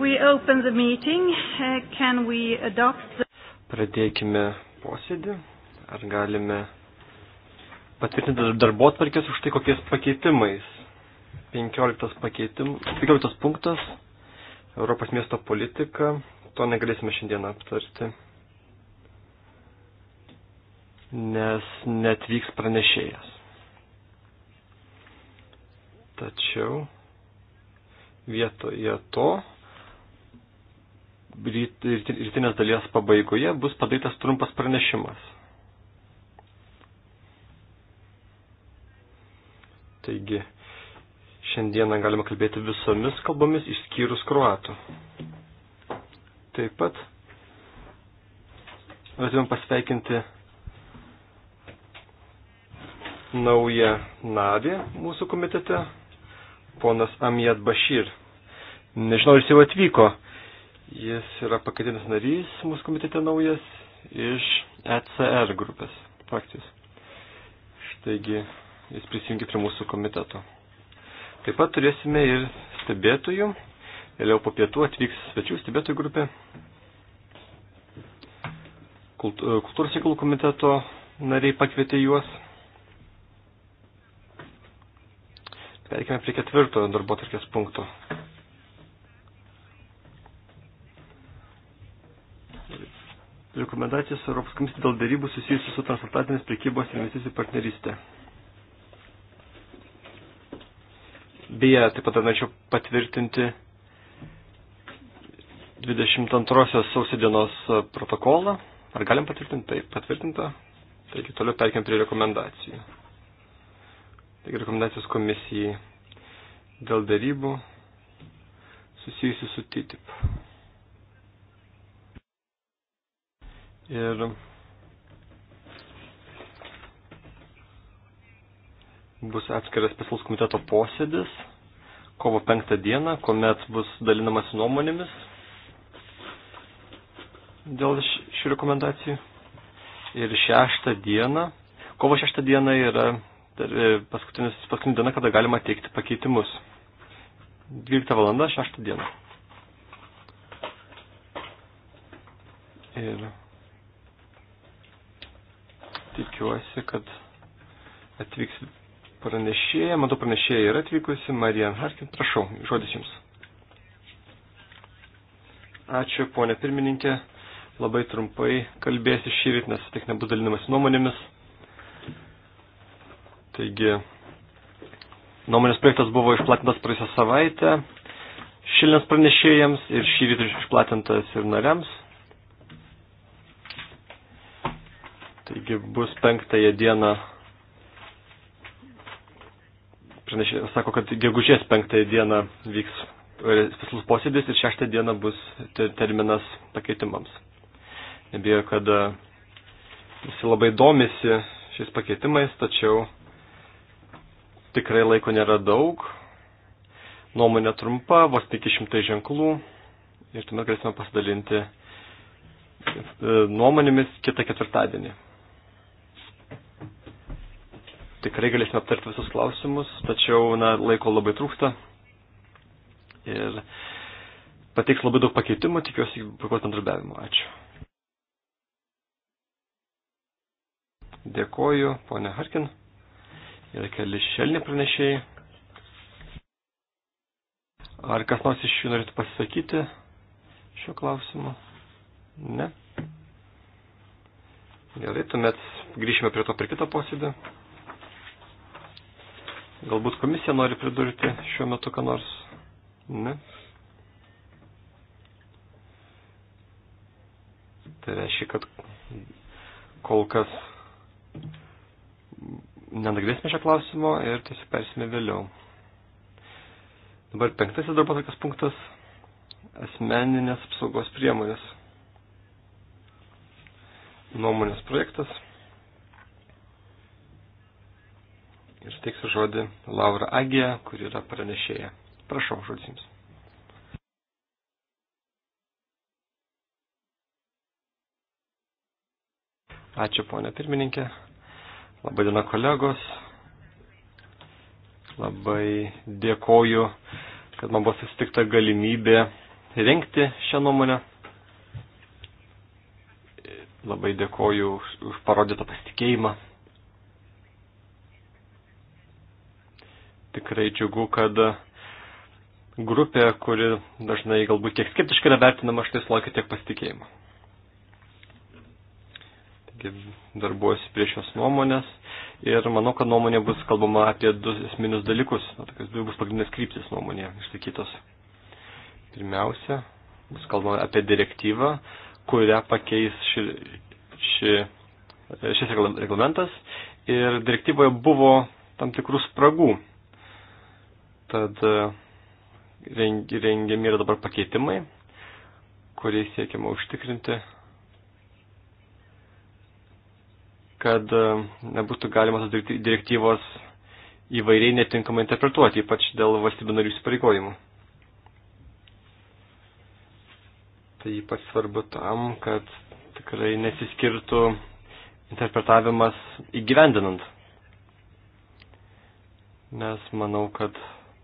We open the meeting. Uh, can we adopt the... Pradėkime posėdį. Ar galime patvirtinti darbo atvarkės už tai kokiais pakeitimais? 15, pakeitim, 15 punktas. Europos miesto politika. To negalėsime šiandien aptarti. Nes net vyks pranešėjas. Tačiau vietoje to rytinės dalies pabaigoje bus padarytas trumpas pranešimas. Taigi, šiandieną galima kalbėti visomis kalbomis išskyrus kruatų. Taip pat norėtume pasveikinti naują narį mūsų komitete, ponas Amjad Bashir. Nežinau, jis jau atvyko Jis yra pakaitinis narys mūsų komitete naujas iš ECR grupės frakcijos. Taigi jis prisijungi prie mūsų komiteto. Taip pat turėsime ir stebėtojų. Vėliau po pietų atvyks svečių stebėtojų grupė. E, kultūros reikalų komiteto nariai pakvietė juos. Perkime prie ketvirtojo darbo tarkės punkto. rekomendacijas Europos komisijai dėl darybų susijusių su transatlantinės prekybos ir investicijų partnerystė. Beje, taip pat norėčiau patvirtinti 22 sausio dienos protokolą. Ar galim patvirtinti? Taip, patvirtinta. Taigi toliau perkiam prie rekomendacijų. Taigi rekomendacijos komisijai dėl darybų susijusių su TTIP. Ir bus atskiras specialus komiteto posėdis kovo penktą dieną, kuomet bus dalinamas nuomonėmis dėl šių rekomendacijų. Ir šeštą dieną, kovo šeštą dieną yra e, paskutinis, paskutinė diena, kada galima teikti pakeitimus. 12 valanda, šeštą dieną. Ir Tikiuosi, kad atvyks pranešėja. Matau, pranešėja yra atvykusi. Marian Harkin, prašau, žodis jums. Ačiū, ponė pirmininkė. Labai trumpai kalbėsiu šį rytą, nes tik nebus dalinimas nuomonėmis. Taigi, nuomonės projektas buvo išplatintas praėjusią savaitę šilnės pranešėjams ir šį rytą išplatintas ir nariams. Taigi bus penktąją dieną, pranešė, sako, kad gegužės penktąją dieną vyks specialus posėdis ir šeštą dieną bus terminas pakeitimams. Nebijau, kad e, visi labai domisi šiais pakeitimais, tačiau tikrai laiko nėra daug, nuomonė trumpa, vos tik šimtai ženklų ir tuomet galėsime pasidalinti e, nuomonėmis kitą ketvirtadienį tikrai galėsime aptarti visus klausimus, tačiau na, laiko labai trūksta. Ir pateiks labai daug pakeitimų, tikiuosi puikaus bendradarbiavimo. Ačiū. Dėkoju, ponė Harkin. Yra keli šelni pranešėjai. Ar kas nors iš jų norėtų pasisakyti šiuo klausimu? Ne. Gerai, tuomet grįšime prie to per kitą posėdį. Galbūt komisija nori pridurti šiuo metu ką nors? Ne? Tai reiškia, kad kol kas nenagrėsime šią klausimo ir tiesiog persime vėliau. Dabar penktasis darbo tokias punktas – asmeninės apsaugos priemonės. Nuomonės projektas – ir suteiksiu žodį Laura Agija, kuri yra pranešėja. Prašau, žodis jums. Ačiū, ponė pirmininkė. Labai diena, kolegos. Labai dėkoju, kad man buvo susitikta galimybė rinkti šią nuomonę. Labai dėkoju už, už parodytą pasitikėjimą tikrai džiugu, kad grupė, kuri dažnai galbūt tiek skeptiškai yra vertinama, štai sulaukia tiek pasitikėjimo. Taigi darbuosi prie šios nuomonės ir manau, kad nuomonė bus kalbama apie du esminius dalykus, na, tokios dvi bus pagrindinės kryptis nuomonė išsakytos. Pirmiausia, bus kalbama apie direktyvą, kurią pakeis ši, ši, šis reglamentas ir direktyvoje buvo tam tikrų spragų Tad e, rengiami yra dabar pakeitimai, kuriais siekiama užtikrinti, kad e, nebūtų galima tos direktyvos įvairiai netinkamai interpretuoti, ypač dėl valstybių narių įsipareigojimų. Tai ypač svarbu tam, kad tikrai nesiskirtų interpretavimas įgyvendinant. Nes manau, kad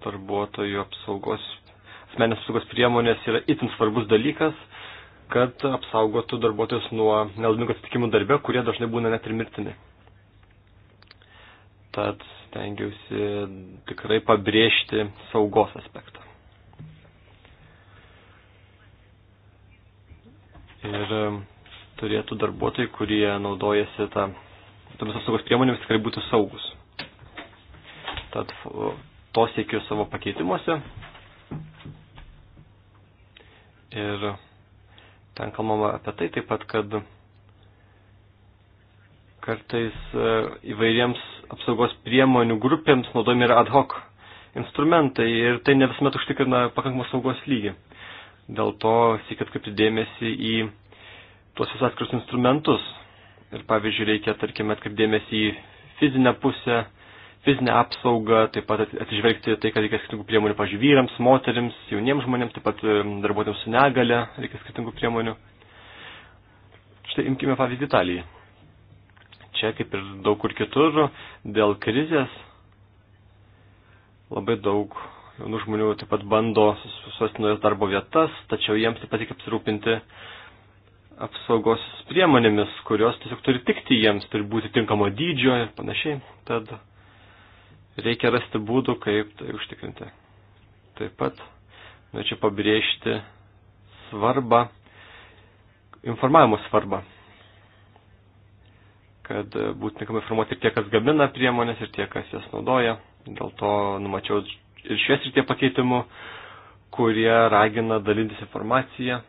darbuotojų apsaugos, asmenės apsaugos priemonės yra itin svarbus dalykas, kad apsaugotų darbuotojus nuo nelaimingų atsitikimų darbe, kurie dažnai būna net ir mirtini. Tad stengiausi tikrai pabrėžti saugos aspektą. Ir um, turėtų darbuotojai, kurie naudojasi tą, tomis apsaugos priemonėmis, tikrai būti saugus. Tad to siekiu savo pakeitimuose. Ir ten kalbama apie tai taip pat, kad kartais e, įvairiems apsaugos priemonių grupėms naudojami yra ad hoc instrumentai ir tai ne visuomet užtikrina pakankamą saugos lygį. Dėl to siekia atkreipti dėmesį į tuos visus atskirus instrumentus. Ir pavyzdžiui, reikia, tarkime, atkreipti dėmesį į fizinę pusę, fizinę apsaugą, taip pat atsižvelgti tai, kad reikia skirtingų priemonių, pažiūrėjau, vyrams, moteriams, jauniems žmonėms, taip pat darbuotojams su negale reikia skirtingų priemonių. Štai imkime pavyzdį Italiją. Čia, kaip ir daug kur kitur, dėl krizės labai daug jaunų žmonių taip pat bando susirasti naujas darbo vietas, tačiau jiems taip pat reikia apsirūpinti apsaugos priemonėmis, kurios tiesiog turi tikti jiems, turi būti tinkamo dydžio ir panašiai. Tad Reikia rasti būdų, kaip tai užtikrinti. Taip pat norėčiau pabrėžti svarbą, informavimo svarbą, kad būtų tinkamai informuoti ir tie, kas gamina priemonės, ir tie, kas jas naudoja. Dėl to numačiau ir šies ir tie pakeitimų, kurie ragina dalintis informaciją,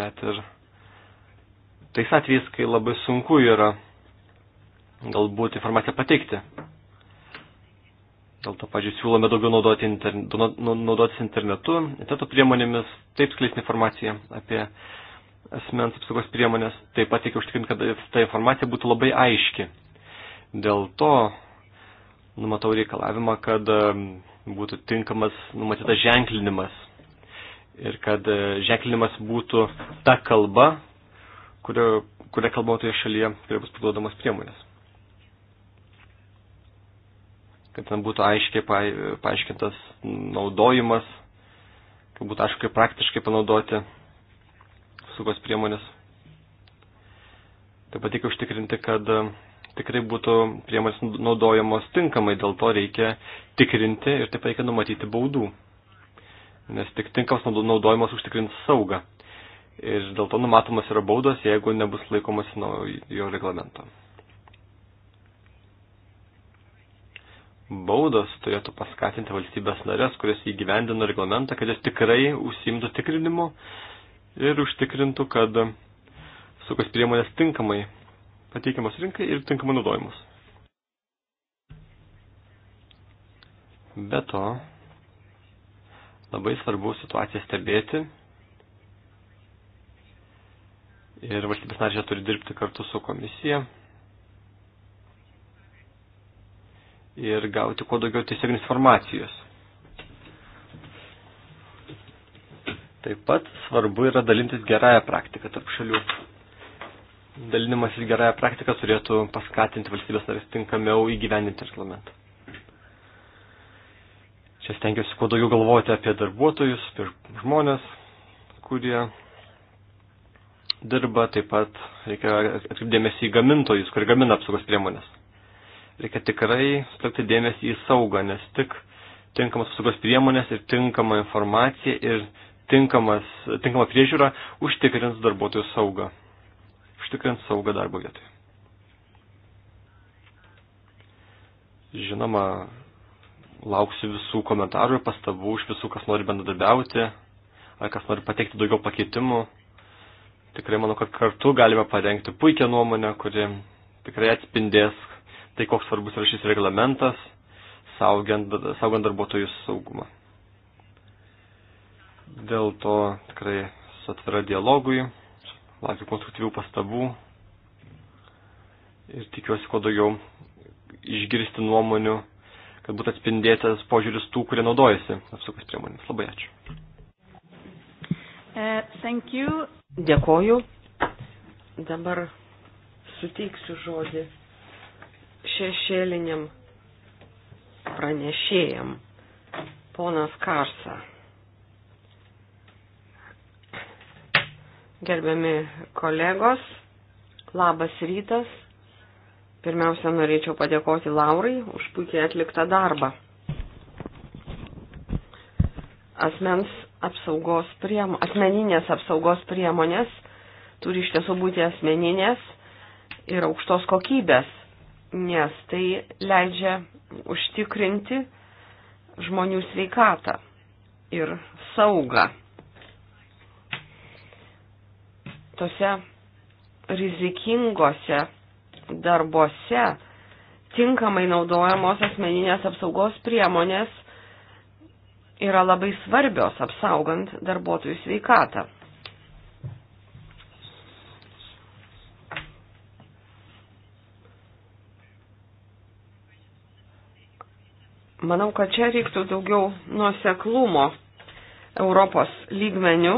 net ir tais atvejais, kai labai sunku yra galbūt informaciją pateikti. Dėl to, pažiūrėjau, siūlome daugiau naudoti interne, nu, naudotis internetu, interneto priemonėmis, taip skleisti informaciją apie asmens apsaugos priemonės, taip pat reikia užtikrinti, kad ta informacija būtų labai aiški. Dėl to numatau reikalavimą, kad um, būtų tinkamas numatytas ženklinimas ir kad uh, ženklinimas būtų ta kalba, kuria kalbama toje šalyje, kuria bus parduodamos priemonės. kad ten būtų aiškiai paaiškintas naudojimas, kad būtų aišku, kaip praktiškai panaudoti saugos priemonės. Taip pat reikia užtikrinti, kad e, tikrai būtų priemonės naudojamos tinkamai, dėl to reikia tikrinti ir taip reikia numatyti baudų, nes tik tinkamas naudojimas užtikrins saugą. Ir dėl to numatomas yra baudos, jeigu nebus laikomas jo reglamento. baudos turėtų paskatinti valstybės narės, kurios įgyvendino reglamentą, kad jos tikrai užsimtų tikrinimu ir užtikrintų, kad sukas priemonės tinkamai pateikiamos rinkai ir tinkamai naudojamos. Be to, labai svarbu situaciją stebėti ir valstybės narė turi dirbti kartu su komisija ir gauti kuo daugiau tiesiog informacijos. Taip pat svarbu yra dalintis gerąją praktiką tarp šalių. Dalinimasis gerąją praktiką turėtų paskatinti valstybės narės tinkamiau įgyvendinti reglamentą. Čia stengiuosi kuo daugiau galvoti apie darbuotojus, apie žmonės, kurie dirba, taip pat reikia atkreipdėmėsi į gamintojus, kurie gamina apsaugos priemonės reikia tikrai plakti dėmesį į saugą, nes tik tinkamas apsaugos priemonės ir tinkama informacija ir tinkamas, tinkama priežiūra užtikrins darbuotojų saugą. Užtikrins saugą darbo vietoje. Žinoma, lauksiu visų komentarų ir pastabų iš visų, kas nori bendradarbiauti, ar kas nori pateikti daugiau pakeitimų. Tikrai manau, kad kartu galime parengti puikią nuomonę, kuri tikrai atspindės tai koks svarbus yra šis reglamentas, saugiant, saugiant darbuotojų saugumą. Dėl to tikrai atvira dialogui, laukiu konstruktyvių pastabų ir tikiuosi kuo daugiau išgirsti nuomonių, kad būtų atspindėtas požiūris tų, kurie naudojasi apsaugos priemonėmis. Labai ačiū. Uh, Dėkoju. Dabar suteiksiu žodį šešėliniam pranešėjam. Ponas Karsa. Gerbiami kolegos, labas rytas. Pirmiausia, norėčiau padėkoti Laurai už puikiai atliktą darbą. Asmens apsaugos priem, asmeninės apsaugos priemonės turi iš tiesų būti asmeninės ir aukštos kokybės nes tai leidžia užtikrinti žmonių sveikatą ir saugą. Tose rizikingose darbose tinkamai naudojamos asmeninės apsaugos priemonės yra labai svarbios apsaugant darbuotojų sveikatą. Manau, kad čia reiktų daugiau nuoseklumo Europos lygmenių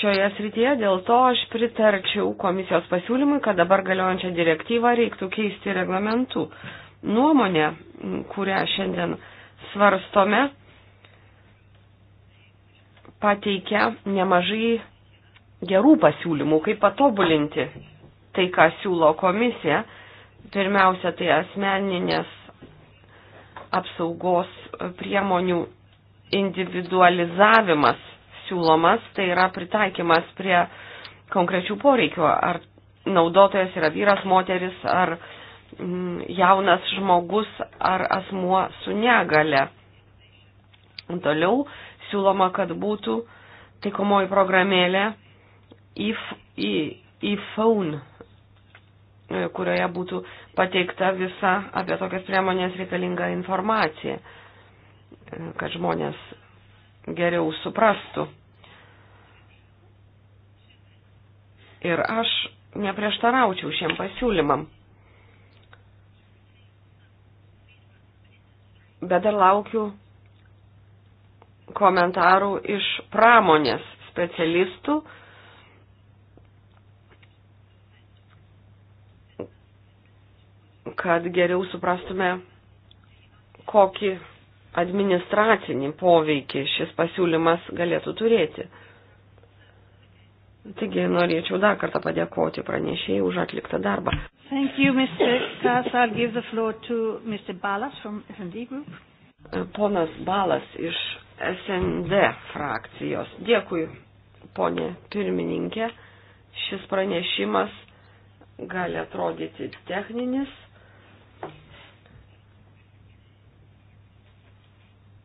šioje srityje, dėl to aš pritarčiau komisijos pasiūlymui, kad dabar galiojančią direktyvą reiktų keisti reglamentų. Nuomonė, kurią šiandien svarstome, pateikia nemažai gerų pasiūlymų, kaip patobulinti tai, ką siūlo komisija. Pirmiausia, tai asmeninės apsaugos priemonių individualizavimas siūlomas, tai yra pritaikymas prie konkrečių poreikių, ar naudotojas yra vyras, moteris, ar mm, jaunas žmogus, ar asmuo su negale. Toliau siūloma, kad būtų taikomoji programėlė į e-phone, kurioje būtų pateikta visa apie tokias priemonės reikalinga informacija, kad žmonės geriau suprastų. Ir aš neprieštaraučiau šiem pasiūlymam. Bet dar laukiu komentarų iš pramonės specialistų, kad geriau suprastume, kokį administracinį poveikį šis pasiūlymas galėtų turėti. Taigi norėčiau dar kartą padėkoti pranešėjai už atliktą darbą. Thank you, Mr. Kass. I'll give the floor to Mr. Balas from S&D Group. Ponas Balas iš SND frakcijos. Dėkui, ponė pirmininkė. Šis pranešimas gali atrodyti techninis,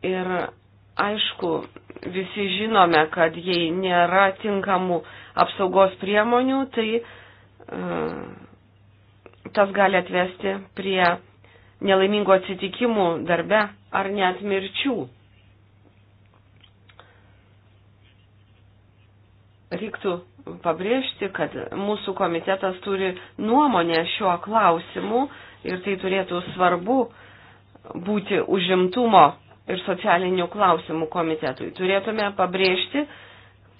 Ir aišku, visi žinome, kad jei nėra tinkamų apsaugos priemonių, tai uh, tas gali atvesti prie nelaimingų atsitikimų darbe ar net mirčių. Reiktų pabrėžti, kad mūsų komitetas turi nuomonę šiuo klausimu ir tai turėtų svarbu būti užimtumo ir socialinių klausimų komitetui. Turėtume pabrėžti,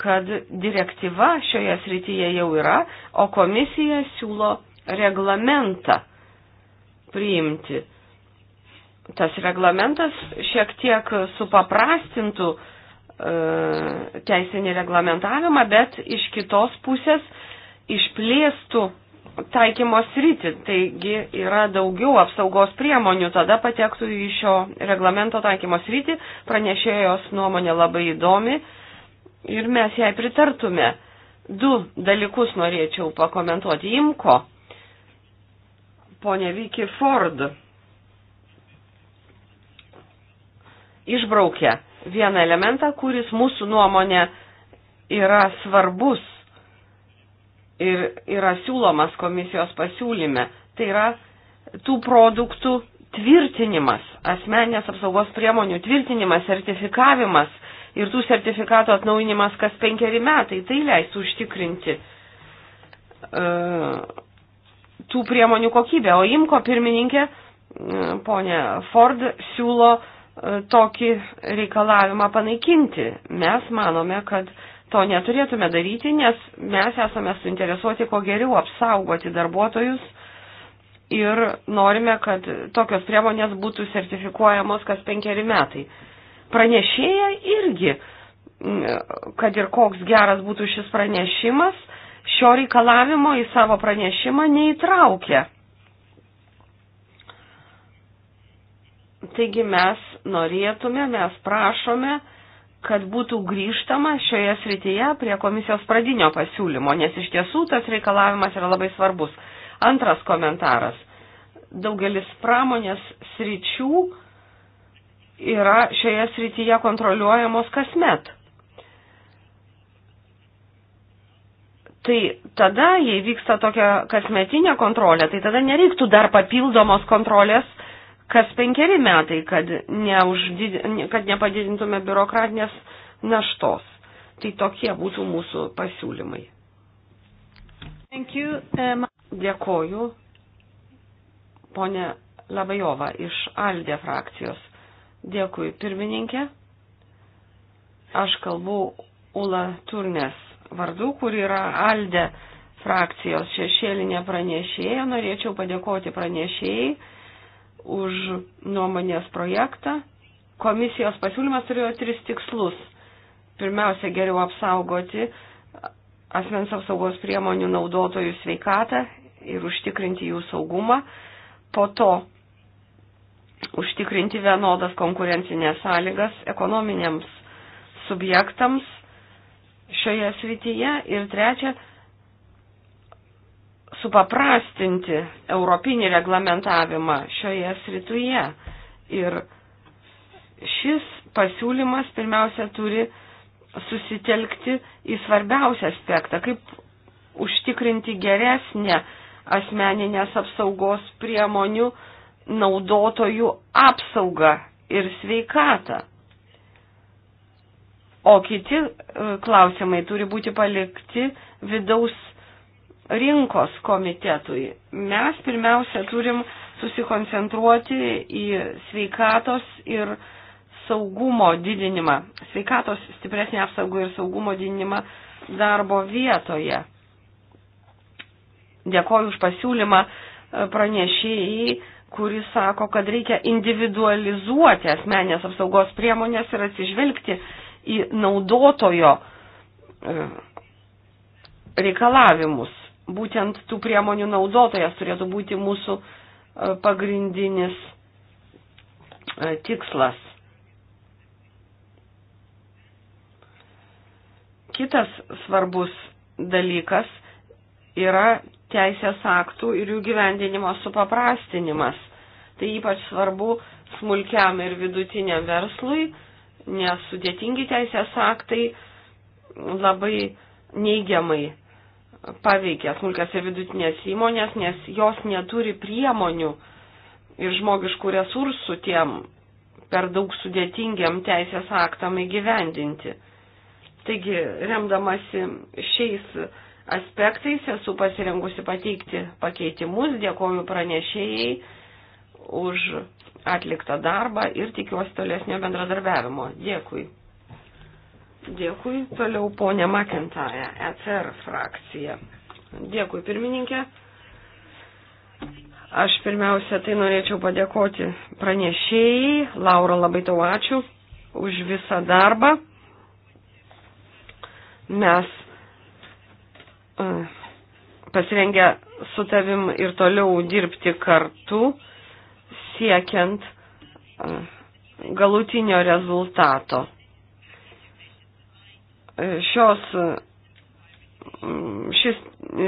kad direktyva šioje srityje jau yra, o komisija siūlo reglamentą priimti. Tas reglamentas šiek tiek supaprastintų e, teisinį reglamentavimą, bet iš kitos pusės išplėstų taikymo sritį, taigi yra daugiau apsaugos priemonių, tada patektų į šio reglamento taikymo sritį, pranešėjos nuomonė labai įdomi ir mes jai pritartume. Du dalykus norėčiau pakomentuoti. Imko, ponė Viki Ford, išbraukė vieną elementą, kuris mūsų nuomonė yra svarbus ir yra siūlomas komisijos pasiūlyme. Tai yra tų produktų tvirtinimas, asmenės apsaugos priemonių tvirtinimas, sertifikavimas ir tų sertifikatų atnaujinimas kas penkeri metai. Tai leis užtikrinti uh, tų priemonių kokybę. O Imko pirmininkė, uh, ponė Ford, siūlo uh, tokį reikalavimą panaikinti. Mes manome, kad uh, To neturėtume daryti, nes mes esame suinteresuoti, kuo geriau apsaugoti darbuotojus ir norime, kad tokios priemonės būtų sertifikuojamos kas penkeri metai. Pranešėja irgi, kad ir koks geras būtų šis pranešimas, šio reikalavimo į savo pranešimą neįtraukia. Taigi mes norėtume, mes prašome, kad būtų grįžtama šioje srityje prie komisijos pradinio pasiūlymo, nes iš tiesų tas reikalavimas yra labai svarbus. Antras komentaras. Daugelis pramonės sričių yra šioje srityje kontroliuojamos kasmet. Tai tada, jei vyksta tokia kasmetinė kontrolė, tai tada nereiktų dar papildomos kontrolės kas penkeri metai, kad, neuždid, kad nepadidintume biurokratinės naštos. Tai tokie būtų mūsų pasiūlymai. Um... Dėkoju, ponė Labajova iš Aldė frakcijos. Dėkui, pirmininkė. Aš kalbu Ula Turnes vardu, kur yra Aldė frakcijos šešėlinė pranešėja. Norėčiau padėkoti pranešėjai už nuomonės projektą. Komisijos pasiūlymas turėjo tris tikslus. Pirmiausia, geriau apsaugoti asmens apsaugos priemonių naudotojų sveikatą ir užtikrinti jų saugumą. Po to užtikrinti vienodas konkurencinės sąlygas ekonominiams subjektams šioje srityje. Ir trečia, supaprastinti europinį reglamentavimą šioje srityje. Ir šis pasiūlymas pirmiausia turi susitelkti į svarbiausią aspektą, kaip užtikrinti geresnę asmeninės apsaugos priemonių naudotojų apsaugą ir sveikatą. O kiti e, klausimai turi būti palikti vidaus rinkos komitetui. Mes pirmiausia turim susikoncentruoti į sveikatos ir saugumo didinimą, sveikatos stipresnį apsaugą ir saugumo didinimą darbo vietoje. Dėkoju už pasiūlymą e, pranešėjai, kuris sako, kad reikia individualizuoti asmenės apsaugos priemonės ir atsižvelgti į naudotojo e, reikalavimus būtent tų priemonių naudotojas turėtų būti mūsų e, pagrindinis e, tikslas. Kitas svarbus dalykas yra teisės aktų ir jų gyvendinimo supaprastinimas. Tai ypač svarbu smulkiam ir vidutiniam verslui, nes sudėtingi teisės aktai labai neigiamai paveikia smulkės ir vidutinės įmonės, nes jos neturi priemonių ir žmogiškų resursų tiem per daug sudėtingiam teisės aktam įgyvendinti. Taigi, remdamasi šiais aspektais, esu pasirengusi pateikti pakeitimus, dėkoju pranešėjai už atliktą darbą ir tikiuosi tolesnio bendradarbiavimo. Dėkui. Dėkui. Toliau ponė Makintaja, ECR frakcija. Dėkui, pirmininkė. Aš pirmiausia, tai norėčiau padėkoti pranešėjai. Laura, labai tau ačiū už visą darbą. Mes e, pasirengę su tavim ir toliau dirbti kartu, siekiant e, galutinio rezultato šios, šis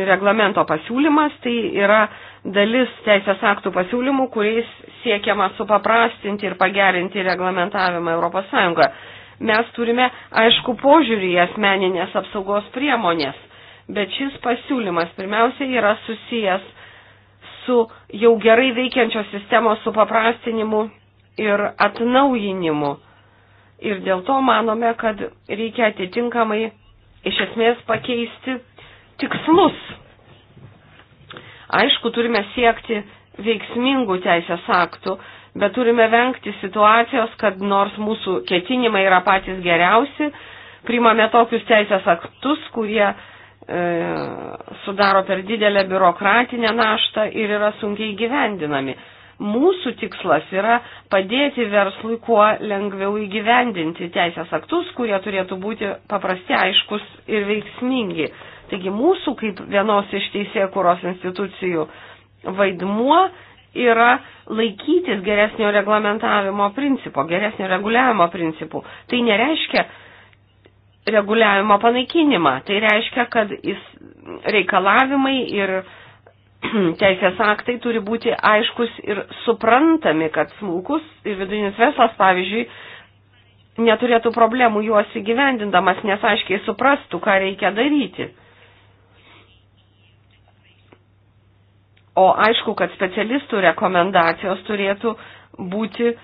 reglamento pasiūlymas tai yra dalis teisės aktų pasiūlymų, kuriais siekiama supaprastinti ir pagerinti reglamentavimą ES. Mes turime aišku požiūrį į asmeninės apsaugos priemonės, bet šis pasiūlymas pirmiausia yra susijęs su jau gerai veikiančios sistemos supaprastinimu ir atnaujinimu Ir dėl to manome, kad reikia atitinkamai iš esmės pakeisti tikslus. Aišku, turime siekti veiksmingų teisės aktų, bet turime vengti situacijos, kad nors mūsų ketinimai yra patys geriausi, primame tokius teisės aktus, kurie e, sudaro per didelę biurokratinę naštą ir yra sunkiai gyvendinami. Mūsų tikslas yra padėti verslui kuo lengviau įgyvendinti teisės aktus, kurie turėtų būti paprasti, aiškus ir veiksmingi. Taigi mūsų kaip vienos iš teisėkuros institucijų vaidmuo yra laikytis geresnio reglamentavimo principo, geresnio reguliavimo principų. Tai nereiškia reguliavimo panaikinimą, tai reiškia, kad reikalavimai ir teisės aktai turi būti aiškus ir suprantami, kad smulkus ir vidutinis verslas, pavyzdžiui, neturėtų problemų juos įgyvendindamas, nes aiškiai suprastų, ką reikia daryti. O aišku, kad specialistų rekomendacijos turėtų būti e,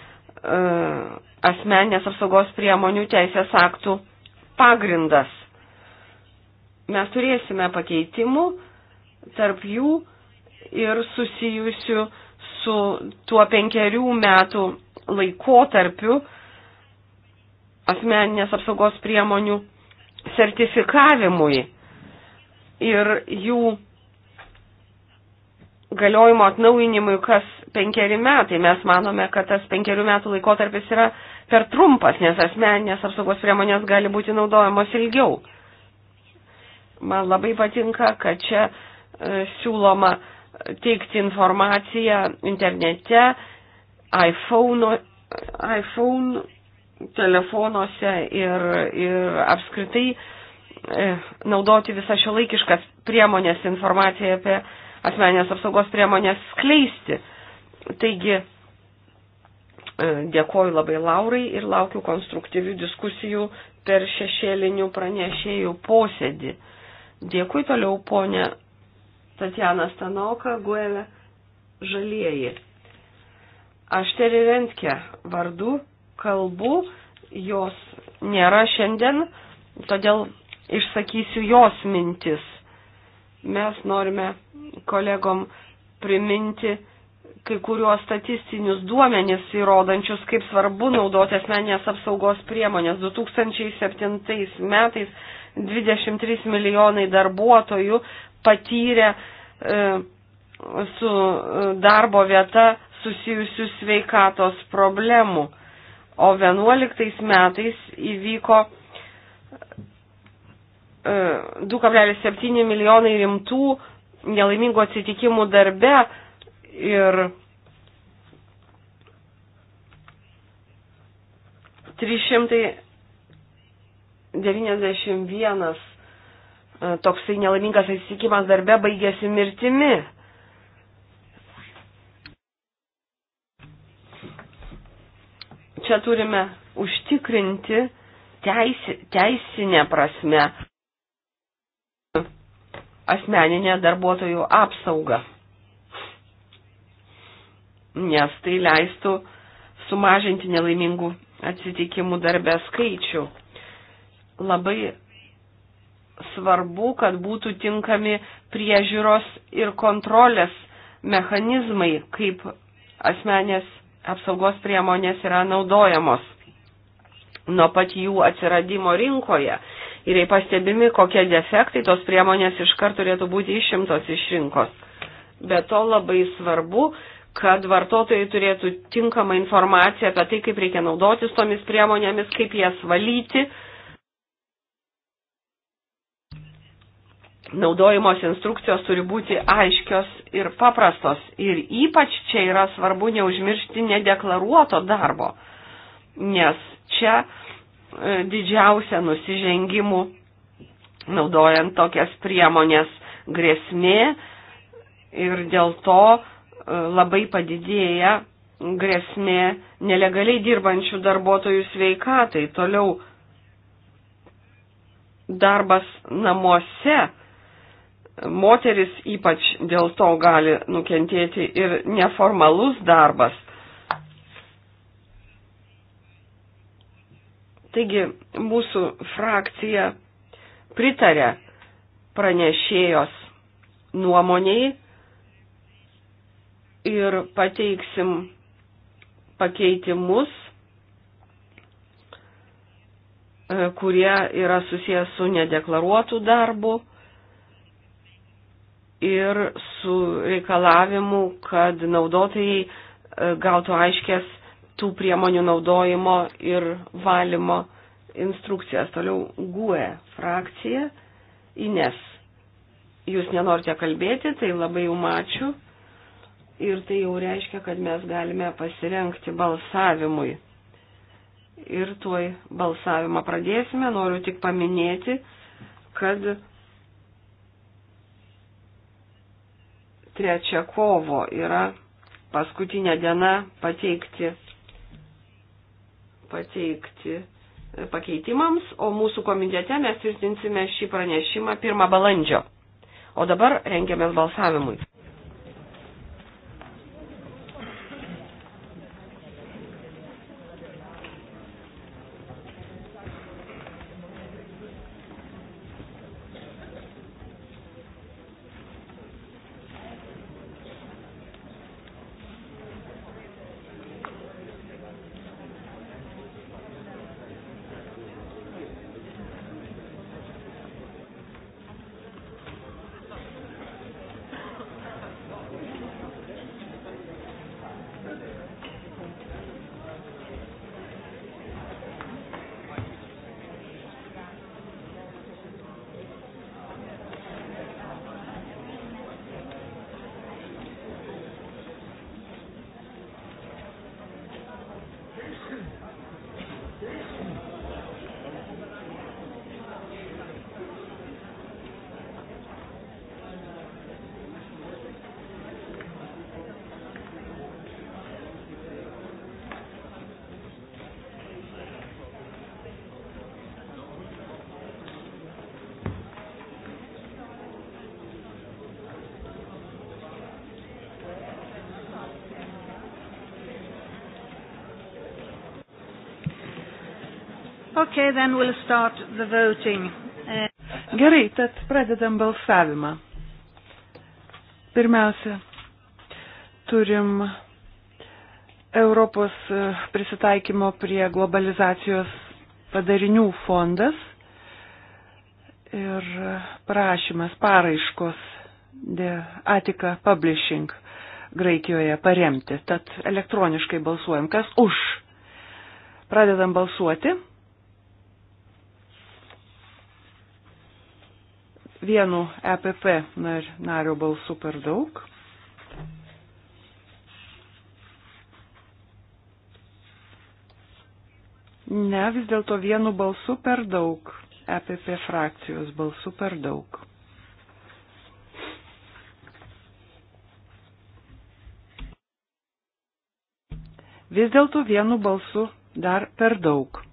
asmenės apsaugos priemonių teisės aktų pagrindas. Mes turėsime pakeitimų, tarp jų ir susijusių su tuo penkerių metų laikotarpiu asmeninės apsaugos priemonių sertifikavimui ir jų galiojimo atnauinimui kas penkeri metai. Mes manome, kad tas penkerių metų laikotarpis yra per trumpas, nes asmeninės apsaugos priemonės gali būti naudojamos ilgiau. Man labai patinka, kad čia e, siūloma e, teikti informaciją internete, iPhone, iPhone telefonuose ir, ir apskritai e, naudoti visą šio laikiškas priemonės informaciją apie asmenės apsaugos priemonės skleisti. Taigi, e, dėkoju labai Laurai ir laukiu konstruktyvių diskusijų per šešėlinių pranešėjų posėdį. Dėkui toliau, ponė Tatjana Stanoka, Guelė, Žalieji. Aš Terirenkė vardu kalbu, jos nėra šiandien, todėl išsakysiu jos mintis. Mes norime kolegom priminti kai kuriuos statistinius duomenis įrodančius, kaip svarbu naudoti asmeninės apsaugos priemonės. 2007 metais 23 milijonai darbuotojų patyrė e, su e, darbo vieta susijusių sveikatos problemų. O 11 metais įvyko 2,7 e, milijonai rimtų nelaimingų atsitikimų darbe ir 391 E, toksai nelaimingas atsitikimas darbe baigėsi mirtimi. Čia turime užtikrinti teisi, teisinę prasme asmeninę darbuotojų apsaugą, nes tai leistų sumažinti nelaimingų atsitikimų darbę skaičių. Labai svarbu, kad būtų tinkami priežiūros ir kontrolės mechanizmai, kaip asmenės apsaugos priemonės yra naudojamos nuo pat jų atsiradimo rinkoje. Ir jei pastebimi, kokie defektai, tos priemonės iškart turėtų būti išimtos iš rinkos. Be to labai svarbu, kad vartotojai turėtų tinkamą informaciją apie tai, kaip reikia naudotis tomis priemonėmis, kaip jas valyti, naudojimos instrukcijos turi būti aiškios ir paprastos. Ir ypač čia yra svarbu neužmiršti nedeklaruoto darbo, nes čia e, didžiausia nusižengimų naudojant tokias priemonės grėsmė ir dėl to e, labai padidėja grėsmė nelegaliai dirbančių darbuotojų sveikatai. Toliau darbas namuose moteris ypač dėl to gali nukentėti ir neformalus darbas. Taigi mūsų frakcija pritarė pranešėjos nuomoniai ir pateiksim pakeitimus, e, kurie yra susijęs su nedeklaruotų darbų ir su reikalavimu, kad naudotojai e, gautų aiškės tų priemonių naudojimo ir valymo instrukcijas. Toliau GUE frakcija. Ines, jūs nenorite kalbėti, tai labai jum ačiū. Ir tai jau reiškia, kad mes galime pasirenkti balsavimui. Ir tuoj balsavimą pradėsime. Noriu tik paminėti, kad 3 kovo yra paskutinė diena pateikti, pateikti pakeitimams, o mūsų komitete mes tvirtinsime šį pranešimą 1 balandžio. O dabar rengiamės balsavimui. Okay, then we'll start the voting. Uh, Gerai, tad pradedam balsavimą. Pirmiausia, turim Europos e, prisitaikymo prie globalizacijos padarinių fondas ir prašymas paraiškos Atika Publishing Graikijoje paremti. Tad elektroniškai balsuojam. Kas už? Pradedam balsuoti. vienu EPP nario balsu per daug. Ne, vis dėlto vienu balsu per daug. EPP frakcijos balsu per daug. Vis dėlto vienu balsu dar per daug.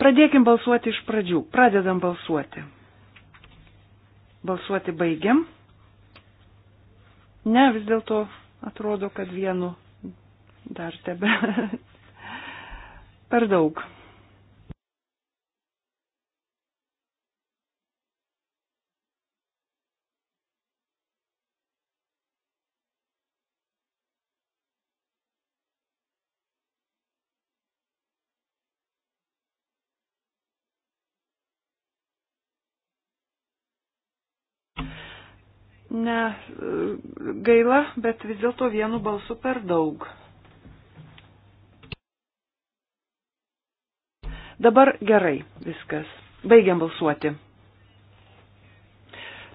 Pradėkim balsuoti iš pradžių. Pradedam balsuoti. Balsuoti baigiam. Ne, vis dėlto atrodo, kad vienu dar tebe per daug. ne e, gaila, bet vis dėlto vienu balsu per daug. Dabar gerai viskas. Baigiam balsuoti.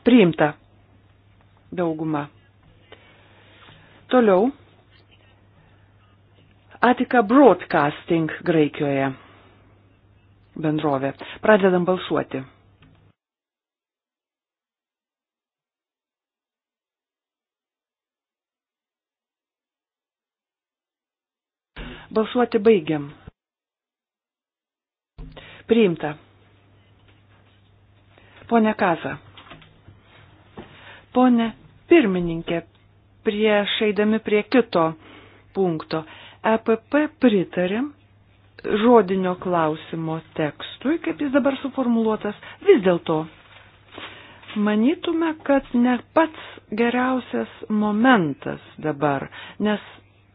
Priimta dauguma. Toliau. Atika Broadcasting Graikijoje bendrovė. Pradedam balsuoti. Balsuoti baigiam. Priimta. Pone Kaza. Pone pirmininkė, prieš eidami prie kito punkto, EPP pritarė žodinio klausimo tekstui, kaip jis dabar suformuluotas. Vis dėlto, manytume, kad ne pats geriausias momentas dabar, nes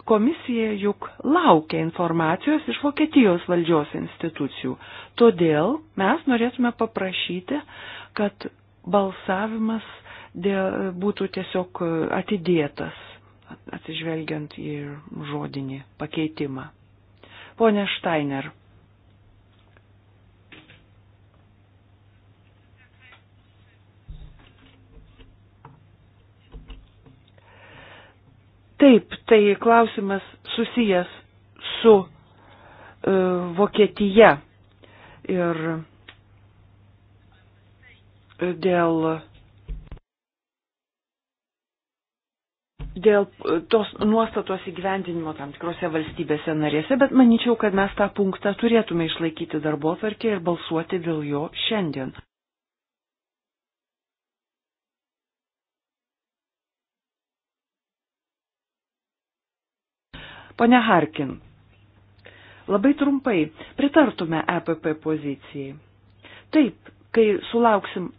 komisija juk laukia informacijos iš Vokietijos valdžios institucijų. Todėl mes norėtume paprašyti, kad balsavimas dėl, būtų tiesiog atidėtas, atsižvelgiant į žodinį pakeitimą. Pone Steiner. Taip, tai klausimas susijęs su e, Vokietija ir dėl, dėl tos nuostatos įgyvendinimo tam tikrose valstybėse narėse, bet manyčiau, kad mes tą punktą turėtume išlaikyti darbo tvarkė ir balsuoti dėl jo šiandien. Pone Harkin, labai trumpai pritartume EPP pozicijai. Taip, kai sulauksim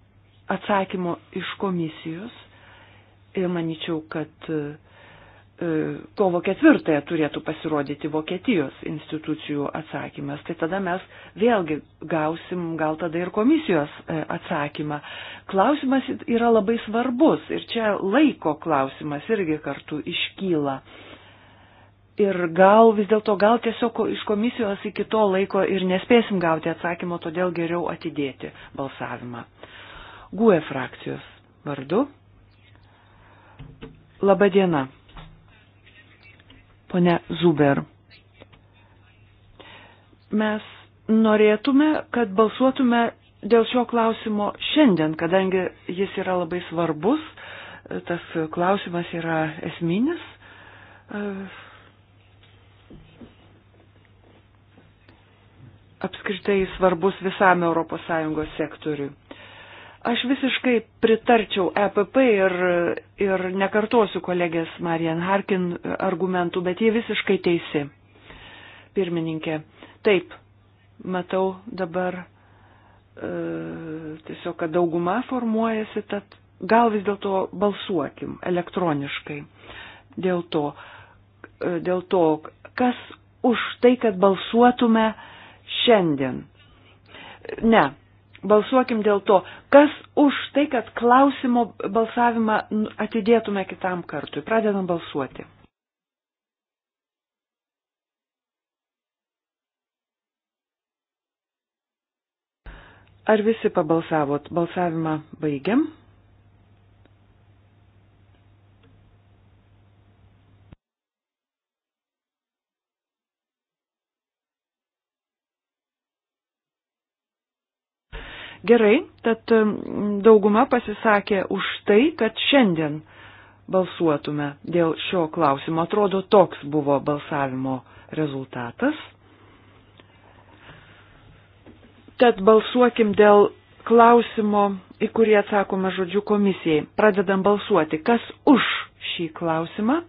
atsakymo iš komisijos ir manyčiau, kad kovo e, e, ketvirtąją turėtų pasirodyti Vokietijos institucijų atsakymas, tai tada mes vėlgi gausim gal tada ir komisijos e, atsakymą. Klausimas yra labai svarbus ir čia laiko klausimas irgi kartu iškyla. Ir gal vis dėlto, gal tiesiog iš komisijos iki to laiko ir nespėsim gauti atsakymo, todėl geriau atidėti balsavimą. GUE frakcijos vardu. Labadiena. Pone Zuber. Mes norėtume, kad balsuotume dėl šio klausimo šiandien, kadangi jis yra labai svarbus, tas klausimas yra esminis. Uh, apskritai svarbus visam ES sektoriui. Aš visiškai pritarčiau EPP ir, ir nekartosiu kolegės Marian Harkin argumentų, bet jie visiškai teisi. Pirmininkė, taip, matau dabar e, tiesiog, kad dauguma formuojasi, tad gal vis dėlto balsuokim elektroniškai dėl to, e, dėl to, kas už tai, kad balsuotume e, šiandien. Ne, balsuokim dėl to, kas už tai, kad klausimo balsavimą atidėtume kitam kartui. Pradedam balsuoti. Ar visi pabalsavot? Balsavimą baigiam. Gerai, tad dauguma pasisakė už tai, kad šiandien balsuotume dėl šio klausimo. Atrodo, toks buvo balsavimo rezultatas. Tad balsuokim dėl klausimo, į kurį atsakome žodžiu komisijai. Pradedam balsuoti, kas už šį klausimą,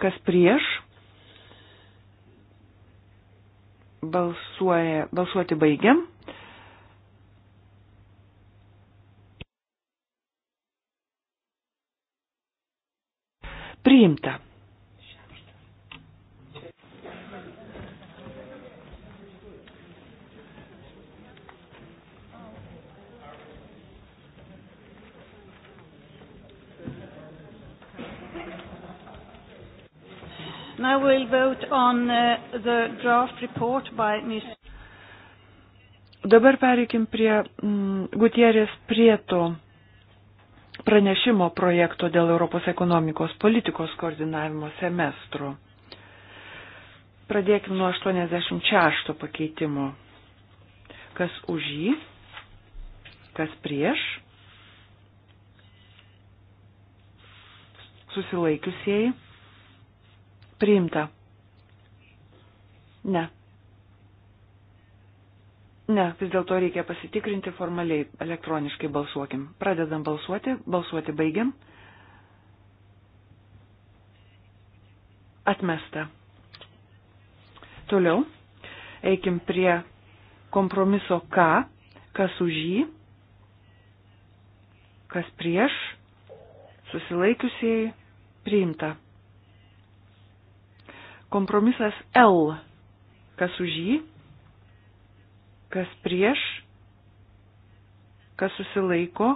kas prieš. Balsuoja, balsuoti baigiam. priimta. Now we'll vote on uh, the draft report by Ms. Dabar pereikim prie mm, Gutierės Prieto pranešimo projekto dėl Europos ekonomikos politikos koordinavimo semestro. Pradėkime nuo 86 pakeitimo. Kas už jį, kas prieš, susilaikiusieji, priimta. Ne, Ne, vis dėlto reikia pasitikrinti formaliai, elektroniškai balsuokim. Pradedam balsuoti, balsuoti baigiam. Atmesta. Toliau, eikim prie kompromiso K, kas už jį, kas prieš, susilaikiusieji, priimta. Kompromisas L, kas už jį, Kas prieš? Kas susilaiko?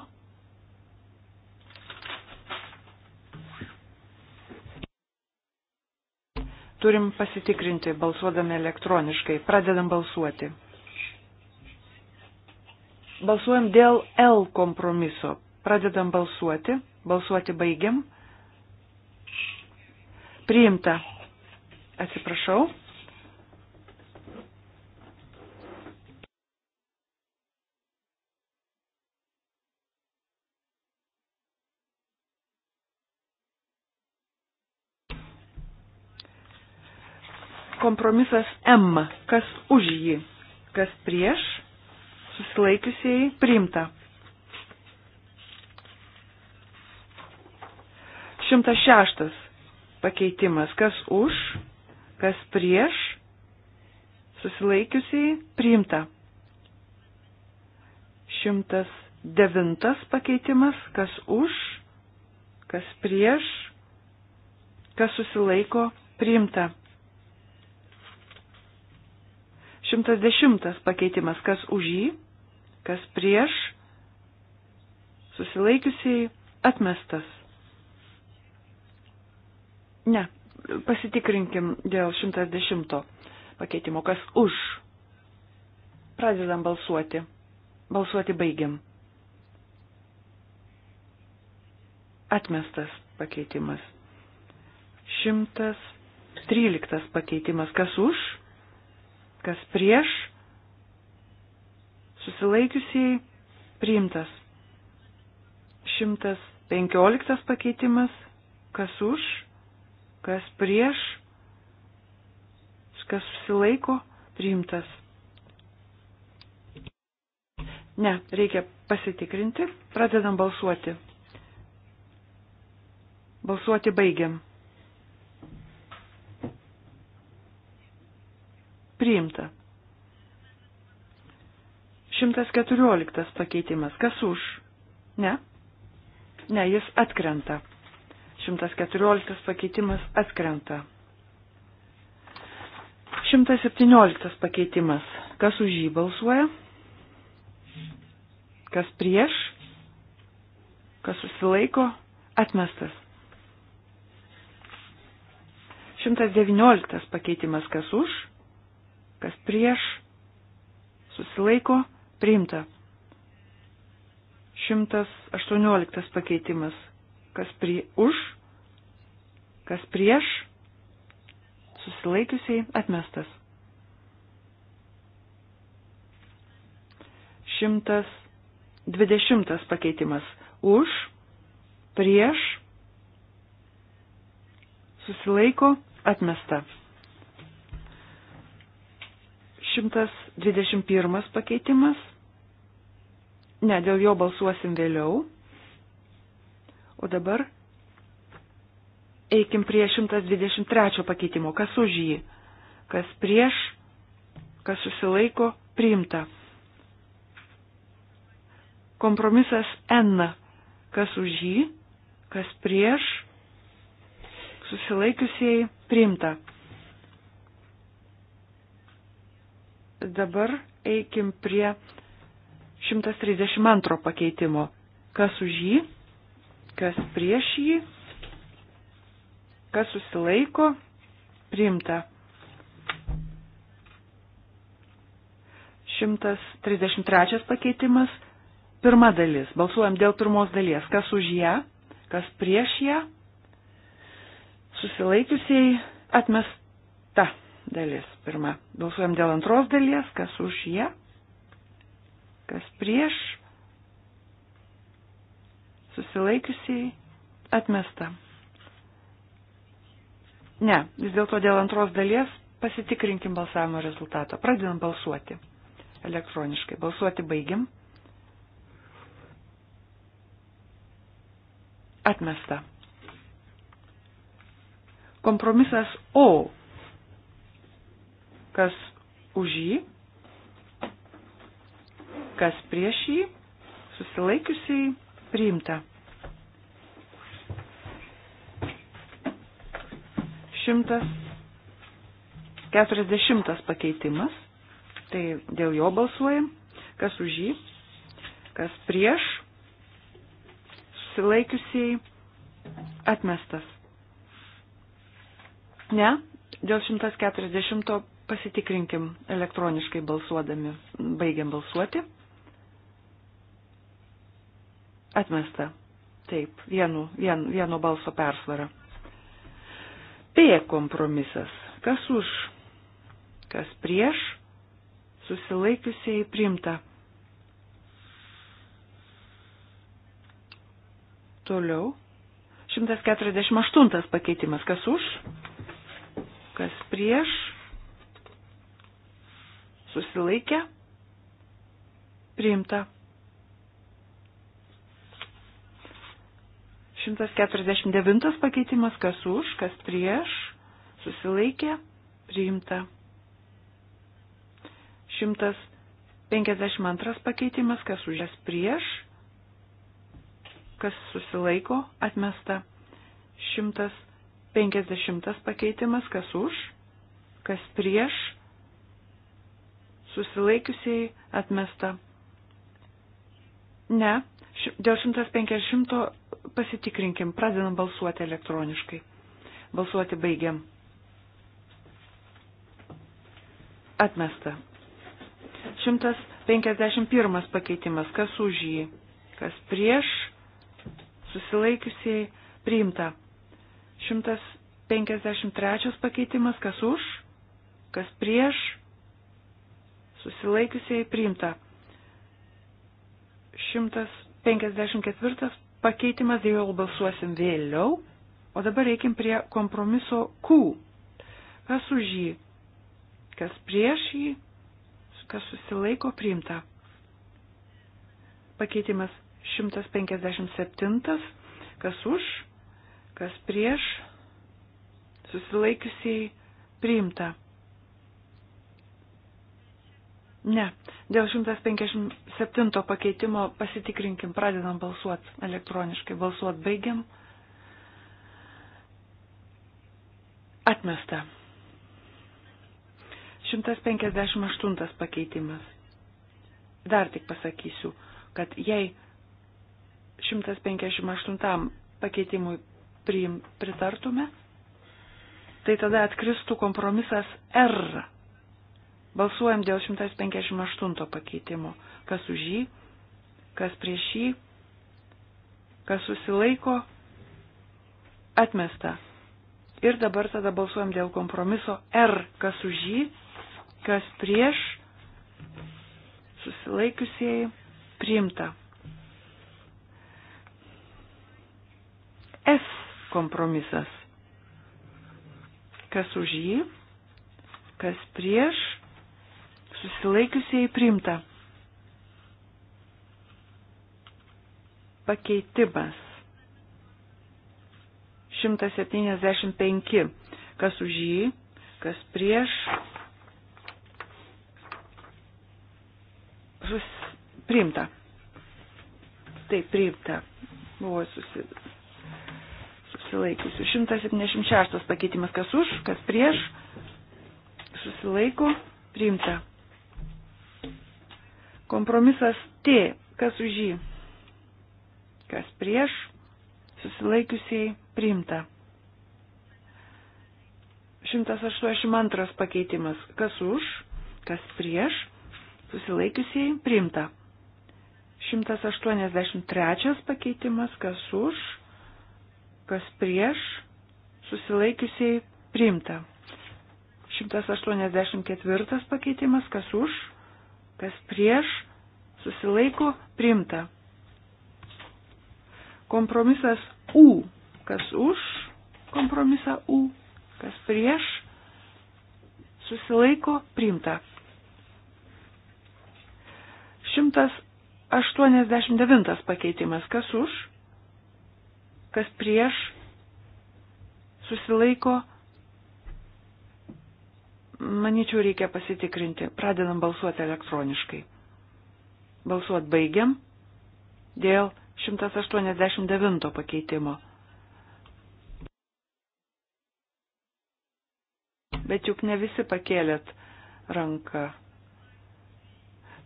Turim pasitikrinti balsuodami elektroniškai. Pradedam balsuoti. Balsuojam dėl L kompromiso. Pradedam balsuoti. Balsuoti baigiam. Priimta. Atsiprašau. kompromisas M. Kas už jį, kas prieš, susilaikiusiai priimta. 106 pakeitimas. Kas už, kas prieš, susilaikiusiai priimta. 109 pakeitimas. Kas už, kas prieš, kas susilaiko priimta. 110 pakeitimas, kas už jį, kas prieš, susilaikiusiai atmestas. Ne, pasitikrinkim dėl 110 pakeitimo, kas už. Pradedam balsuoti. Balsuoti baigiam. Atmestas pakeitimas. 113 pakeitimas, kas už kas prieš, susilaikiusiai priimtas. 115 pakeitimas, kas už, kas prieš, kas susilaiko, priimtas. Ne, reikia pasitikrinti, pradedam balsuoti. Balsuoti baigiam. Priimta. 114 pakeitimas. Kas už? Ne? Ne, jis atkrenta. 114 pakeitimas atkrenta. 117 pakeitimas. Kas už jį balsuoja? Kas prieš? Kas susilaiko? Atmestas. 119 pakeitimas. Kas už? kas prieš, susilaiko, priimta. 118 pakeitimas, kas prie, už, kas prieš, susilaikiusiai atmestas. 120 pakeitimas, už, prieš, susilaiko, atmesta. 121 pakeitimas. Ne, dėl jo balsuosim vėliau. O dabar eikim prie 123 pakeitimo. Kas už jį? Kas prieš? Kas susilaiko? Priimta. Kompromisas N. Kas už jį? Kas prieš? Susilaikiusieji? Priimta. Dabar eikim prie 132 pakeitimo. Kas už jį, kas prieš jį, kas susilaiko, priimta. 133 pakeitimas, pirma dalis. Balsuojam dėl pirmos dalies. Kas už ją, kas prieš ją, susilaikiusiai atmest, dalis. Pirma, balsuojam dėl antros dalies, kas už ją, kas prieš, susilaikiusiai atmesta. Ne, vis dėlto dėl antros dalies pasitikrinkim balsavimo rezultatą. Pradedam balsuoti elektroniškai. Balsuoti baigim. Atmesta. Kompromisas O Kas už jį? Kas prieš jį? Susilaikiusiai priimta. 140 pakeitimas. Tai dėl jo balsuojam. Kas už jį, kas prieš, susilaikiusiai atmestas. Ne, dėl 140 Pasitikrinkim elektroniškai balsuodami. Baigiam balsuoti. Atmesta. Taip, vienu, vien, vieno balso persvara. P kompromisas. Kas už, kas prieš, susilaikiusiai primta. Toliau. 148 pakeitimas. Kas už, kas prieš, susilaikė, priimta. 149 pakeitimas, kas už, kas prieš, susilaikė, priimta. 152 pakeitimas, kas už jas prieš, kas susilaiko, atmesta. 150 pakeitimas, kas už, kas prieš, susilaikiusiai atmesta. Ne, dėl 150 pasitikrinkim, pradedam balsuoti elektroniškai. Balsuoti baigiam. Atmesta. 151 pakeitimas, kas už jį, kas prieš, susilaikiusiai priimta. 153 pakeitimas, kas už, kas prieš, susilaikiusiai priimta. 154 pakeitimas, dėl jo balsuosim vėliau, o dabar reikim prie kompromiso Q. Kas už jį, kas prieš jį, kas susilaiko priimta. Pakeitimas 157, kas už, kas prieš, susilaikiusiai priimta. Ne. Dėl 157 pakeitimo pasitikrinkim, pradedam balsuoti elektroniškai. Balsuot baigiam. Atmesta. 158 pakeitimas. Dar tik pasakysiu, kad jei 158 pakeitimui priim, pritartume, tai tada atkristų kompromisas R Balsuojam dėl 158 pakeitimo. Kas už jį, kas prieš jį, kas susilaiko, atmesta. Ir dabar tada balsuojam dėl kompromiso R. Kas už jį, kas prieš, susilaikiusieji, priimta. S kompromisas. Kas už jį, kas prieš, susilaikiusiai primta. Pakeitimas. 175. Kas už jį, kas prieš. Sus... Priimta. Taip, priimta. Buvo susi... susilaikiusi. 176 pakeitimas. Kas už, kas prieš. Susilaiko. Priimta. Kompromisas T. Kas už jį? Kas prieš? Susilaikiusiai priimta. 182 pakeitimas. Kas už? Kas prieš? Susilaikiusiai priimta. 183 pakeitimas. Kas už? Kas prieš? Susilaikiusiai priimta. 184 pakeitimas. Kas už? kas prieš, susilaiko primta. Kompromisas U, kas už kompromisą U, kas prieš, susilaiko primta. 189 pakeitimas, kas už, kas prieš, susilaiko primta Maničiau, reikia pasitikrinti. Pradedam balsuoti elektroniškai. Balsuot baigiam dėl 189 pakeitimo. Bet juk ne visi pakėlėt ranką.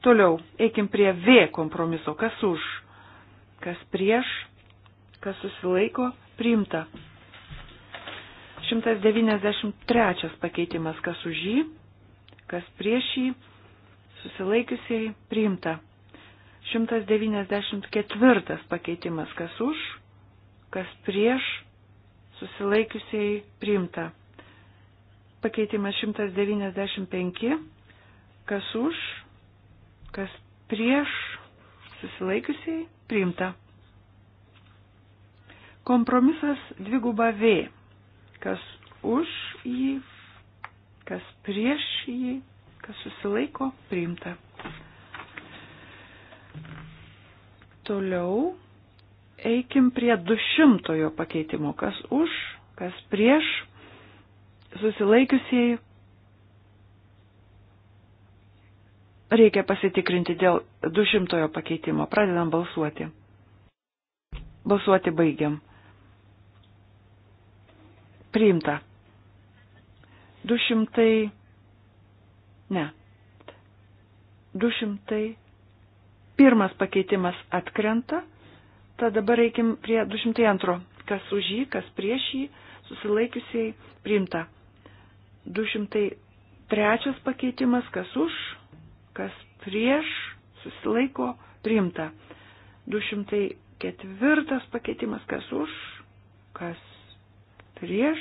Toliau, eikim prie V kompromiso. Kas už? Kas prieš? Kas susilaiko? Priimta. 193 pakeitimas, kas už jį, kas prieš jį, susilaikiusiai priimta. 194 pakeitimas, kas už, kas prieš, susilaikiusiai priimta. Pakeitimas 195, kas už, kas prieš, susilaikiusiai priimta. Kompromisas dviguba V kas už jį, kas prieš jį, kas susilaiko, priimta. Toliau eikim prie dušimtojo pakeitimo, kas už, kas prieš, susilaikiusieji. Reikia pasitikrinti dėl dušimtojo pakeitimo. Pradedam balsuoti. Balsuoti baigiam priimta. 200. Ne. 200. Pirmas pakeitimas atkrenta. Tad dabar reikim prie 202. Kas už jį, kas prieš jį, susilaikiusiai priimta. 203 pakeitimas, kas už, kas prieš, susilaiko priimta. 204 pakeitimas, kas už, kas prieš,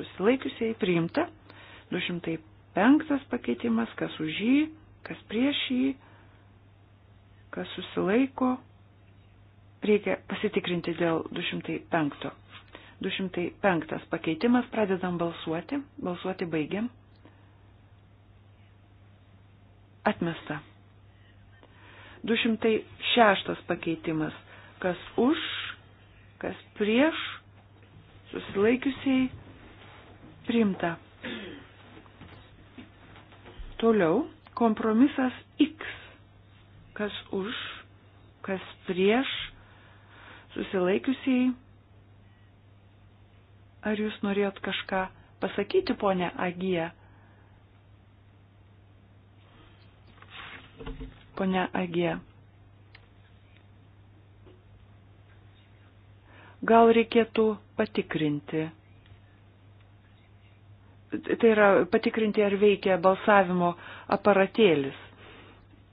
susilaikiusiai priimta, 205 pakeitimas, kas už jį, kas prieš jį, kas susilaiko, reikia pasitikrinti dėl 205. 205 pakeitimas, pradedam balsuoti, balsuoti baigiam. Atmesta. 206 pakeitimas, kas už, kas prieš, susilaikiusiai primta. Toliau kompromisas X. Kas už, kas prieš, susilaikiusiai. Ar jūs norėjot kažką pasakyti, ponė Agija? Pone Agija. gal reikėtų patikrinti. Tai yra patikrinti, ar veikia balsavimo aparatėlis.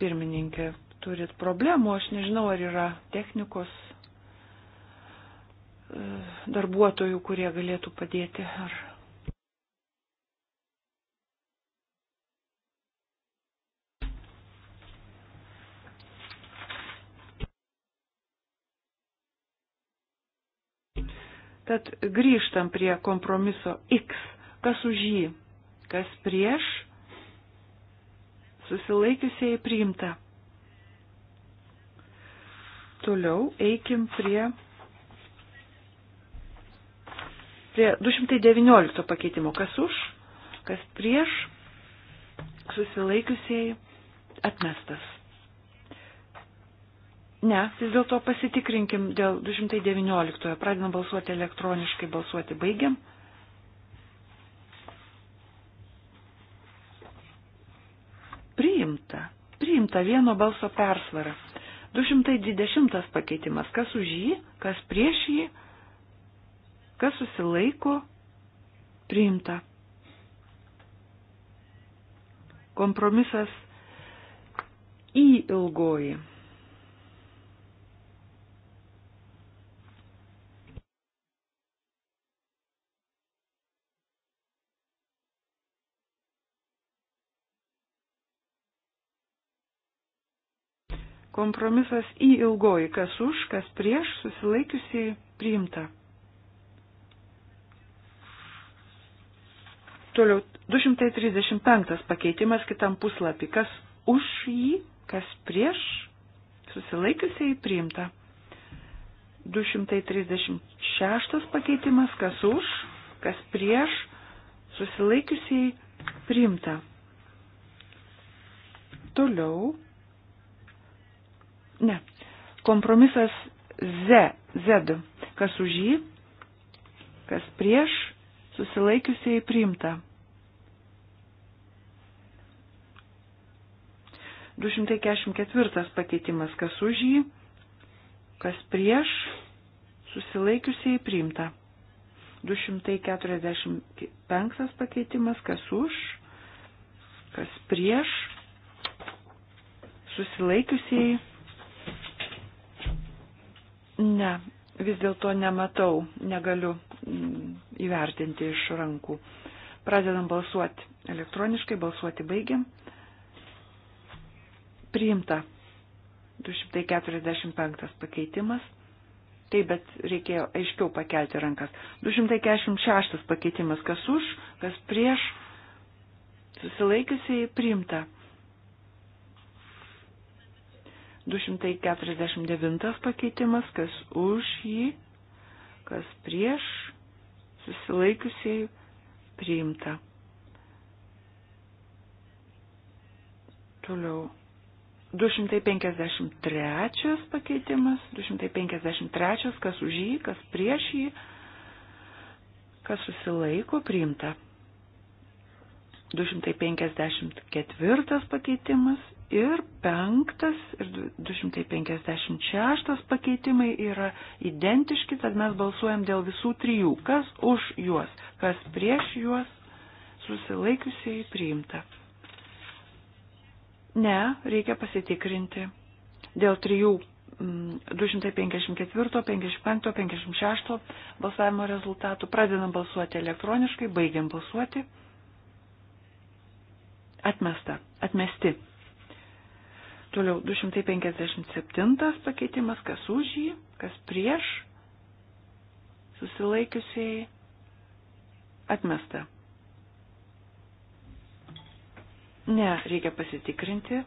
Pirmininkė, turit problemų, aš nežinau, ar yra technikos e, darbuotojų, kurie galėtų padėti, ar Tad grįžtam prie kompromiso X. Kas už jį? Kas prieš? Susilaikiusiai priimta. Toliau eikim prie, prie 219 pakeitimo. Kas už? Kas prieš? Susilaikiusiai atmestas. Ne, vis dėlto pasitikrinkim dėl 219. Pradedam balsuoti elektroniškai, balsuoti baigiam. Priimta. Priimta vieno balso persvara. 220 pakeitimas. Kas už jį, kas prieš jį, kas susilaiko, priimta. Kompromisas į ilgoji. Kompromisas į ilgoji, kas už, kas prieš, susilaikiusiai priimta. Toliau 235 pakeitimas kitam puslapį. Kas už jį, kas prieš, susilaikiusiai priimta. 236 pakeitimas, kas už, kas prieš, susilaikiusiai priimta. Toliau Ne. Kompromisas Z. Z. Kas už jį, kas prieš, susilaikiusiai priimta. 244 pakeitimas. Kas už jį, kas prieš, susilaikiusiai priimta. 245 pakeitimas. Kas už, kas prieš, susilaikiusiai priimta Ne, vis dėlto nematau, negaliu mm, įvertinti iš rankų. Pradedam balsuoti elektroniškai, balsuoti baigiam. Priimta 245 pakeitimas. Taip, bet reikėjo aiškiau pakelti rankas. 246 pakeitimas, kas už, kas prieš, susilaikiusiai priimta. 249 pakeitimas, kas už jį, kas prieš, susilaikiusieji priimta. Toliau. 253 pakeitimas, 253, kas už jį, kas prieš jį, kas susilaiko, priimta. 254 pakeitimas, Ir penktas ir 256 pakeitimai yra identiški, tad mes balsuojam dėl visų trijų. Kas už juos, kas prieš juos, susilaikiusiai priimta. Ne, reikia pasitikrinti. Dėl trijų 254, 55, 56 balsavimo rezultatų. Pradedam balsuoti elektroniškai, baigiam balsuoti. Atmesta, atmesti. Toliau 257 pakeitimas, kas už jį, kas prieš, susilaikiusiai atmesta. Ne, reikia pasitikrinti.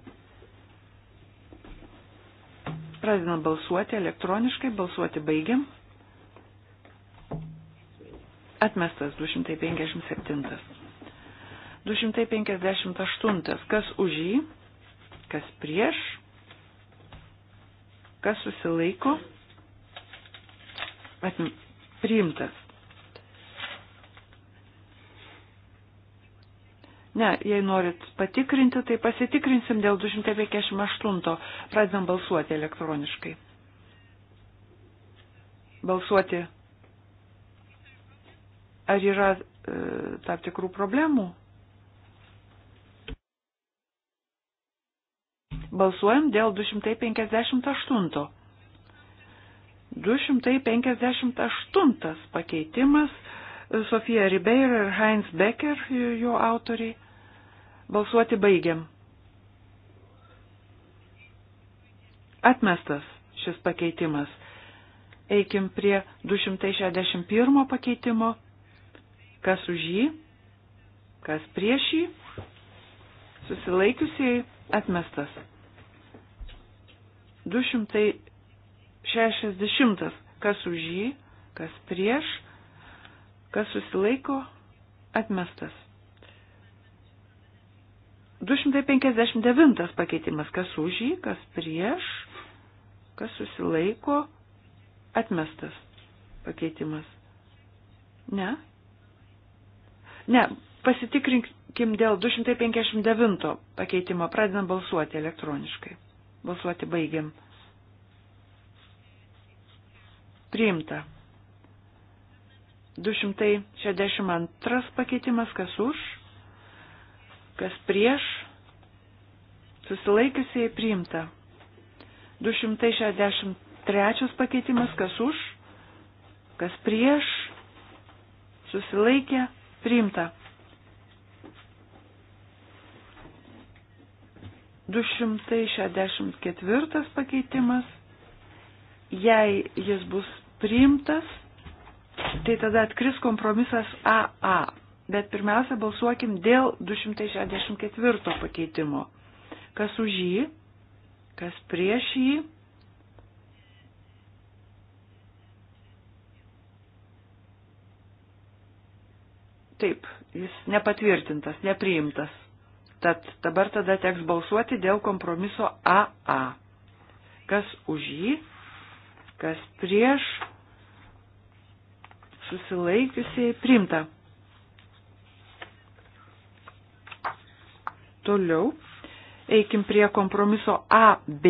Pradedam balsuoti elektroniškai, balsuoti baigiam. Atmestas 257. 258. Kas už jį? kas prieš, kas susilaiko, atm, priimtas. Ne, jei norit patikrinti, tai pasitikrinsim dėl 258. Pradedam balsuoti elektroniškai. Balsuoti. Ar yra e, tam tikrų problemų? Balsuojam dėl 258. 258 pakeitimas e, Sofija Ribeiro ir Heinz Becker, e, jo autoriai. Balsuoti baigiam. Atmestas šis pakeitimas. Eikim prie 261 pakeitimo. Kas už jį, kas prieš jį, susilaikiusiai atmestas. 260. Kas už jį, kas prieš, kas susilaiko, atmestas. 259 pakeitimas. Kas už jį, kas prieš, kas susilaiko, atmestas pakeitimas. Ne? Ne, pasitikrinkim dėl 259 pakeitimo, pradedam balsuoti elektroniškai. Balsuoti baigiam. Priimta. 262 pakeitimas, kas už, kas prieš, susilaikiusiai priimta. 263 pakeitimas, kas už, kas prieš, susilaikė, priimta. 264 pakeitimas. Jei jis bus priimtas, tai tada atkris kompromisas AA. Bet pirmiausia, balsuokim dėl 264 pakeitimo. Kas už jį, kas prieš jį. Taip, jis nepatvirtintas, nepriimtas. Tad dabar tada teks balsuoti dėl kompromiso AA. Kas už jį, kas prieš susilaikiusiai primta. Toliau eikim prie kompromiso AB.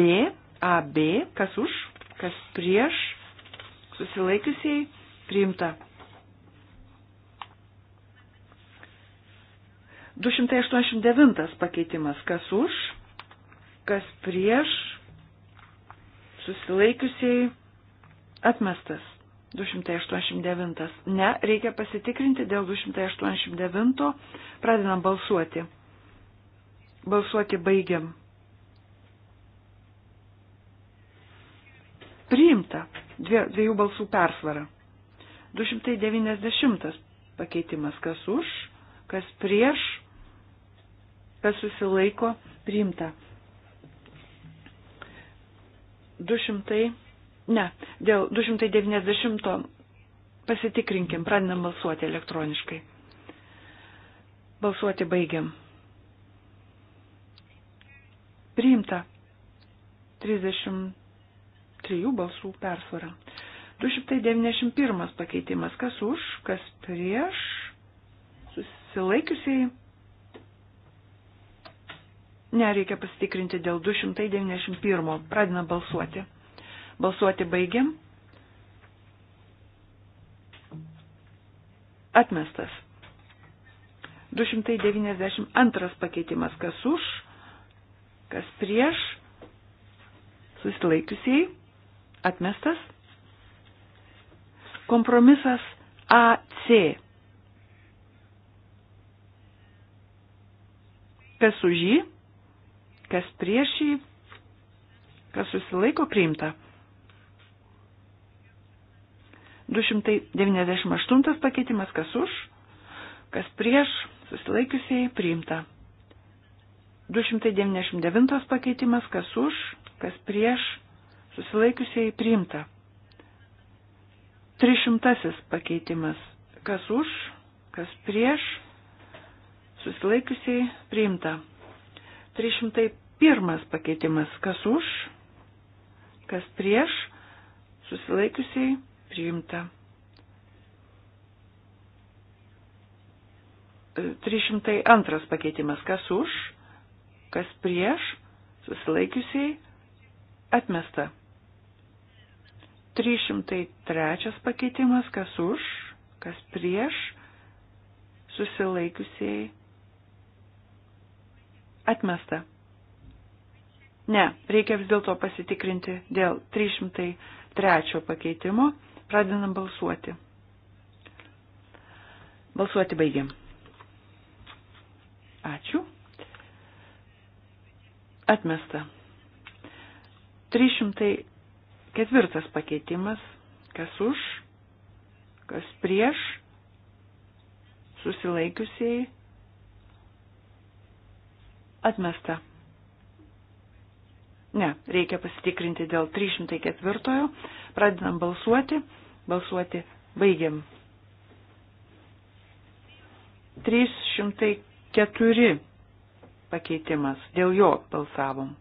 AB, kas už, kas prieš susilaikiusiai primta. 289 pakeitimas. Kas už, kas prieš, susilaikiusiai atmestas. 289. Ne, reikia pasitikrinti dėl 289. Pradedam balsuoti. Balsuoti baigiam. Priimta dviejų balsų persvara. 290 pakeitimas. Kas už, kas prieš, kas susilaiko priimta. 200, ne, dėl 290 pasitikrinkim, pradedam balsuoti elektroniškai. Balsuoti baigiam. Priimta 33 balsų persvara. 291 pakeitimas. Kas už, kas prieš? Susilaikiusiai Nereikia pasitikrinti dėl 291. Pradedam balsuoti. Balsuoti baigiam. Atmestas. 292 pakeitimas. Kas už, kas prieš, susilaikiusiai. Atmestas. Kompromisas AC. Kas už jį? kas prieš jį, kas susilaiko priimta. 298 pakeitimas, kas už, kas prieš, susilaikiusiai priimta. 299 pakeitimas, kas už, kas prieš, susilaikiusiai priimta. 300 pakeitimas, kas už, kas prieš, susilaikiusiai priimta. 301 pakeitimas. Kas už, kas prieš, susilaikiusiai priimta. 302 pakeitimas. Kas už, kas prieš, susilaikiusiai atmesta. 303 pakeitimas, kas už, kas prieš, susilaikiusiai Atmesta. Ne, reikia vis dėlto pasitikrinti dėl 303 pakeitimo. Pradedam balsuoti. Balsuoti baigiam. Ačiū. Atmesta. 304 pakeitimas. Kas už, kas prieš, susilaikiusiai Atmesta. Ne, reikia pasitikrinti dėl 304. Pradedam balsuoti. Balsuoti baigiam. 304 pakeitimas. Dėl jo balsavom.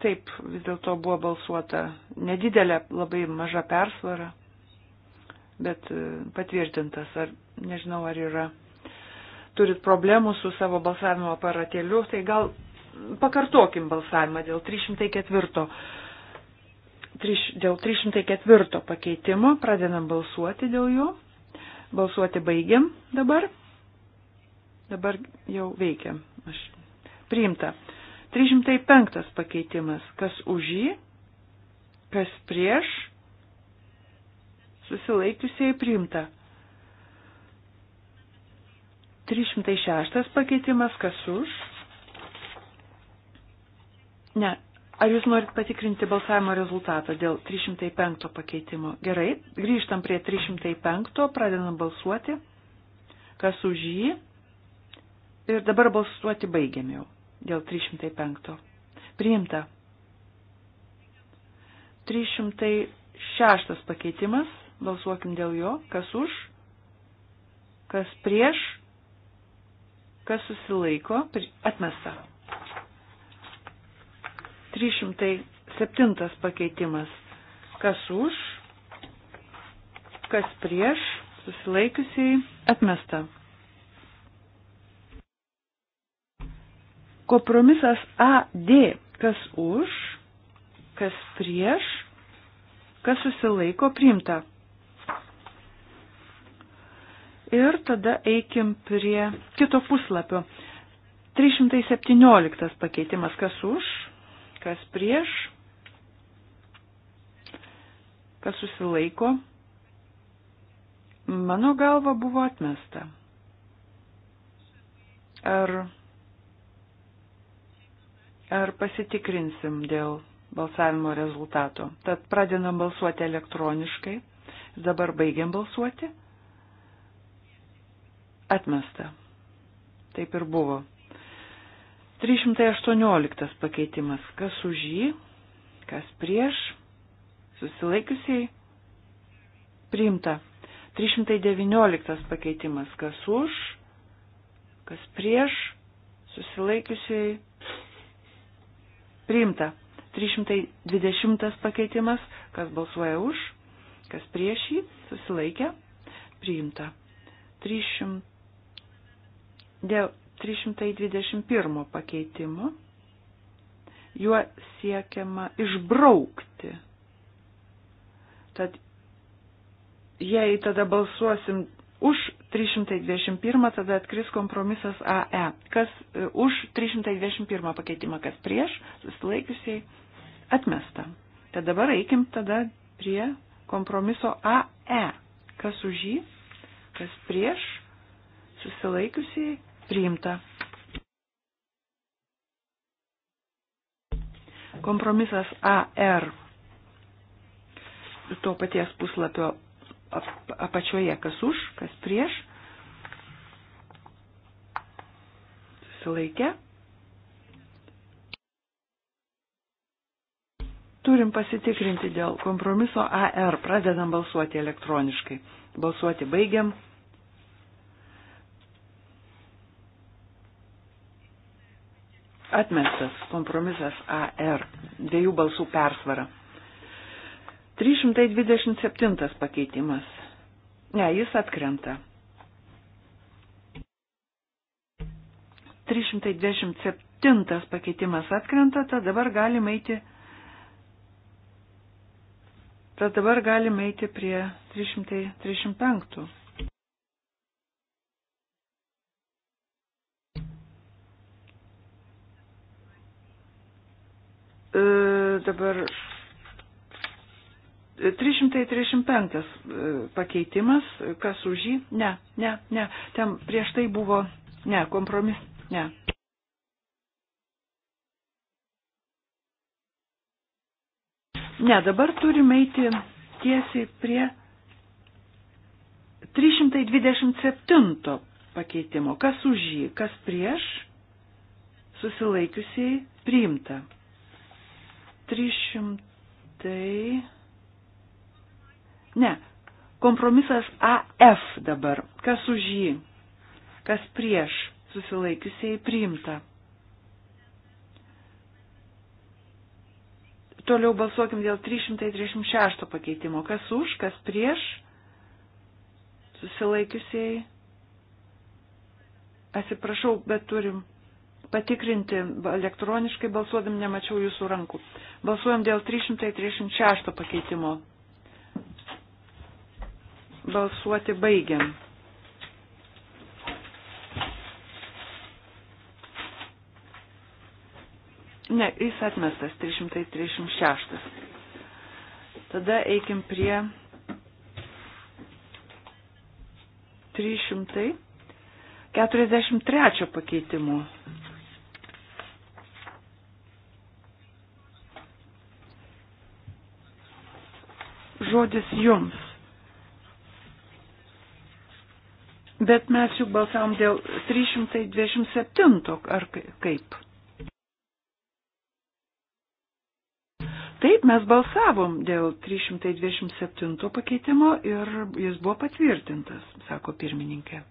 Taip, vis dėlto buvo balsuota nedidelė, labai maža persvara bet e, patvirtintas. Ar nežinau, ar yra. Turit problemų su savo balsavimo aparatėliu, tai gal pakartokim balsavimą dėl 304. 3, dėl 304 pakeitimo pradedam balsuoti dėl jo. Balsuoti baigiam dabar. Dabar jau veikia. Aš priimta. 305 pakeitimas. Kas už jį, kas prieš, susilaikiusiai priimta. 306 pakeitimas, kas už? Ne. Ar jūs norit patikrinti balsavimo rezultatą dėl 305 pakeitimo? Gerai, grįžtam prie 305, pradedam balsuoti. Kas už jį? Ir dabar balsuoti baigiam jau dėl 305. Priimta. 306 pakeitimas. Balsuokim dėl jo, kas už, kas prieš, kas susilaiko, atmesta. 307 pakeitimas. Kas už, kas prieš, susilaikiusiai, atmesta. Kompromisas AD. Kas už, kas prieš, kas susilaiko, priimta. Ir tada eikim prie kito puslapio. 317 pakeitimas. Kas už, kas prieš, kas susilaiko. Mano galva buvo atmesta. Ar, ar pasitikrinsim dėl balsavimo rezultato. Tad pradedam balsuoti elektroniškai. Dabar baigiam balsuoti. Atmesta. Taip ir buvo. 318 pakeitimas. Kas už jį, kas prieš, susilaikiusiai priimta. 319 pakeitimas. Kas už, kas prieš, susilaikiusiai priimta. 320 pakeitimas. Kas balsuoja už, kas prieš jį, susilaikia, priimta. 300. Dėl 321 pakeitimo juo siekiama išbraukti. Tad jei tada balsuosim už 321, tada atkris kompromisas AE. Kas e, už 321 pakeitimą, kas prieš, susilaikiusiai atmesta. Tad dabar eikim tada prie kompromiso AE. Kas už jį, kas prieš, susilaikiusiai priimta. Kompromisas AR to paties puslapio apačioje, kas už, kas prieš. Susilaikė. Turim pasitikrinti dėl kompromiso AR. Pradedam balsuoti elektroniškai. Balsuoti baigiam. Atmestas kompromisas AR dviejų balsų persvara. 327 pakeitimas. Ne, jis atkrenta. 327 pakeitimas atkrenta, tad dabar galime eiti. Tad dabar galime eiti prie 335. E, dabar 335 e, e, pakeitimas, kas už jį, ne, ne, ne, ten prieš tai buvo, ne, kompromis, ne. Ne, dabar turime eiti tiesiai prie 327 pakeitimo, kas už jį, kas prieš, susilaikiusiai priimta. 300. Ne, kompromisas AF dabar. Kas už jį? Kas prieš? Susilaikiusiai priimta. Toliau balsuokim dėl 336 pakeitimo. Kas už, kas prieš? Susilaikiusiai. Atsiprašau, bet turim patikrinti elektroniškai balsuodam, nemačiau jūsų rankų. Balsuojam dėl 336 pakeitimo. Balsuoti baigiam. Ne, jis atmestas 336. Tada eikim prie 343 pakeitimų. žodis jums. Bet mes juk balsavom dėl 327, ar kaip? Taip, mes balsavom dėl 327 pakeitimo ir jis buvo patvirtintas, sako pirmininkė.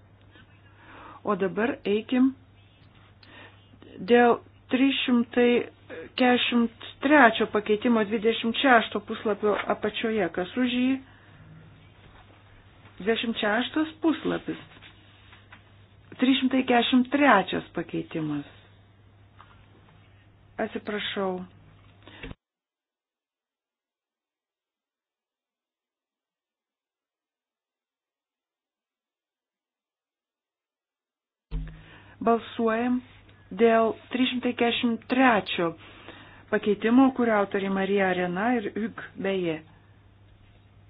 O dabar eikim dėl 300. 43 pakeitimo 26 puslapio apačioje, kas už jį. 26 puslapis. 343 pakeitimas. Atsiprašau. Balsuojam dėl 343 pakeitimo, kurio autoriai Marija Arena ir Juk beje.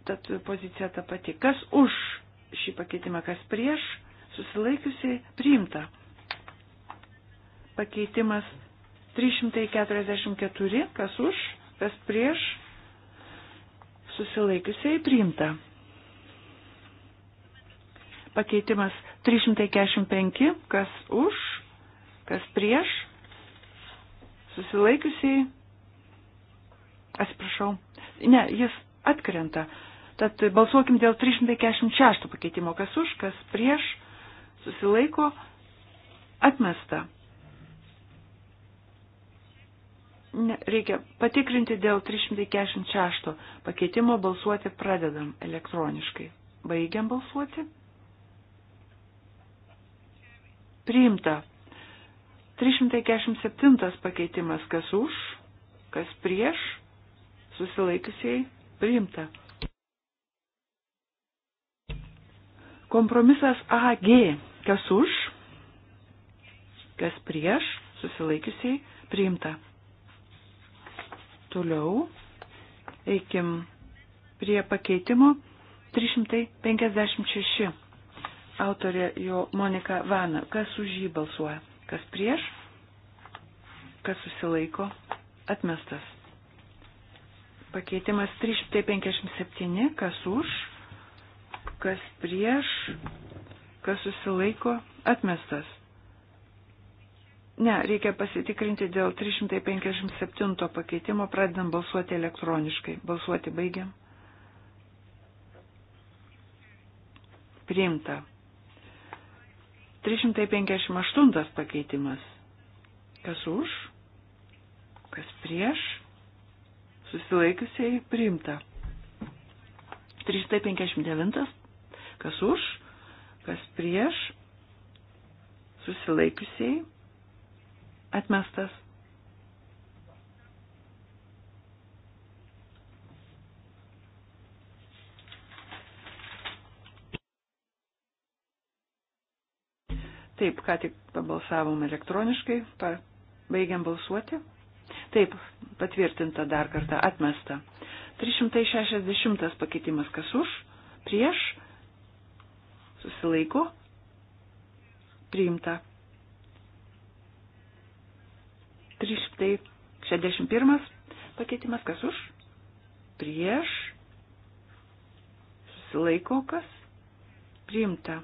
Tad pozicija ta pati. Kas už šį pakeitimą, kas prieš, susilaikiusiai priimta. Pakeitimas 344, kas už, kas prieš, susilaikiusiai priimta. Pakeitimas 345, kas už, Kas prieš? Susilaikiusiai. Atsiprašau. Ne, jis atkrenta. Tad balsuokim dėl 346 pakeitimo. Kas už, kas prieš? Susilaiko. Atmesta. Ne, reikia patikrinti dėl 346 pakeitimo balsuoti pradedam elektroniškai. Baigiam balsuoti. Priimta 347 pakeitimas, kas už, kas prieš, susilaikiusiai priimta. Kompromisas AG, kas už, kas prieš, susilaikiusiai priimta. Toliau eikim prie pakeitimo 356. Autorė jo Monika Vana. Kas už jį balsuoja? Kas prieš? Kas susilaiko? Atmestas. Pakeitimas 357. Kas už? Kas prieš? Kas susilaiko? Atmestas. Ne, reikia pasitikrinti dėl 357 pakeitimo, pradedam balsuoti elektroniškai. Balsuoti baigiam. Priimta. 358 pakeitimas. Kas už, kas prieš, susilaikiusiai priimta. 359. Kas už, kas prieš, susilaikiusiai atmestas. Taip, ką tik pabalsavom elektroniškai, pa, baigiam balsuoti. Taip, patvirtinta dar kartą, atmesta. 360 pakeitimas kas už, prieš, susilaiko, priimta. 361 pakeitimas kas už, prieš, susilaiko kas, priimta.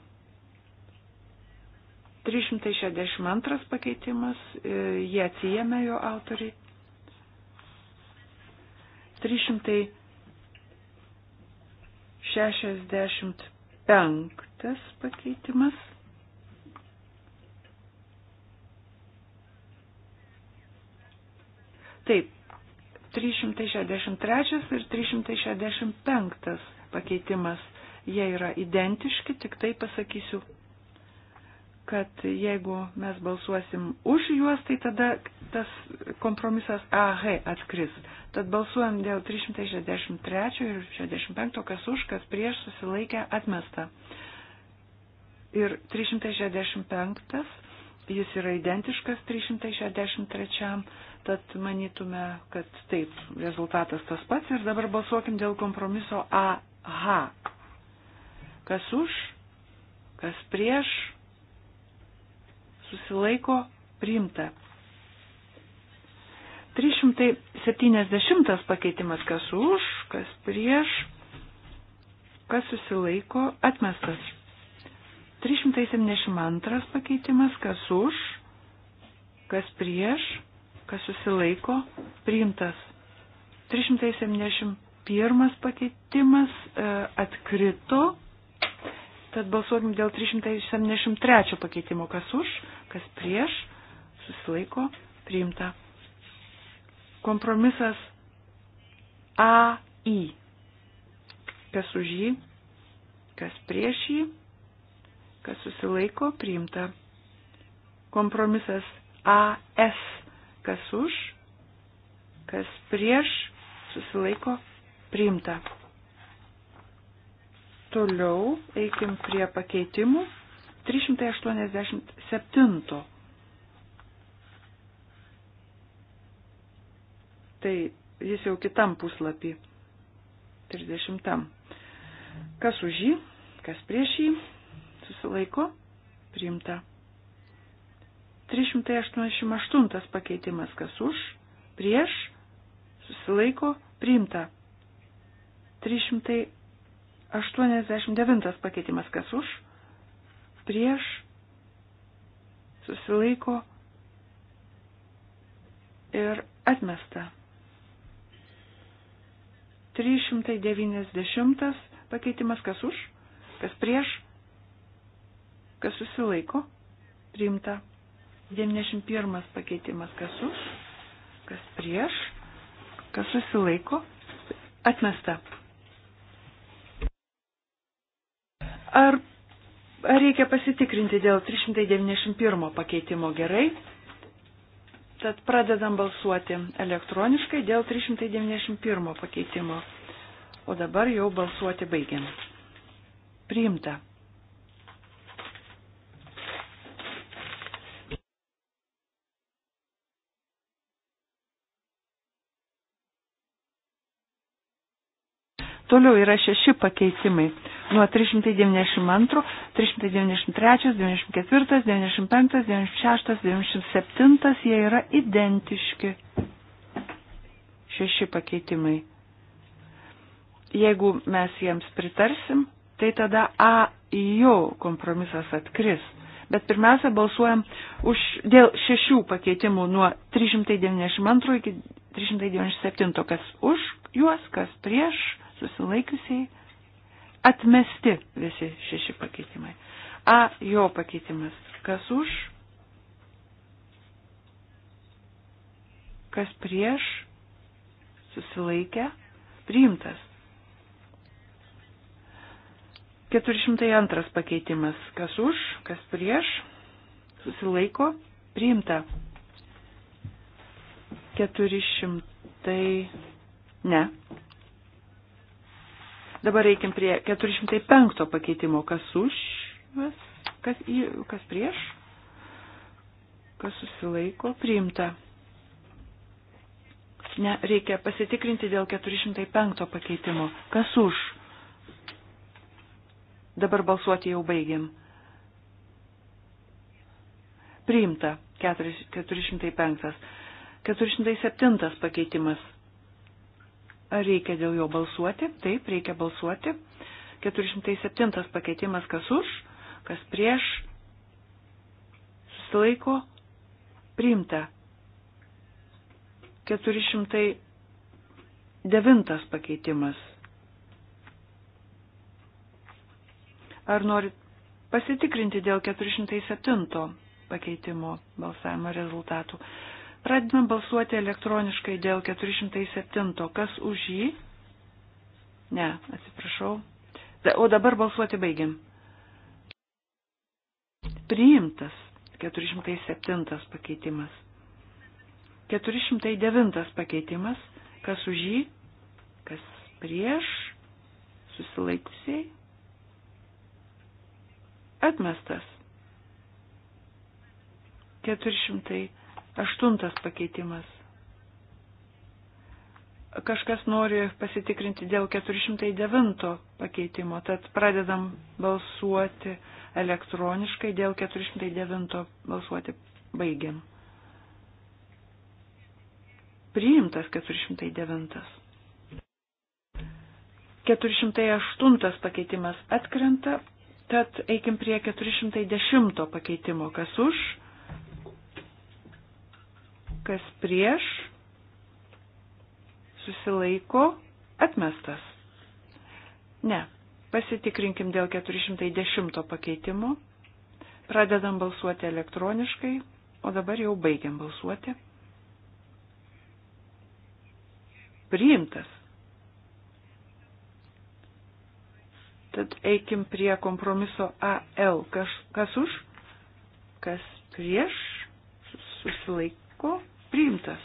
362 pakeitimas, e, jie atsijėmė jo autoriai. 365 pakeitimas. Taip, 363 ir 365 pakeitimas. Jie yra identiški, tik tai pasakysiu kad jeigu mes balsuosim už juos, tai tada tas kompromisas AH atkris. Tad balsuojam dėl 363 ir 65, kas už, kas prieš susilaikę atmesta. Ir 365, jis yra identiškas 363, tad manytume, kad taip, rezultatas tas pats ir dabar balsuokim dėl kompromiso AH. Kas už, kas prieš, susilaiko priimta. 370 pakeitimas kas už, kas prieš, kas susilaiko atmestas. 372 pakeitimas kas už, kas prieš, kas susilaiko priimtas. 371 pakeitimas e, atkrito, tad balsuokim dėl 373 pakeitimo kas už, kas prieš, susilaiko, priimta. Kompromisas AI, kas už jį, kas prieš jį, kas susilaiko, priimta. Kompromisas AS, kas už, kas prieš, susilaiko, priimta. Toliau eikim prie pakeitimų. 387. Tai jis jau kitam puslapį. 30. Kas už jį, kas prieš jį, susilaiko, priimta. 388 pakeitimas, kas už, prieš, susilaiko, priimta. 389 pakeitimas, kas už, prieš, susilaiko ir atmesta. 390 pakeitimas kas už, kas prieš, kas susilaiko, priimta. 91 pakeitimas kas už, kas prieš, kas susilaiko, atmesta. Ar reikia pasitikrinti dėl 391 pakeitimo gerai. Tad pradedam balsuoti elektroniškai dėl 391 pakeitimo. O dabar jau balsuoti baigiam. Priimta. Toliau yra šeši pakeitimai. Nuo 392, 393, 94, 95, 96, 97 jie yra identiški. Šeši pakeitimai. Jeigu mes jiems pritarsim, tai tada A jo kompromisas atkris. Bet pirmiausia, balsuojam už, dėl šešių pakeitimų nuo 392 iki 397, kas už juos, kas prieš susilaikiusiai atmesti visi šeši pakeitimai. A jo pakeitimas. Kas už? Kas prieš? Susilaikę? Priimtas. 402 pakeitimas. Kas už? Kas prieš? Susilaiko? Priimta. 400. Ne. Dabar reikim prie 405 pakeitimo. Kas už? Kas, į, kas prieš? Kas susilaiko? Priimta. Ne, reikia pasitikrinti dėl 405 pakeitimo. Kas už? Dabar balsuoti jau baigiam. Priimta 405. 407 pakeitimas. Ar reikia dėl jo balsuoti? Taip, reikia balsuoti. 407 pakeitimas kas už, kas prieš, susilaiko, priimta. 409 pakeitimas. Ar norit pasitikrinti dėl 407 pakeitimo balsavimo rezultatų? Pradedam balsuoti elektroniškai dėl 407. Kas už jį? Ne, atsiprašau. O dabar balsuoti baigiam. Priimtas 407 pakeitimas. 409 pakeitimas. Kas už jį? Kas prieš? Susilaikusiai? Atmestas. 400. Aštuntas pakeitimas. Kažkas nori pasitikrinti dėl 409 pakeitimo, tad pradedam balsuoti elektroniškai, dėl 409 balsuoti baigiam. Priimtas 409. 408 pakeitimas atkrenta, tad eikim prie 410 pakeitimo. Kas už? kas prieš, susilaiko, atmestas. Ne, pasitikrinkim dėl 410 pakeitimo. Pradedam balsuoti elektroniškai, o dabar jau baigiam balsuoti. Priimtas. Tad eikim prie kompromiso AL. Kas, kas už, kas prieš, susilaiko, priimtas.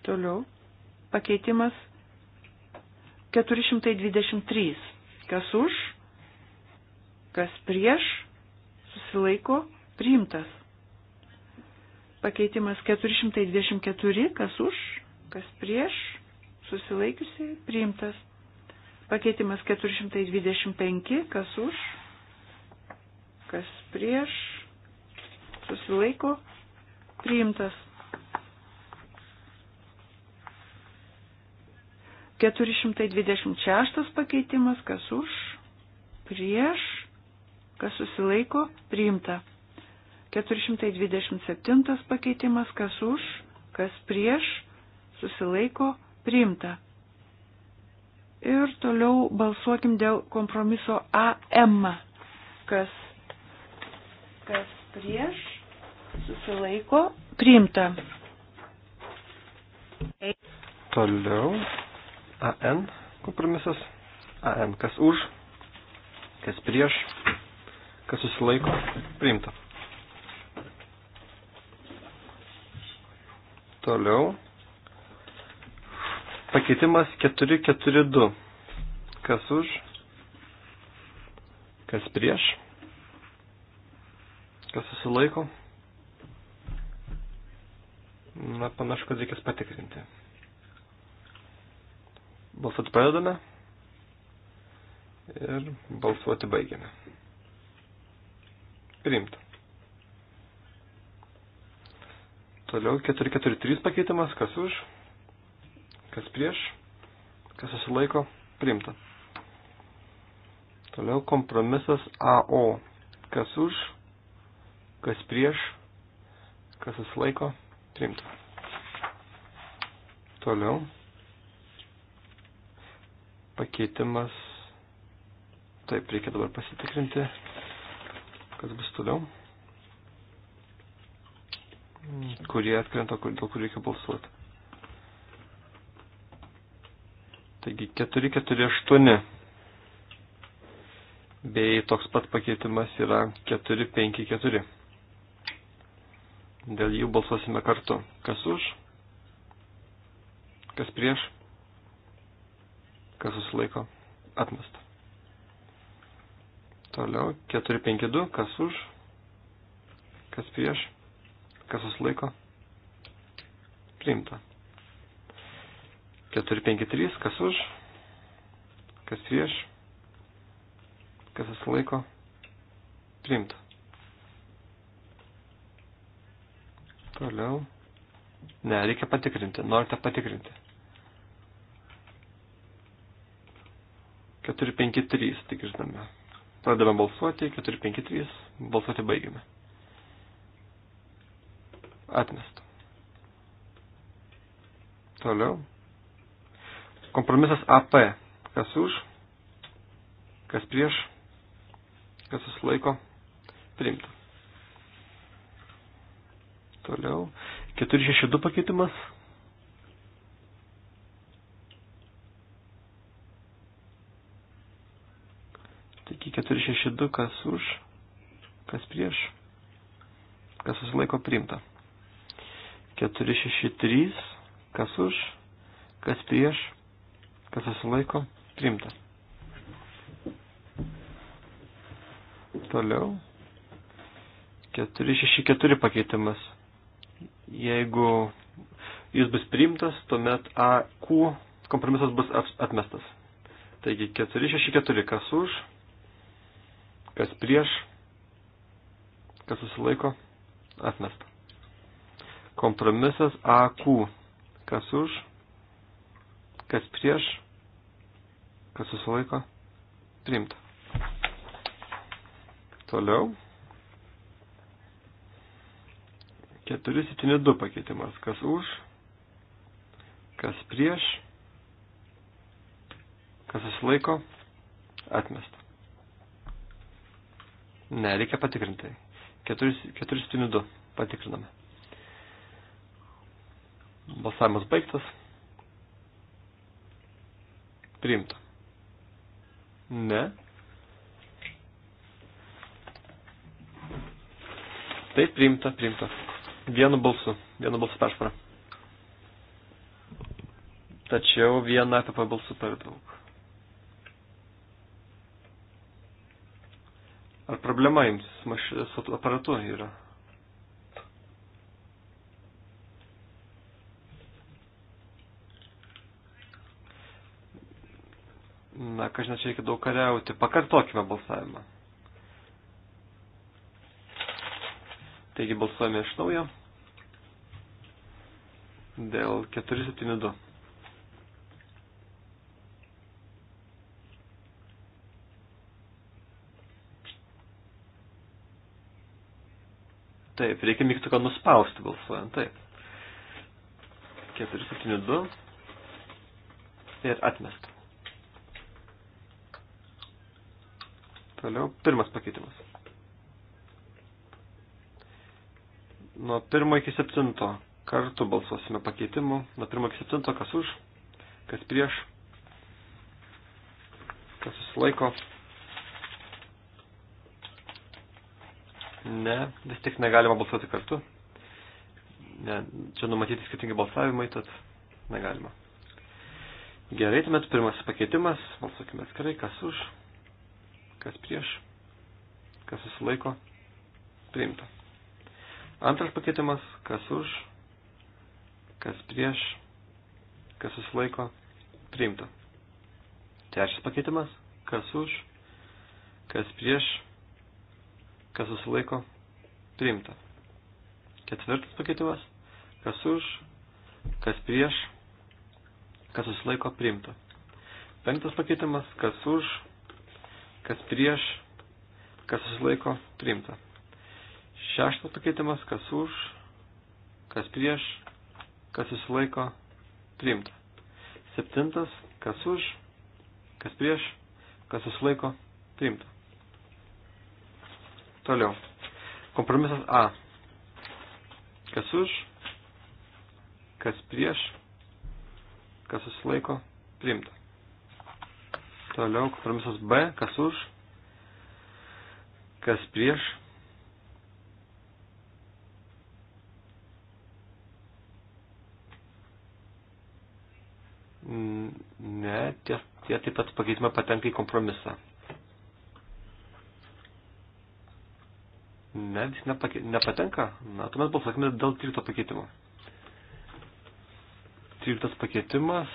Toliau pakeitimas 423. Kas už, kas prieš, susilaiko, priimtas. Pakeitimas 424. Kas už, kas prieš, susilaikiusiai, priimtas. Pakeitimas 425. Kas už, kas prieš, susilaiko priimtas. 426 pakeitimas, kas už, prieš, kas susilaiko, priimta. 427 pakeitimas, kas už, kas prieš, susilaiko, priimta. Ir toliau balsuokim dėl kompromiso AM, kas, kas prieš, susilaiko priimta. Toliau AN kompromisas. AN kas už, kas prieš, kas susilaiko priimta. Toliau pakeitimas 442. Kas už, kas prieš, kas susilaiko priimta Na, panašu, kad reikės patikrinti. Balsuoti pradedame ir balsuoti baigiame. Priimta. Toliau 443 pakeitimas, kas už, kas prieš, kas susilaiko, priimta. Toliau kompromisas AO, kas už, kas prieš, kas susilaiko, Priimta. Toliau. Pakeitimas. Taip, reikia dabar pasitikrinti, kas bus toliau. Kurie atkrenta, kur, dėl kurių reikia balsuoti. Taigi 448. Bei toks pat pakeitimas yra 454. Dėl jų balsuosime kartu. Kas už? Kas prieš? Kas susilaiko? Atmesta. Toliau 452. Kas už? Kas prieš? Kas susilaiko? Priimta. 453. Kas už? Kas prieš? Kas susilaiko? Priimta. Toliau. Ne, reikia patikrinti. Norite patikrinti. 453, tik žinome. Pradame balsuoti, 453, balsuoti baigiame. Atmesta. Toliau. Kompromisas AP. Kas už, kas prieš, kas susilaiko, priimta. Toliau. 462 pakeitimas. Taigi 462 kas už, kas prieš, kas susilaiko priimta. 463 kas už, kas prieš, kas susilaiko priimta. Toliau. 464 pakeitimas. Jeigu jis bus priimtas, tuomet AQ kompromisas bus atmestas. Taigi 464, kas už, kas prieš, kas susilaiko, atmesta. Kompromisas AQ, kas už, kas prieš, kas susilaiko, priimta. Toliau. 472 pakeitimas. Kas už, kas prieš, kas susilaiko, atmesta. Ne, reikia patikrinti. 472 patikriname. Balsavimas baigtas. Priimta. Ne. Taip, priimta, priimta. Vienu balsu, vienu balsu peršvara. Tačiau vieną etapą balsu per daug. Ar problema jums su aparatu yra? Na, kažina, čia reikia daug kariauti. Pakartokime balsavimą. Taigi balsuojame iš naujo dėl 472. Taip, reikia mygtuką nuspausti balsuojant, taip. 472 ir atmest. Toliau, pirmas pakeitimas. Nuo pirmo iki septinto kartų balsuosime pakeitimu. Nuo pirmo iki septinto kas už, kas prieš, kas susilaiko. Ne, vis tik negalima balsuoti kartu. Ne, čia numatyti skirtingi balsavimai, tad negalima. Gerai, tuomet pirmasis pakeitimas, balsuokime atskirai, kas už, kas prieš, kas susilaiko, priimta. Antras pakeitimas, kas už, kas prieš, kas susilaiko, priimta. Trečias pakeitimas, kas už, kas prieš, kas susilaiko, priimta. Ketvirtas pakeitimas, kas už, kas prieš, kas susilaiko, priimta. Penktas pakeitimas, kas už, kas prieš, kas susilaiko, priimta. Šeštas pakeitimas, kas už, kas prieš, kas susilaiko, priimta. Septintas, kas už, kas prieš, kas susilaiko, priimta. Toliau. Kompromisas A. Kas už, kas prieš, kas susilaiko, priimta. Toliau kompromisas B, kas už, kas prieš, Ne, tie, tie taip pat pakeitimai patenka į kompromisą. Ne, jis nepake, nepatenka. Na, tuomet balsuokime dėl 13 pakeitimo. 13 pakeitimas.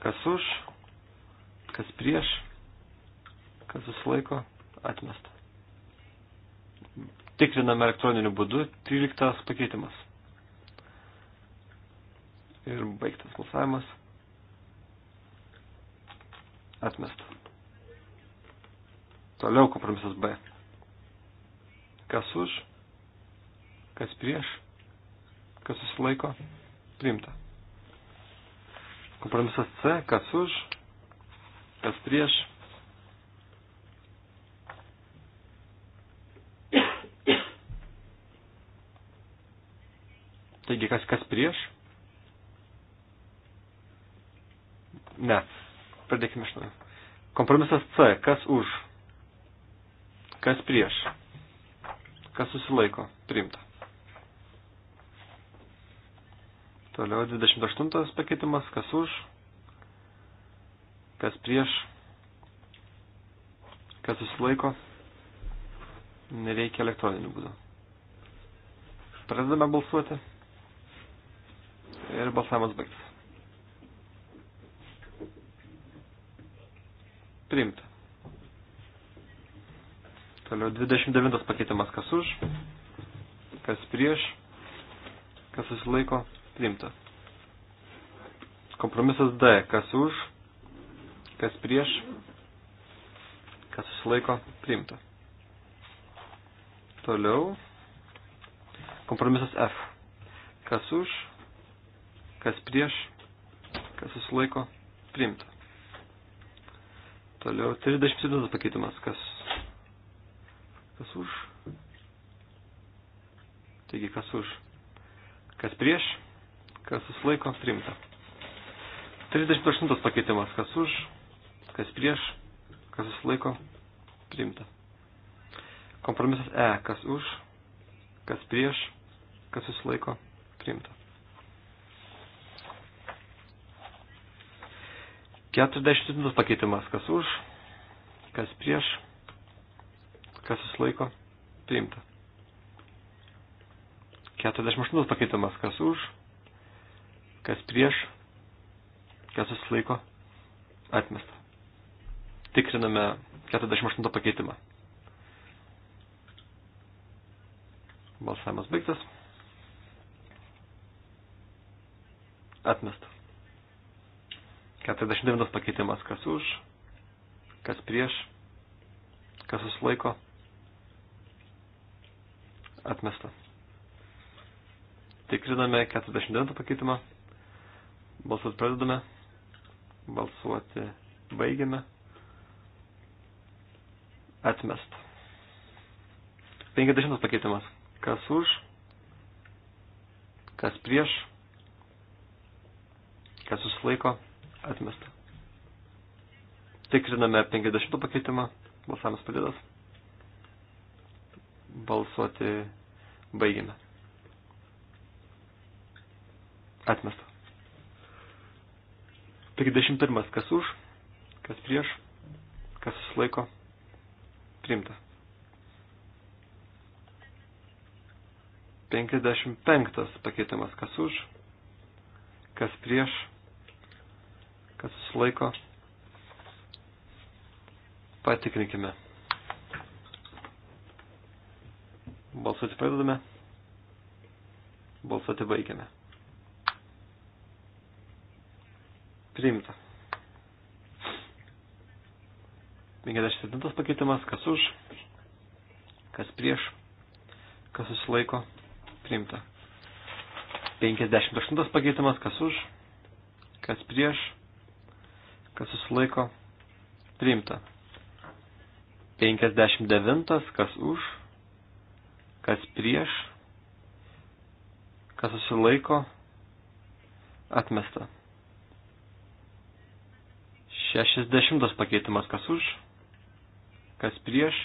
Kas už, kas prieš, kas susilaiko, atmesta. Tikriname elektroniniu būdu 13 pakeitimas. Ir baigtas balsavimas. Atmesta. Toliau kompromisas B. Kas už, kas prieš, kas susilaiko, priimta. Kompromisas C. Kas už, kas prieš. Taigi, kas kas prieš? Ne. Pradėkime iš naujo. Kompromisas C. Kas už? Kas prieš? Kas susilaiko? Priimta. Toliau 28 pakeitimas. Kas už? Kas prieš? Kas susilaiko? Nereikia elektroninių būdų. Pradedame balsuoti. Ir balsavimas baigtas. Priimta. Toliau 29 pakeitimas kas už, kas prieš, kas susilaiko, priimta. Kompromisas D, kas už, kas prieš, kas susilaiko, priimta. Toliau kompromisas F, kas už, kas prieš, kas susilaiko, priimta. Toliau 37 pakeitimas. Kas, kas už? Taigi, kas už? Kas prieš? Kas susilaiko? Primta. 38 pakeitimas. Kas už? Kas prieš? Kas susilaiko? Primta. Kompromisas E. Kas už? Kas prieš? Kas susilaiko? Primta. 47 pakeitimas, kas už, kas prieš, kas susilaiko, priimta. 48 pakeitimas, kas už, kas prieš, kas susilaiko, atmesta. Tikriname 48 pakeitimą. Balsavimas baigtas. Atmesta. 49 pakeitimas, kas už, kas prieš, kas susilaiko, atmesta. Tikriname 49 pakeitimą, balsuoti pradedame, balsuoti baigiame, atmesta. 50 pakeitimas, kas už, kas prieš, kas susilaiko, atmesta Atmesta. Tikriname 50 pakeitimą. Balsavimas padėtas. Balsuoti baigime. Atmesta. 51. Kas už, kas prieš, kas susilaiko. Priimta. 55 pakeitimas. Kas už, kas prieš, kas susilaiko. Patikrinkime. Balsuoti pradedame. Balsuoti baigiame. Priimta. 57 pakeitimas, kas už, kas prieš, kas susilaiko, priimta. 58 pakeitimas, kas už, kas prieš, kas susilaiko, priimta. 59, kas už, kas prieš, kas susilaiko, atmesta. 60 pakeitimas, kas už, kas prieš,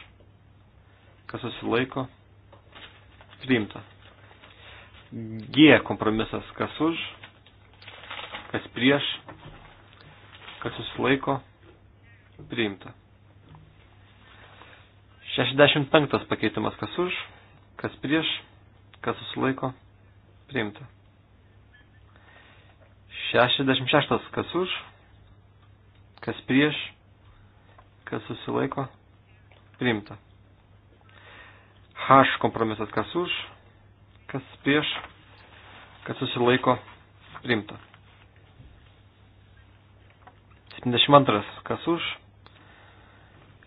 kas susilaiko, priimta. G kompromisas, kas už, kas prieš, kas susilaiko, priimta. 65 pakeitimas, kas už, kas prieš, kas susilaiko, priimta. 66 kas už, kas prieš, kas susilaiko, priimta. H kompromisas kas už, kas prieš, kas susilaiko, priimta. 72. Kas už,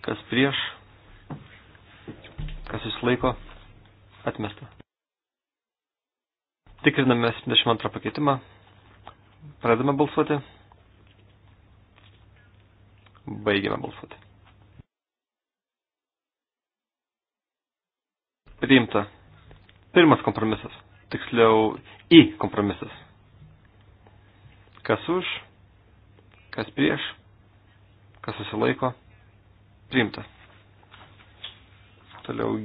kas prieš, kas susilaiko, atmesta. Tikriname 72 pakeitimą. Pradame balsuoti. Baigiame balsuoti. Priimta. Pirmas kompromisas. Tiksliau, į kompromisas. Kas už, kas prieš, kas susilaiko, priimta. Toliau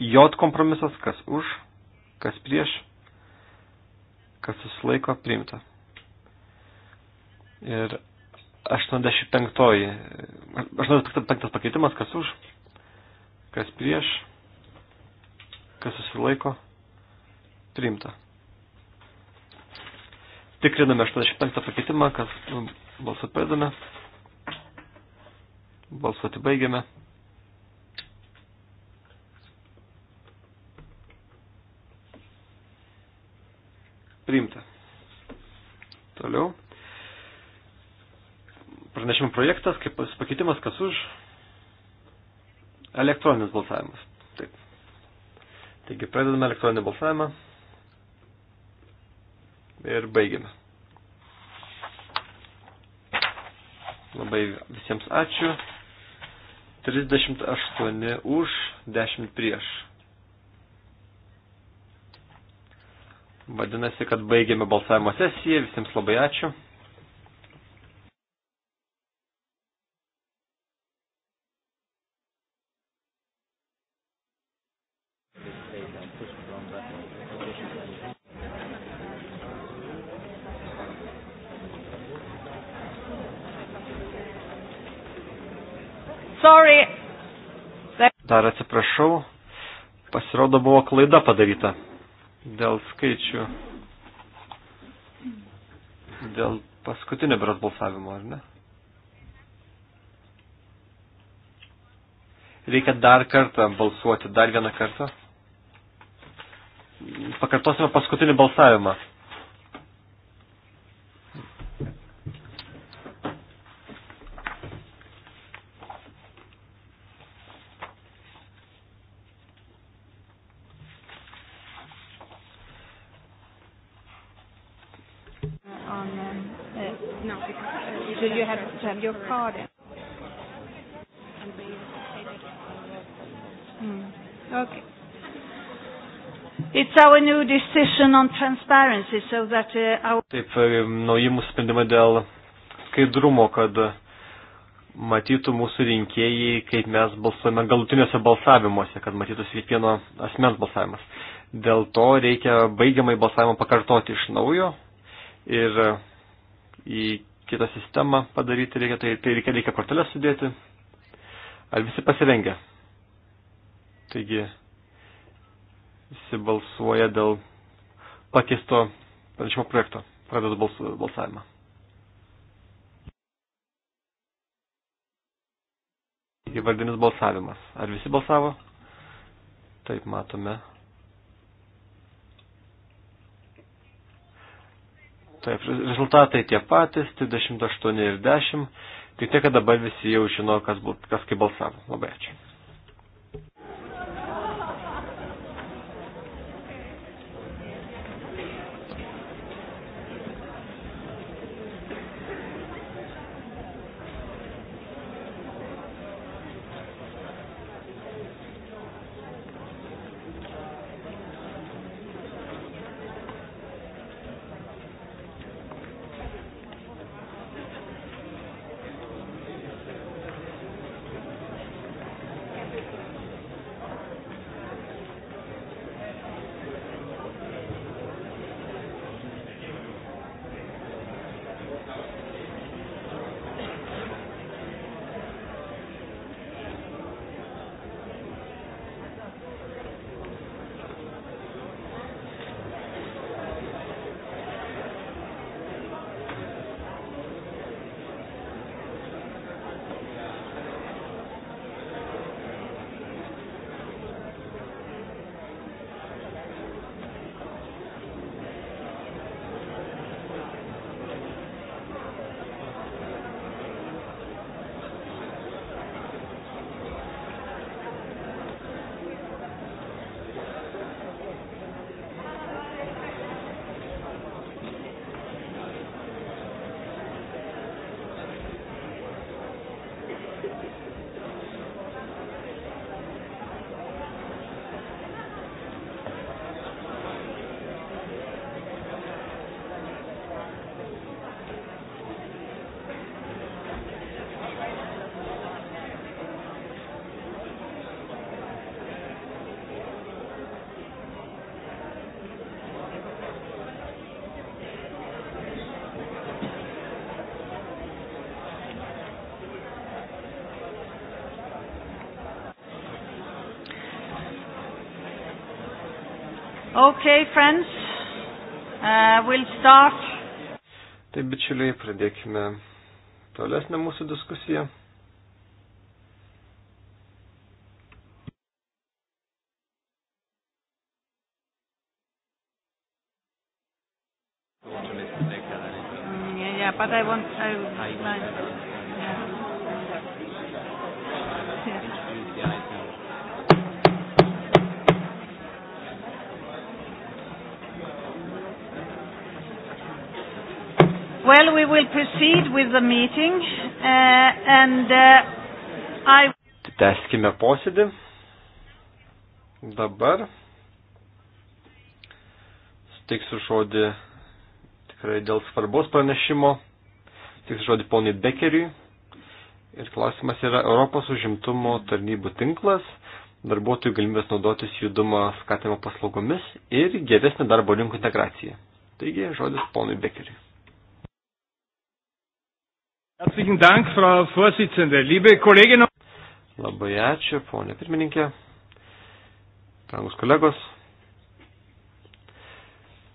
J kompromisas, kas už, kas prieš, kas susilaiko, priimta. Ir 85, 85 pakeitimas, kas už, kas prieš, kas susilaiko, priimta tikriname 85 pakeitimą, kas Balsuot pradame. Balsuoti baigiame. Priimta. Toliau. Pranešimo projektas, kaip pakeitimas, kas už. Elektroninis balsavimas. Taip. Taigi pradedame elektroninį balsavimą. Ir baigiame. Labai visiems ačiū. 38 už, 10 prieš. Vadinasi, kad baigėme balsavimo sesiją. Visiems labai ačiū. komisarą atsiprašau, pasirodo buvo klaida padaryta dėl skaičių, dėl paskutinio beras balsavimo, ar ne? Reikia dar kartą balsuoti, dar vieną kartą. Pakartosime paskutinį balsavimą. Cardiff. Mm. Okay. It's our new decision on transparency, so that uh, our... Taip, e, nauji mūsų sprendimai dėl skaidrumo, kad matytų mūsų rinkėjai, kaip mes balsuojame galutiniuose balsavimuose, kad matytųsi kiekvieno asmens balsavimas. Dėl to reikia baigiamai balsavimą pakartoti iš naujo ir e, į kitą sistemą padaryti reikia, tai, tai reikia, reikia korteles sudėti. Ar visi pasirengia? Taigi, visi balsuoja dėl pakeisto pranešimo projekto. Pradedu bals, balsavimą. Įvardinis balsavimas. Ar visi balsavo? Taip, matome. Taip, rezultatai tie patys, 38 ir 10, tik tiek, kad dabar visi jau žino, kas, kas kaip balsavo. Labai ačiū. Okay, friends, uh, we'll start. Taip, bičiuliai, pradėkime tolesnę mūsų diskusiją. the meeting uh, and uh, I. Teskime posėdį. Dabar suteiksiu žodį tikrai dėl svarbos pranešimo, suteiksiu žodį ponui Bekeriui. Ir klausimas yra Europos užimtumo tarnybų tinklas, darbuotojų galimybės naudotis judumo skatimo paslaugomis ir geresnė darbo rinkų integracija. Taigi, žodis ponui Bekeriui. Herzlichen Dank, Frau Vorsitzende. Liebe Kolleginnen und Labai ačiū, ponė pirmininkė, brangus kolegos.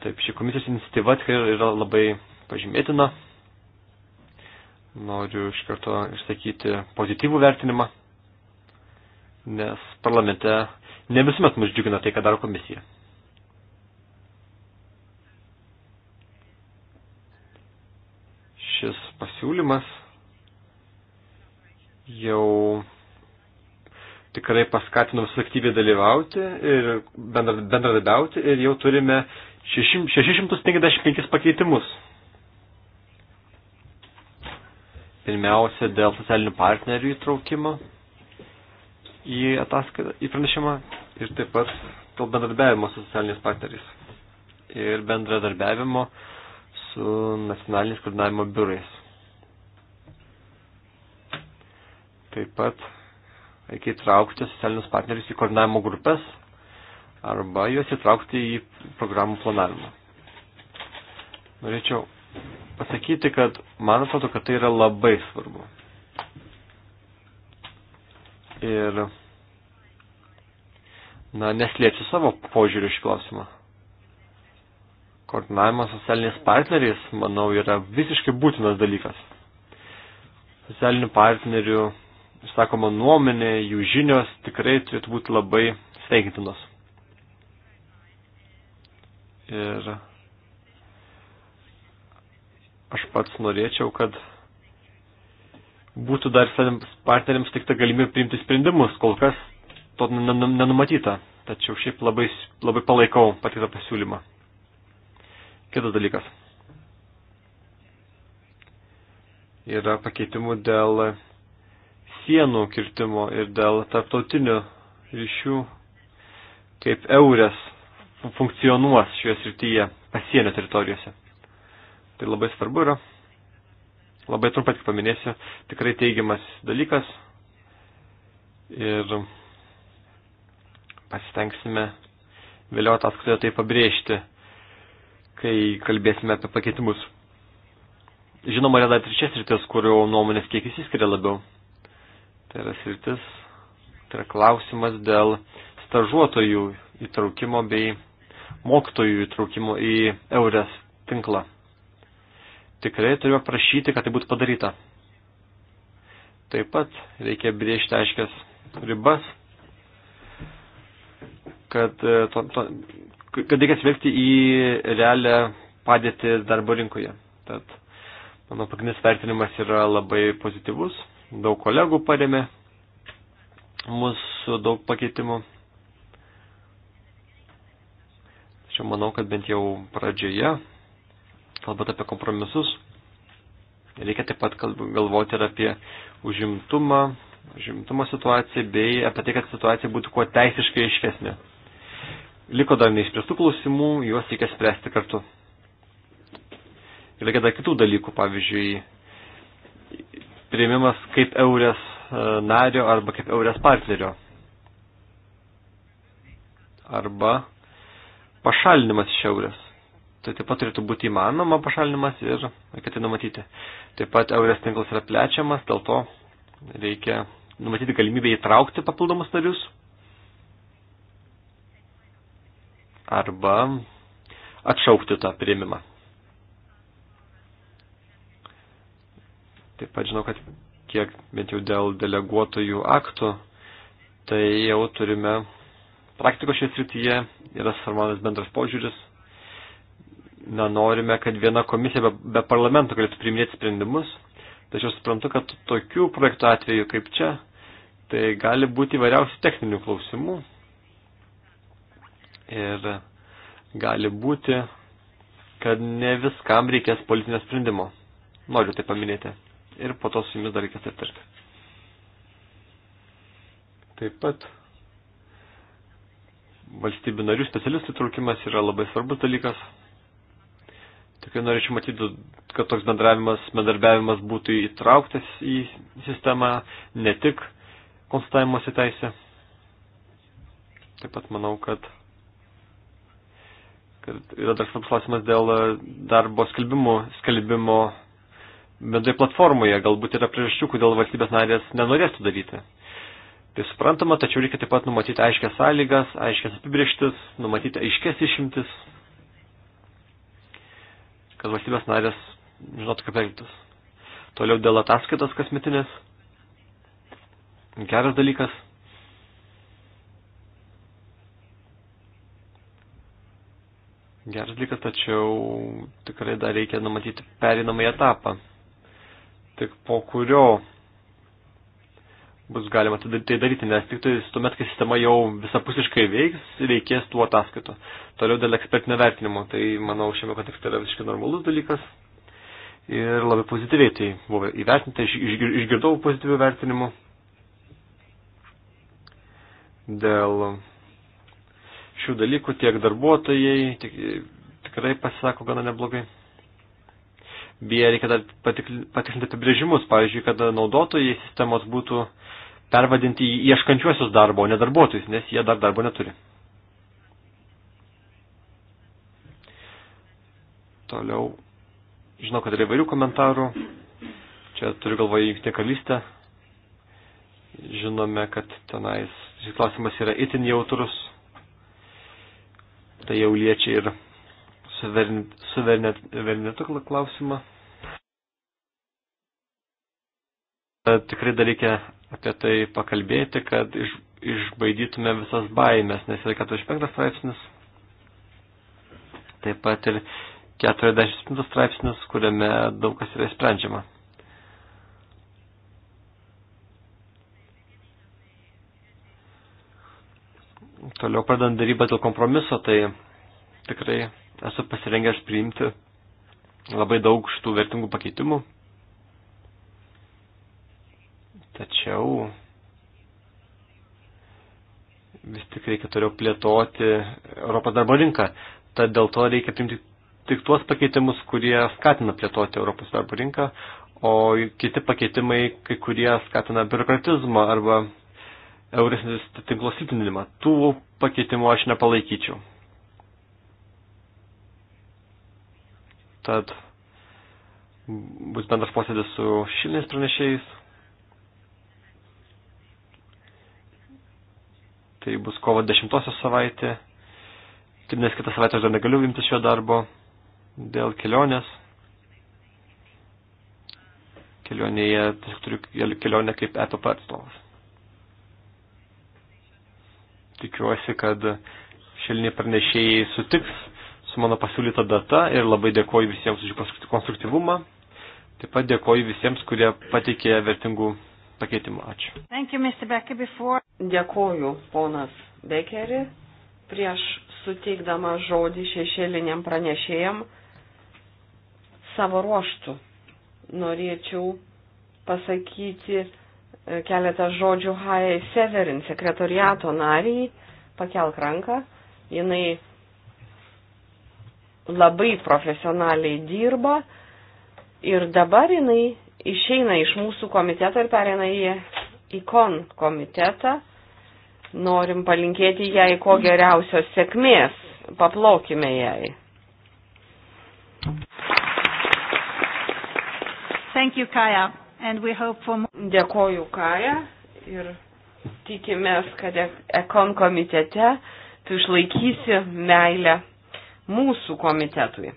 Taip, ši komisijos iniciatyva tikrai yra labai pažymėtina. Noriu iš karto išsakyti pozityvų vertinimą, nes parlamente ne visuomet mus džiugina tai, ką daro komisija. Šis pasiūlymas jau tikrai paskatinom aktyviai dalyvauti ir bendradarbiauti ir jau turime 655 pakeitimus. Pirmiausia, dėl socialinių partnerių įtraukimo į, ataskaitą, į pranešimą ir taip pat dėl bendradarbiavimo su socialiniais partneriais ir bendradarbiavimo su nacionaliniais koordinavimo biurais. Taip pat reikia įtraukti socialinius partnerius į koordinavimo grupės arba juos įtraukti į programų planavimą. Norėčiau pasakyti, kad man atrodo, kad tai yra labai svarbu. Ir na, neslėpsiu savo požiūrį iš klausimą. Koordinavimas socialiniais partneriais, manau, yra visiškai būtinas dalykas. Socialinių partnerių sakoma nuomenė, jų žinios tikrai turėtų būti labai sveikintinos. Ir aš pats norėčiau, kad būtų dar partneriams tik ta galimybė priimti sprendimus, kol kas to nenumatyta, tačiau šiaip labai, labai palaikau patį tą pasiūlymą. Kitas dalykas. Yra pakeitimų dėl sienų kirtimo ir dėl tarptautinių ryšių, kaip eurės funkcionuos šioje srityje pasienio teritorijose. Tai labai svarbu yra. Labai trumpai tik paminėsiu, tikrai teigiamas dalykas ir pasistengsime vėliau ataskaitoje tai pabrėžti, kai kalbėsime apie pakeitimus. Žinoma, yra dar trečias rytis, kurio nuomonės kiek įsiskiria labiau. Tai yra sritis, tai yra klausimas dėl stažuotojų įtraukimo bei mokytojų įtraukimo į eurės tinklą. Tikrai turime prašyti, kad tai būtų padaryta. Taip pat reikia brėžti aiškias ribas, kad, e, to, to, kad reikia atsvelgti į realią padėtį darbo rinkoje. Tad mano pagrindinis vertinimas yra labai pozityvus daug kolegų paremė mūsų daug pakeitimų. Tačiau manau, kad bent jau pradžioje, kalbant apie kompromisus, reikia taip pat galvoti ir apie užimtumą, užimtumo situaciją bei apie tai, kad situacija būtų kuo teisiškai aiškesnė. Liko dar neišspręstų klausimų, juos reikia spręsti kartu. Ir reikia dar kitų dalykų, pavyzdžiui, prieimimas kaip eurės e, nario arba kaip eurės partnerio. Arba pašalinimas iš eurės. Tai taip pat turėtų būti įmanoma pašalinimas ir reikia tai numatyti. Taip pat eurės tinklas yra plečiamas, dėl to reikia numatyti galimybę įtraukti papildomus narius. Arba atšaukti tą priėmimą. Taip pat žinau, kad kiek bent jau dėl deleguotojų aktų, tai jau turime praktikos šioje srityje, yra svarmanas bendras požiūris. Na, norime, kad viena komisija be, be parlamento galėtų priiminėti sprendimus, tačiau suprantu, kad tokių projektų atveju kaip čia, tai gali būti įvairiausių techninių klausimų ir gali būti, kad ne viskam reikės politinio sprendimo. Noriu tai paminėti ir po to su jumis dar reikės aptarti. Taip pat valstybių narių specialistų traukimas yra labai svarbus dalykas. Tikrai norėčiau matyti, kad toks bendravimas, bendarbiavimas būtų įtrauktas į sistemą, ne tik konstatavimuose teisė. Taip pat manau, kad, kad yra dar svarbus klausimas dėl darbo skelbimo, skelbimo bendrai platformoje. Galbūt yra priežasčių, kodėl valstybės narės nenorės to daryti. Tai suprantama, tačiau reikia taip pat numatyti aiškias sąlygas, aiškias apibrieštis, numatyti aiškias išimtis, kad valstybės narės žinotų, kaip elgtis. Toliau dėl ataskaitos kasmetinės. Geras dalykas. Geras dalykas, tačiau tikrai dar reikia numatyti perinamąjį etapą tik po kurio bus galima tai daryti, nes tik tai tuomet, kai sistema jau visapusiškai veiks, reikės tų ataskaitų. Toliau dėl ekspertinio vertinimo, tai manau šiame kontekste yra visiškai normalus dalykas ir labai pozityviai tai buvo įvertinta, išgirdau pozityvių vertinimų dėl šių dalykų tiek darbuotojai, tiek, tikrai pasisako gana neblogai. Beje, reikia dar patikslinti apibrėžimus, pavyzdžiui, kad naudotojai sistemos būtų pervadinti į ieškančiuosius darbo, o ne darbuotojus, nes jie dar darbo neturi. Toliau, žinau, kad yra įvairių komentarų, čia turiu galvoje jungtinę kalystę, žinome, kad tenais šis klausimas yra itin jautrus, tai jau liečia ir suverenitų klausimą. E, tikrai dar reikia apie tai pakalbėti, kad iš, išbaidytume visas baimės, nes yra 45 straipsnis, taip pat ir 47 straipsnis, kuriame daug kas yra sprendžiama. Toliau pradant darybą dėl kompromiso, tai tikrai esu pasirengęs priimti labai daug šitų vertingų pakeitimų. Tačiau vis tik reikia toliau plėtoti Europos darbo rinką. Tad dėl to reikia priimti tik tuos pakeitimus, kurie skatina plėtoti Europos darbo rinką, o kiti pakeitimai, kai kurie skatina biurokratizmą arba eurisnis tinklo silpninimą. Tų pakeitimų aš nepalaikyčiau. Tad bus bendras posėdis su šiliniais pranešėjais. Tai bus kovo 10 savaitė. Taip nes kitą savaitę aš dar negaliu imti šio darbo dėl kelionės. Kelionėje, tiesiog turiu kelionę kaip EPP atstovas. Tikiuosi, kad šiliniai pranešėjai sutiks su mano pasiūlyta data ir labai dėkoju visiems už konstruktyvumą. Taip pat dėkoju visiems, kurie pateikė vertingų pakeitimų. Ačiū. Thank you, Mr. Becker, before... Dėkoju, ponas Bekeri. Prieš suteikdama žodį šešėliniam pranešėjam savo ruoštų norėčiau pasakyti e, keletą žodžių Hai Severin sekretoriato nariai. Pakelk ranką. Jinai labai profesionaliai dirba ir dabar jinai išeina iš mūsų komiteto ir pereina į ikon komitetą. Norim palinkėti jai ko geriausios sėkmės. Paplokime jai. Thank you, Kaja. And we hope for... Dėkoju, Kaja. Ir tikimės, kad e-, ekon komitete tu išlaikysi meilę mūsų komitetui.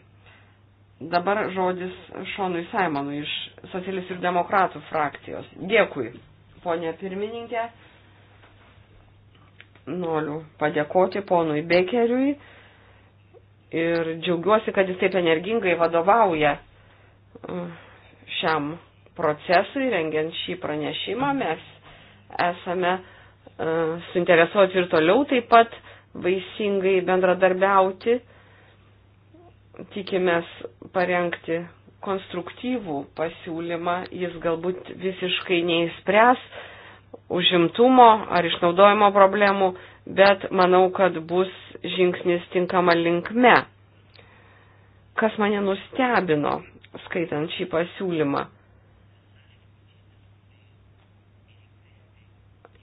Dabar žodis Šonui Saimonui iš Socialis ir Demokratų frakcijos. Dėkui, ponė pirmininkė. Noriu padėkoti ponui Bekeriui ir džiaugiuosi, kad jis taip energingai vadovauja uh, šiam procesui, rengiant šį pranešimą. Mes esame uh, suinteresuoti ir toliau taip pat vaisingai bendradarbiauti tikimės parengti konstruktyvų pasiūlymą, jis galbūt visiškai neįspręs užimtumo ar išnaudojimo problemų, bet manau, kad bus žingsnis tinkama linkme. Kas mane nustebino, skaitant šį pasiūlymą?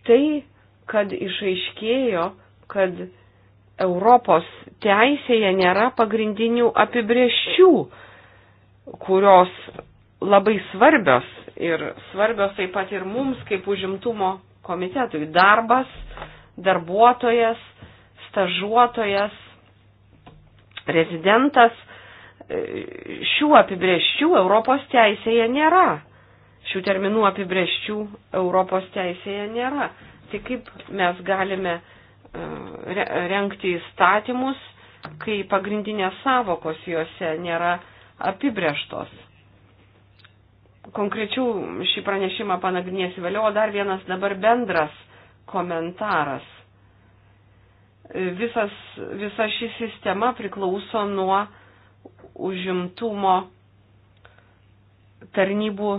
Tai, kad išaiškėjo, kad Europos teisėje nėra pagrindinių apibrieščių, kurios labai svarbios ir svarbios taip pat ir mums kaip užimtumo komitetui. Darbas, darbuotojas, stažuotojas, rezidentas. Šių apibrieščių Europos teisėje nėra. Šių terminų apibrieščių Europos teisėje nėra. Tai kaip mes galime uh, renkti įstatymus, kai pagrindinės savokos juose nėra apibrieštos. Konkrečiau šį pranešimą panagrinėsiu vėliau, o dar vienas dabar bendras komentaras. Visas, visa ši sistema priklauso nuo užimtumo tarnybų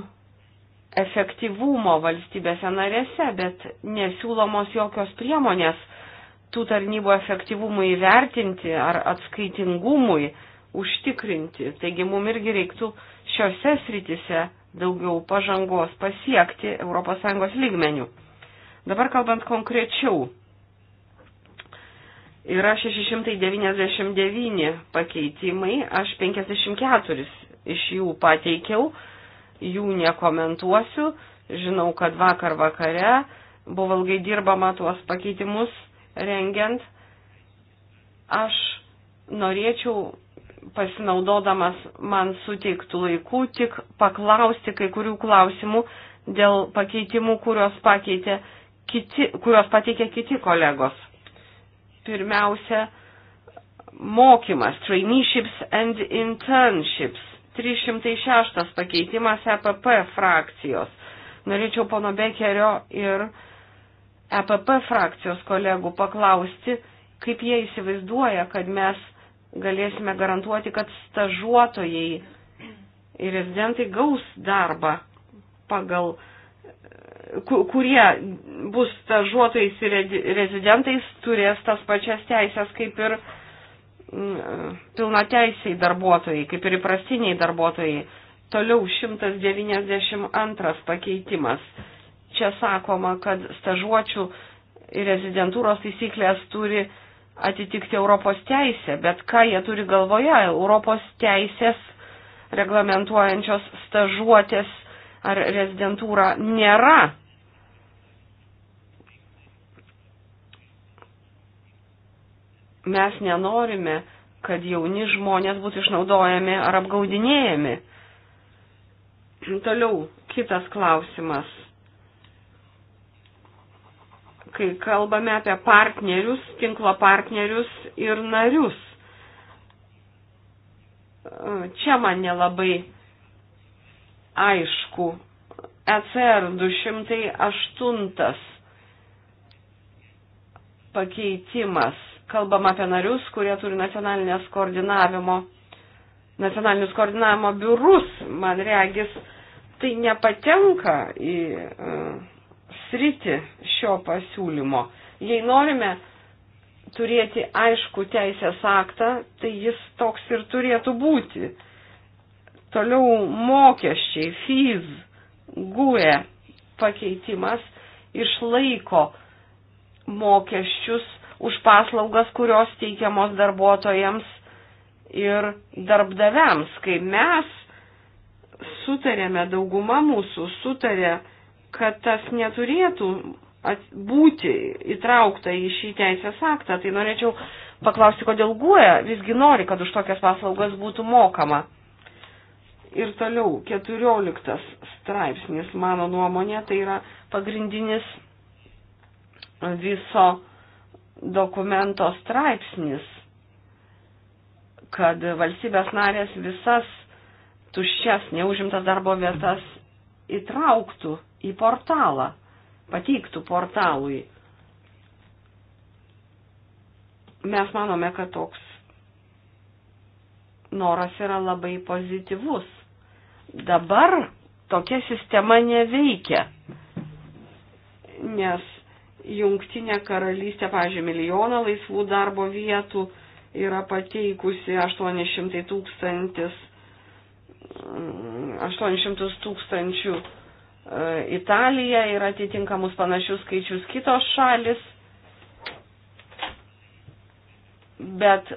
efektyvumo valstybėse narėse, bet nesiūlomos jokios priemonės, tų tarnybų efektyvumui įvertinti ar atskaitingumui užtikrinti. Taigi mums irgi reiktų šiose sritise daugiau pažangos pasiekti ES lygmenių. Dabar kalbant konkrečiau, yra 699 pakeitimai, aš 54 iš jų pateikiau, jų nekomentuosiu, žinau, kad vakar vakare buvo ilgai dirbama tuos pakeitimus rengiant, aš norėčiau pasinaudodamas man suteiktų laikų tik paklausti kai kurių klausimų dėl pakeitimų, kuriuos, kiti, kuriuos pateikė kiti kolegos. Pirmiausia, mokymas, traineeships and internships. 306 pakeitimas EPP frakcijos. Norėčiau pono Bekerio ir uh, EPP frakcijos kolegų paklausti, kaip jie įsivaizduoja, kad mes galėsime garantuoti, kad stažuotojai ir rezidentai gaus darbą pagal kurie bus stažuotojais ir rezidentais, turės tas pačias teisės kaip ir mm, pilnateisiai darbuotojai, kaip ir įprastiniai darbuotojai. Toliau 192 pakeitimas. Čia sakoma, kad stažuočių ir rezidentūros taisyklės turi atitikti Europos teisę, bet ką jie turi galvoje, Europos teisės reglamentuojančios stažuotės ar rezidentūrą nėra. Mes nenorime, kad jauni žmonės būtų išnaudojami ar apgaudinėjami. Toliau kitas klausimas kai kalbame apie partnerius, tinklo partnerius ir narius. Čia man nelabai aišku. ECR 208 pakeitimas. Kalbam apie narius, kurie turi nacionalinės koordinavimo, nacionalinius koordinavimo biurus. Man reagis, tai nepatenka į. Uh, sritį šio pasiūlymo. Jei norime turėti aišku teisės aktą, tai jis toks ir turėtų būti. Toliau mokesčiai, FIZ, GUE pakeitimas išlaiko mokesčius už paslaugas, kurios teikiamos darbuotojams ir darbdaviams. Kai mes sutarėme, dauguma mūsų sutarė, kad tas neturėtų būti įtraukta į šį teisės aktą. Tai norėčiau paklausti, kodėl guoja visgi nori, kad už tokias paslaugas būtų mokama. Ir toliau, keturioliktas straipsnis, mano nuomonė, tai yra pagrindinis viso dokumento straipsnis, kad valstybės narės visas tuščias neužimtas darbo vietas įtrauktų į portalą, pateiktų portalui. Mes manome, kad toks noras yra labai pozityvus. Dabar tokia sistema neveikia, nes jungtinė karalystė, pažiūrėjau, milijoną laisvų darbo vietų yra pateikusi 800 tūkstantis 800 tūkstančių Italija ir atitinkamus panašius skaičius kitos šalis. Bet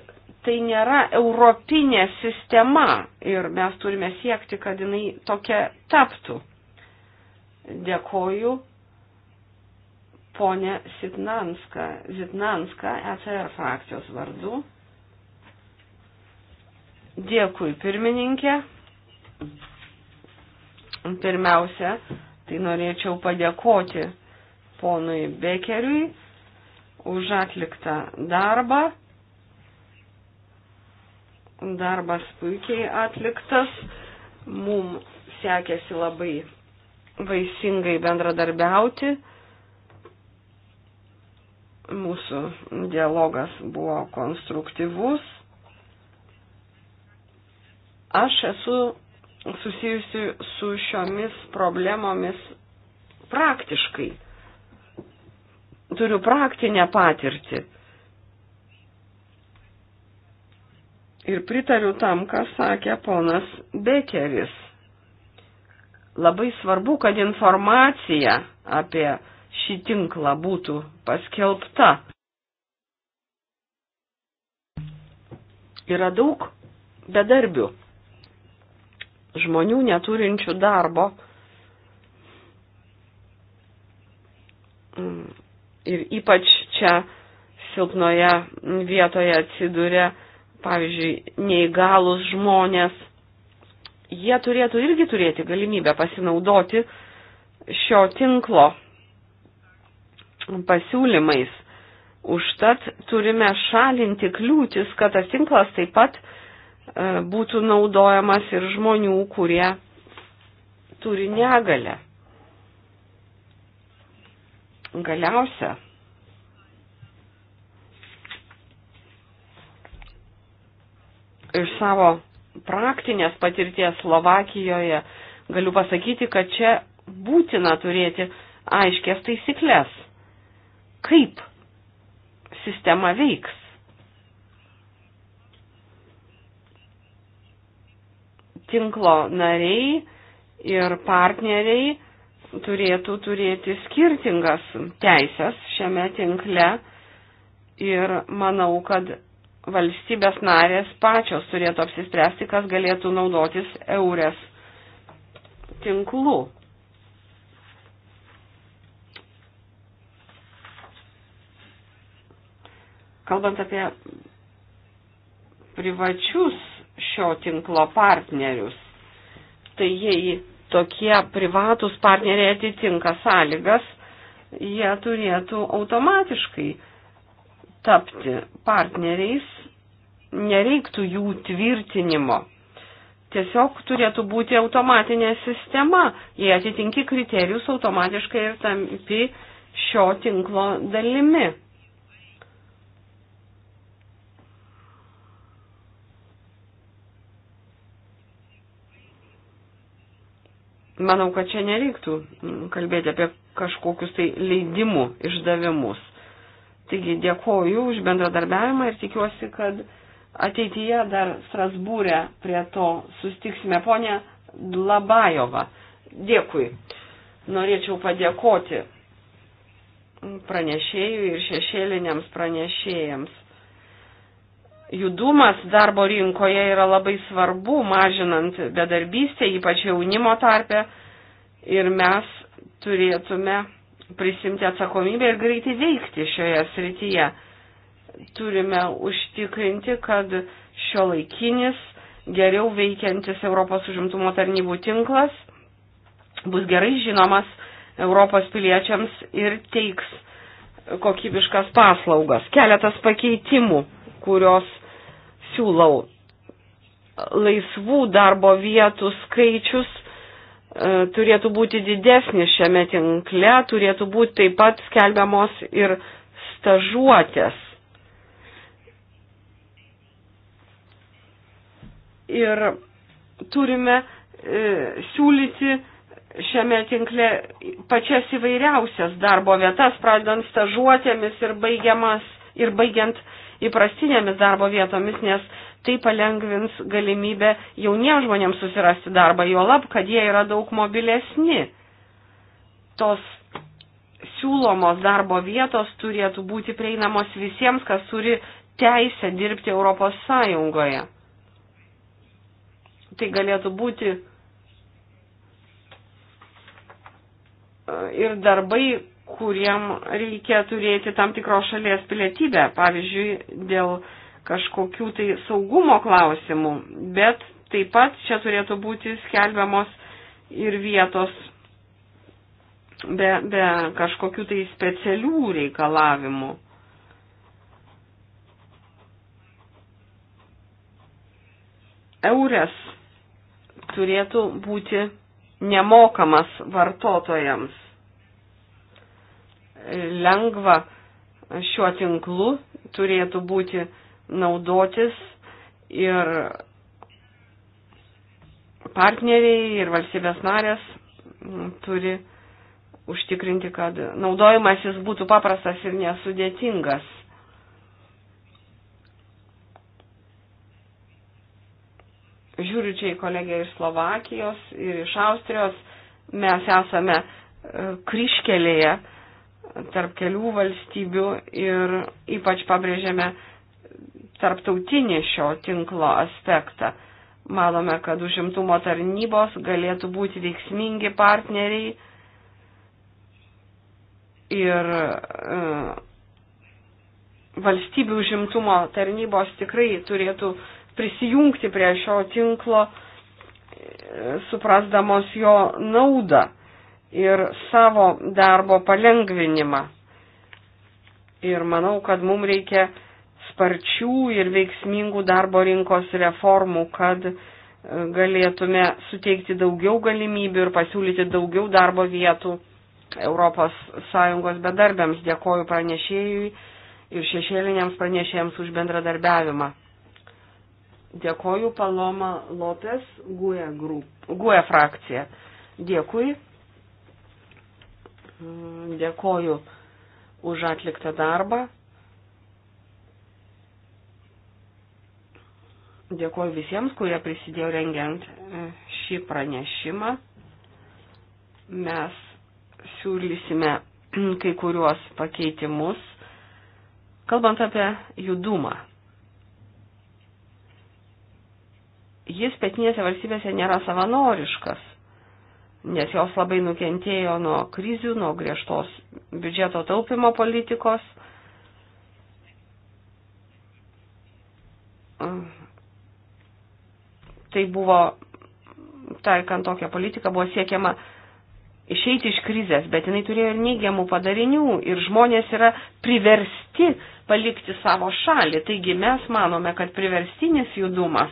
tai nėra europinė sistema ir mes turime siekti, kad jinai tokia taptų. Dėkoju ponė Sitnanska, Zitnanska ECR frakcijos vardu. Dėkui pirmininkė. Pirmiausia, tai norėčiau padėkoti ponui Bekeriui už atliktą darbą. Darbas puikiai atliktas, mums sekėsi labai vaisingai bendradarbiauti. Mūsų dialogas buvo konstruktyvus. Aš esu susijusi su šiomis problemomis praktiškai. Turiu praktinę patirtį. Ir pritariu tam, ką sakė ponas Bekeris. Labai svarbu, kad informacija apie šį tinklą būtų paskelbta. Yra daug bedarbių žmonių neturinčių darbo mm. ir ypač čia silpnoje vietoje atsiduria, pavyzdžiui, neįgalus žmonės, jie turėtų irgi turėti galimybę pasinaudoti šio tinklo pasiūlymais. Užtat turime šalinti kliūtis, kad tas tinklas taip pat E, būtų naudojamas ir žmonių, kurie turi negalę. Galiausia, iš savo praktinės patirties Slovakijoje galiu pasakyti, kad čia būtina turėti aiškės taisyklės, kaip sistema veiks. tinklo nariai ir partneriai turėtų turėti skirtingas teisės šiame tinkle ir manau, kad valstybės narės pačios turėtų apsispręsti, kas galėtų naudotis eurės tinklų. Kalbant apie privačius šio tinklo partnerius. Tai jei tokie privatus partneriai atitinka sąlygas, jie turėtų automatiškai tapti partneriais, nereiktų jų tvirtinimo. Tiesiog turėtų būti automatinė sistema, jei atitinki kriterijus automatiškai ir tampi šio tinklo dalimi. Manau, kad čia nereiktų kalbėti apie kažkokius tai leidimų išdavimus. Taigi dėkoju už bendradarbiavimą ir tikiuosi, kad ateityje dar Strasbūrė prie to sustiksime. Pone Labajova, dėkui. Norėčiau padėkoti pranešėjui ir šešėliniams pranešėjams judumas darbo rinkoje yra labai svarbu, mažinant bedarbystę, ypač jaunimo tarpe. Ir mes turėtume prisimti atsakomybę ir greitai veikti šioje srityje. Turime užtikrinti, kad šio laikinis, geriau veikiantis Europos užimtumo tarnybų tinklas bus gerai žinomas Europos piliečiams ir teiks kokybiškas paslaugas. Keletas pakeitimų kurios siūlau laisvų darbo vietų skaičius e, turėtų būti didesnis šiame tinkle, turėtų būti taip pat skelbiamos ir stažuotės. Ir turime e, siūlyti šiame tinkle pačias įvairiausias darbo vietas, pradedant stažuotėmis ir, baigiamas, ir baigiant įprastinėmis darbo vietomis, nes tai palengvins galimybę jauniems žmonėms susirasti darbą, juolab, kad jie yra daug mobilesni. Tos siūlomos darbo vietos turėtų būti prieinamos visiems, kas turi teisę dirbti Europos Sąjungoje. Tai galėtų būti e, ir darbai, kuriem reikia turėti tam tikros šalies pilietybę, pavyzdžiui, dėl kažkokių tai saugumo klausimų, bet taip pat čia turėtų būti skelbiamos ir vietos be, be kažkokių tai specialių reikalavimų. Eures turėtų būti nemokamas vartotojams lengva šiuo tinklu turėtų būti naudotis ir partneriai, ir valstybės narės turi užtikrinti, kad naudojimas jis būtų paprastas ir nesudėtingas. Žiūriu čia į kolegę iš Slovakijos ir iš Austrijos, mes esame e, kryškelėje tarp kelių valstybių ir ypač pabrėžėme tarptautinį šio tinklo aspektą. Manome, kad užimtumo tarnybos galėtų būti veiksmingi partneriai ir e, valstybių užimtumo tarnybos tikrai turėtų prisijungti prie šio tinklo, e, suprasdamos jo naudą ir savo darbo palengvinimą. Ir manau, kad mums reikia sparčių ir veiksmingų darbo rinkos reformų, kad e, galėtume suteikti daugiau galimybių ir pasiūlyti daugiau darbo vietų ES bedarbiams. Dėkoju pranešėjui ir šešėliniams pranešėjams už bendradarbiavimą. Dėkoju Paloma Lopes, GUE, grup, GUE frakcija. Dėkui. Mm, dėkoju už atliktą darbą. Dėkoju visiems, kurie prisidėjo rengiant e, šį pranešimą. Mes siūlysime kai kuriuos pakeitimus, kalbant apie judumą. Jis pietinėse valstybėse nėra savanoriškas nes jos labai nukentėjo nuo krizių, nuo griežtos biudžeto taupimo politikos. Tai buvo, taikant tokią politiką, buvo siekiama išeiti iš krizės, bet jinai turėjo ir neigiamų padarinių ir žmonės yra priversti palikti savo šalį. Taigi mes manome, kad priverstinis judumas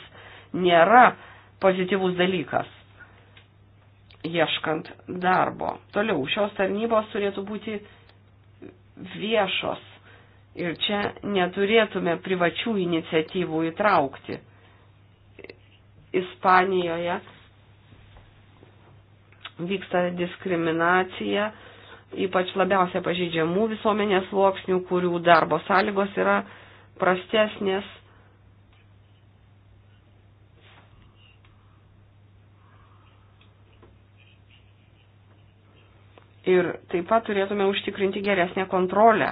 nėra pozityvus dalykas ieškant darbo. Toliau, šios tarnybos turėtų būti viešos ir čia neturėtume privačių iniciatyvų įtraukti. Ispanijoje vyksta diskriminacija, ypač labiausia pažeidžiamų visuomenės sluoksnių, kurių darbo sąlygos yra prastesnės Ir taip pat turėtume užtikrinti geresnę kontrolę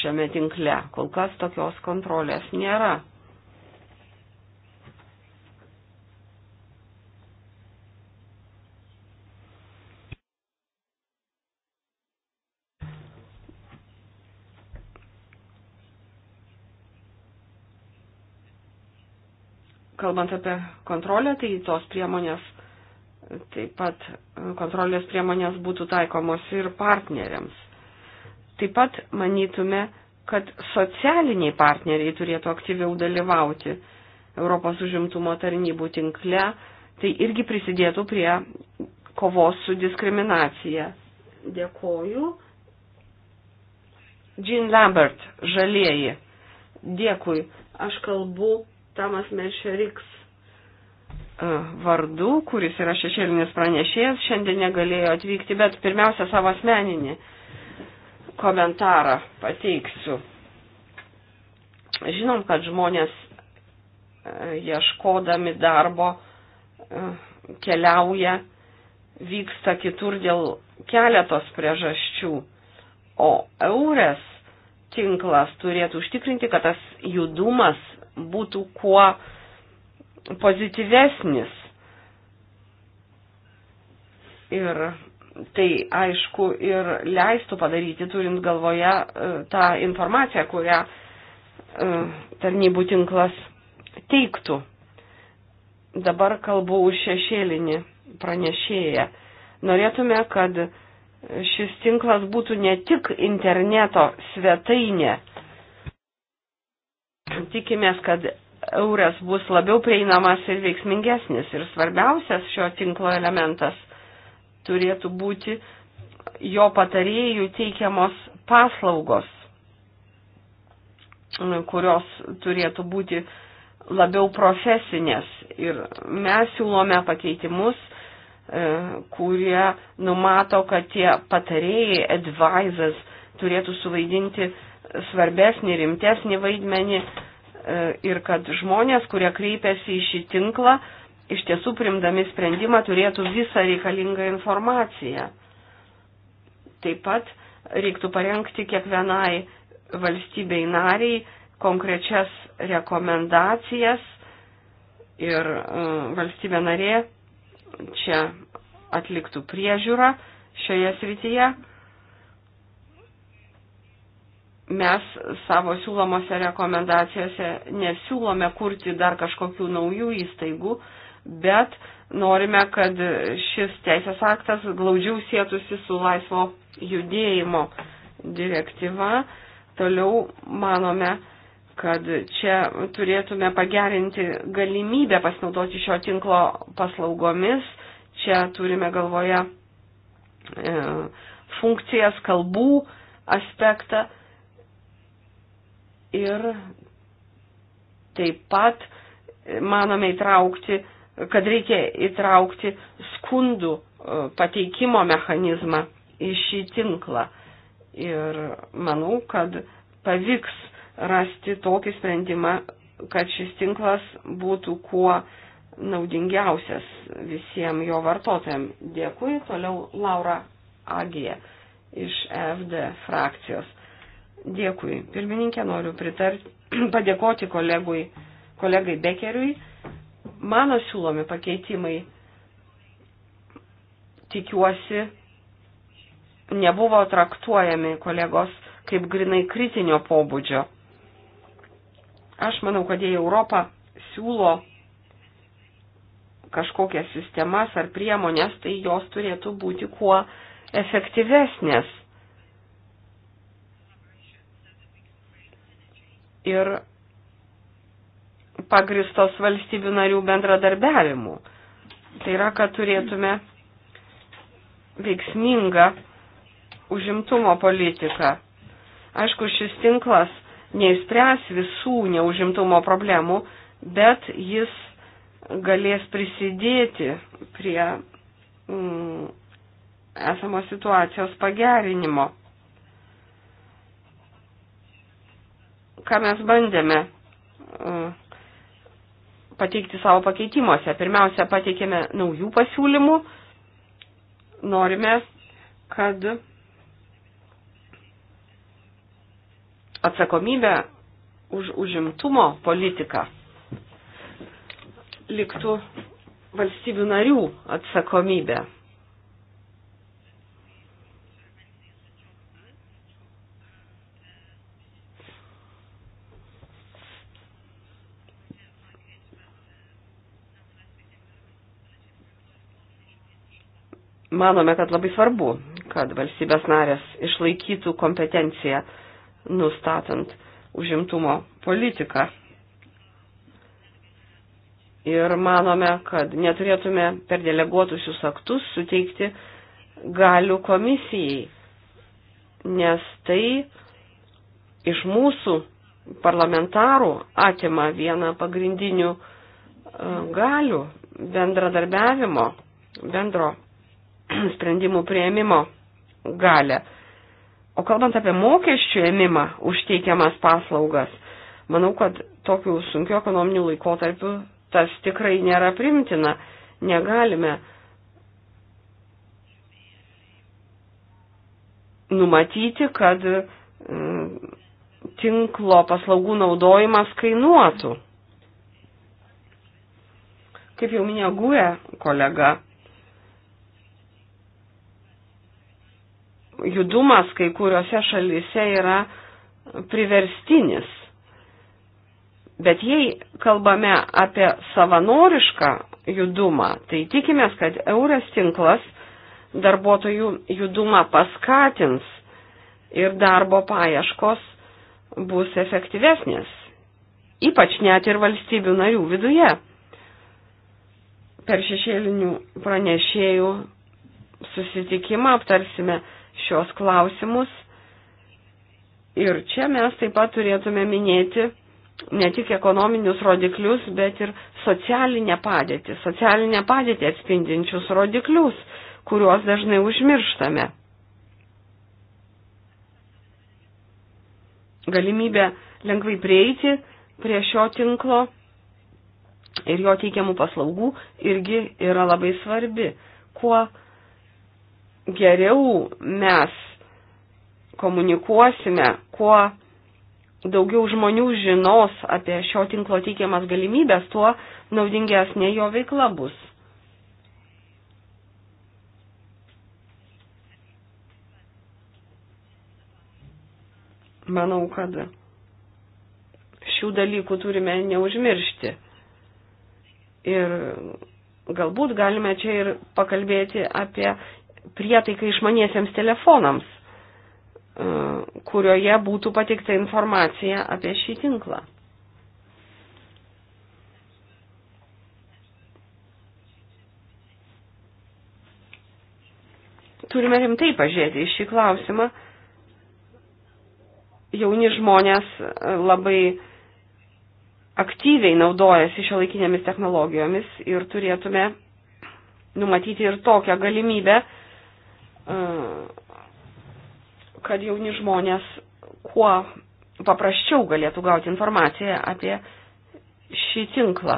šiame tinkle. Kol kas tokios kontrolės nėra. kalbant apie kontrolę, tai tos priemonės Taip pat e, kontrolės priemonės būtų taikomos ir partneriams. Taip pat manytume, kad socialiniai partneriai turėtų aktyviau dalyvauti Europos užimtumo tarnybų tinkle, tai irgi prisidėtų prie kovos su diskriminacija. Dėkoju. Jean Lambert, žalieji. Dėkui. Aš kalbu Tamas Melšeriks E, vardu, kuris yra šešėlinis pranešėjas, šiandien negalėjo atvykti, bet pirmiausia savo asmeninį komentarą pateiksiu. Žinom, kad žmonės e, ieškodami darbo e, keliauja, vyksta kitur dėl keletos priežasčių, o eurės tinklas turėtų užtikrinti, kad tas judumas būtų kuo uh, pozityvesnis. Ir tai aišku ir leistų padaryti, turint galvoje e, tą informaciją, kurią e, tarnybų tinklas teiktų. Dabar kalbu už šešėlinį pranešėją. Norėtume, kad šis tinklas būtų ne tik interneto svetainė. Tikimės, kad euras bus labiau prieinamas ir veiksmingesnis. Ir svarbiausias šio tinklo elementas turėtų būti jo patarėjų teikiamos paslaugos, kurios turėtų būti labiau profesinės. Ir mes siūlome pakeitimus, e, kurie numato, kad tie patarėjai, advisors, turėtų suvaidinti svarbesnį, rimtesnį vaidmenį E, ir kad žmonės, kurie kreipiasi į šį tinklą, iš tiesų primdami sprendimą turėtų visą reikalingą informaciją. Taip pat reiktų parengti kiekvienai valstybei nariai konkrečias rekomendacijas ir e, valstybė narė čia atliktų priežiūrą šioje srityje mes savo siūlomose rekomendacijose nesiūlome kurti dar kažkokių naujų įstaigų, bet norime, kad šis teisės aktas glaudžiau sėtųsi su laisvo judėjimo direktyva. Toliau manome, kad čia turėtume pagerinti galimybę pasinaudoti šio tinklo paslaugomis. Čia turime galvoje e, funkcijas, kalbų aspektą. E, ir taip pat manome įtraukti, kad reikia įtraukti skundų e, pateikimo mechanizmą į šį tinklą. Ir manau, kad pavyks rasti tokį sprendimą, kad šis tinklas būtų kuo naudingiausias visiems jo vartotojams. Dėkui, toliau Laura Agija iš FD frakcijos. Dėkui. Pirmininkė, noriu pritarti, padėkoti kolegui, kolegai Bekeriui. Mano siūlomi pakeitimai, tikiuosi, nebuvo traktuojami kolegos kaip grinai kritinio pobūdžio. Aš manau, kad jei Europą siūlo kažkokias sistemas ar priemonės, tai jos turėtų būti kuo efektyvesnės ir pagristos valstybių narių bendradarbiavimu. Tai yra, kad turėtume veiksmingą užimtumo politiką. Aišku, šis tinklas neįspręs visų neužimtumo problemų, bet jis galės prisidėti prie mm, esamos situacijos pagerinimo. ką mes bandėme e, pateikti savo pakeitimuose. Pirmiausia, pateikėme naujų pasiūlymų. Norime, kad atsakomybė už užimtumo politiką liktų valstybių narių atsakomybė. manome, kad labai svarbu, kad valstybės narės išlaikytų kompetenciją nustatant užimtumo politiką. Ir manome, kad neturėtume per deleguotusius aktus suteikti galių komisijai, nes tai iš mūsų parlamentarų atima vieną pagrindinių e, galių bendradarbiavimo, bendro sprendimų prieimimo galę. O kalbant apie mokesčių ėmimą užteikiamas paslaugas, manau, kad tokių sunkių ekonominių laikotarpių tas tikrai nėra primtina. Negalime numatyti, kad mm, tinklo paslaugų naudojimas kainuotų. Kaip jau minėjo Gūė kolega, judumas kai kuriuose šalyse yra priverstinis. Bet jei kalbame apie savanorišką judumą, tai tikimės, kad Eures tinklas darbuotojų judumą paskatins ir darbo paieškos bus efektyvesnės, ypač net ir valstybių narių viduje. Per šešėlinių pranešėjų susitikimą aptarsime šios klausimus. Ir čia mes taip pat turėtume minėti ne tik ekonominius rodiklius, bet ir socialinę padėtį, socialinę padėtį atspindinčius rodiklius, kuriuos dažnai užmirštame. Galimybė lengvai prieiti prie šio tinklo ir jo teikiamų paslaugų irgi yra labai svarbi. Kuo geriau mes komunikuosime, kuo daugiau žmonių žinos apie šio tinklo teikiamas galimybės, tuo naudingesnė jo veikla bus. Manau, kad šių dalykų turime neužmiršti. Ir galbūt galime čia ir pakalbėti apie prietaikai išmaniesiems telefonams, e, kurioje būtų pateikta informacija apie šį tinklą. Turime rimtai pažiūrėti į šį klausimą. Jauni žmonės e, labai aktyviai naudojasi šio laikinėmis technologijomis ir turėtume numatyti ir tokią galimybę, E, kad jauni žmonės kuo paprasčiau galėtų gauti informaciją apie šį tinklą.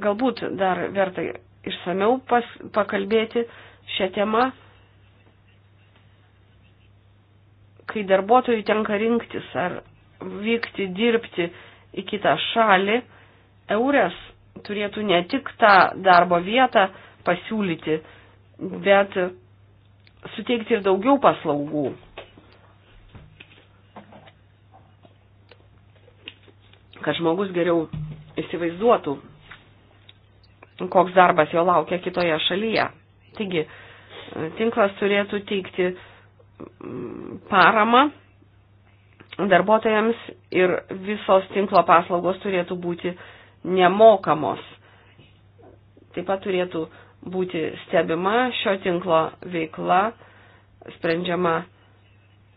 Galbūt dar verta išsameu pas, pakalbėti šią temą, kai darbuotojui tenka rinktis ar vykti dirbti į kitą šalį, eurės turėtų ne tik tą darbo vietą pasiūlyti, bet suteikti ir daugiau paslaugų. Kad žmogus geriau įsivaizduotų, koks darbas jo laukia kitoje šalyje. Taigi, tinklas turėtų teikti mm, paramą darbuotojams ir visos tinklo paslaugos turėtų būti nemokamos. Taip pat turėtų būti stebima šio tinklo veikla, sprendžiama,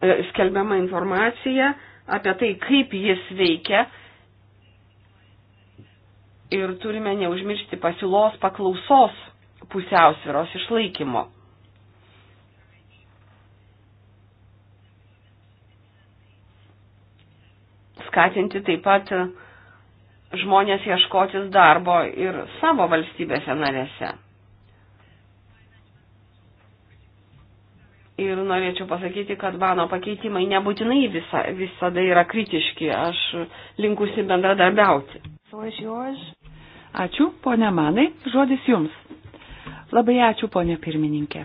e, skelbiama informacija apie tai, kaip jis veikia. Ir turime neužmiršti pasiūlos paklausos pusiausviros išlaikymo. Skatinti taip pat žmonės ieškotis darbo ir savo valstybėse narėse. Ir norėčiau pasakyti, kad mano pakeitimai nebūtinai visa, visada yra kritiški. Aš linkusi bendradarbiauti. Ačiū, ponia Manai. Žodis jums. Labai ačiū, ponia pirmininkė.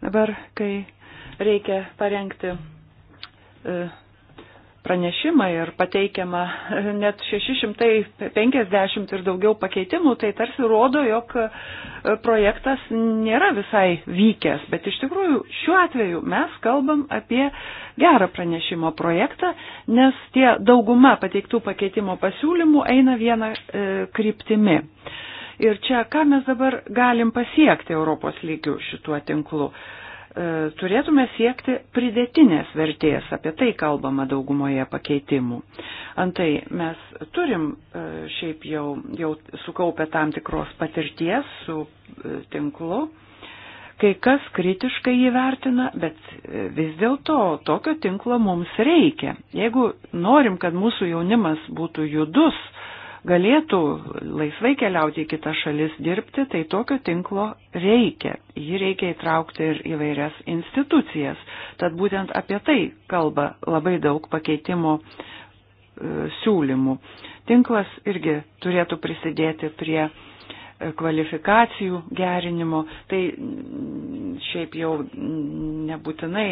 Dabar, kai reikia parengti e, pranešimą ir pateikiama net 650 ir daugiau pakeitimų, tai tarsi rodo, jog projektas nėra visai vykęs, bet iš tikrųjų šiuo atveju mes kalbam apie gerą pranešimo projektą, nes tie dauguma pateiktų pakeitimo pasiūlymų eina viena e, kryptimi. Ir čia ką mes dabar galim pasiekti Europos lygių šituo tinklu? E, E, turėtume siekti pridėtinės vertės, apie tai kalbama daugumoje pakeitimų. Antai mes turim e, šiaip jau, jau sukaupę tam tikros patirties su e, tinklu, kai kas kritiškai įvertina, bet vis dėlto tokio tinklo mums reikia. Jeigu norim, kad mūsų jaunimas būtų judus, galėtų laisvai keliauti į kitas šalis dirbti, tai tokio tinklo reikia. Jį reikia įtraukti ir įvairias institucijas. Tad būtent apie tai kalba labai daug pakeitimo e, siūlymų. Tinklas irgi turėtų prisidėti prie kvalifikacijų gerinimo, tai šiaip jau nebūtinai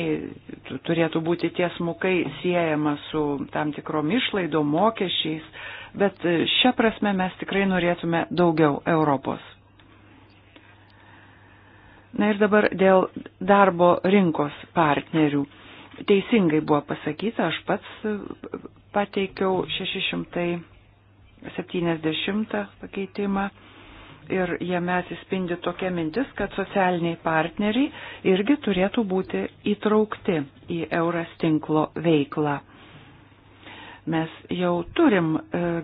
turėtų būti tiesmukai siejama su tam tikrom išlaidom, mokesčiais, bet šią prasme mes tikrai norėtume daugiau Europos. Na ir dabar dėl darbo rinkos partnerių. Teisingai buvo pasakyta, aš pats pateikiau 670 pakeitimą ir jame atsispindi tokia mintis, kad socialiniai partneriai irgi turėtų būti įtraukti į Euras tinklo veiklą. Mes jau turim e,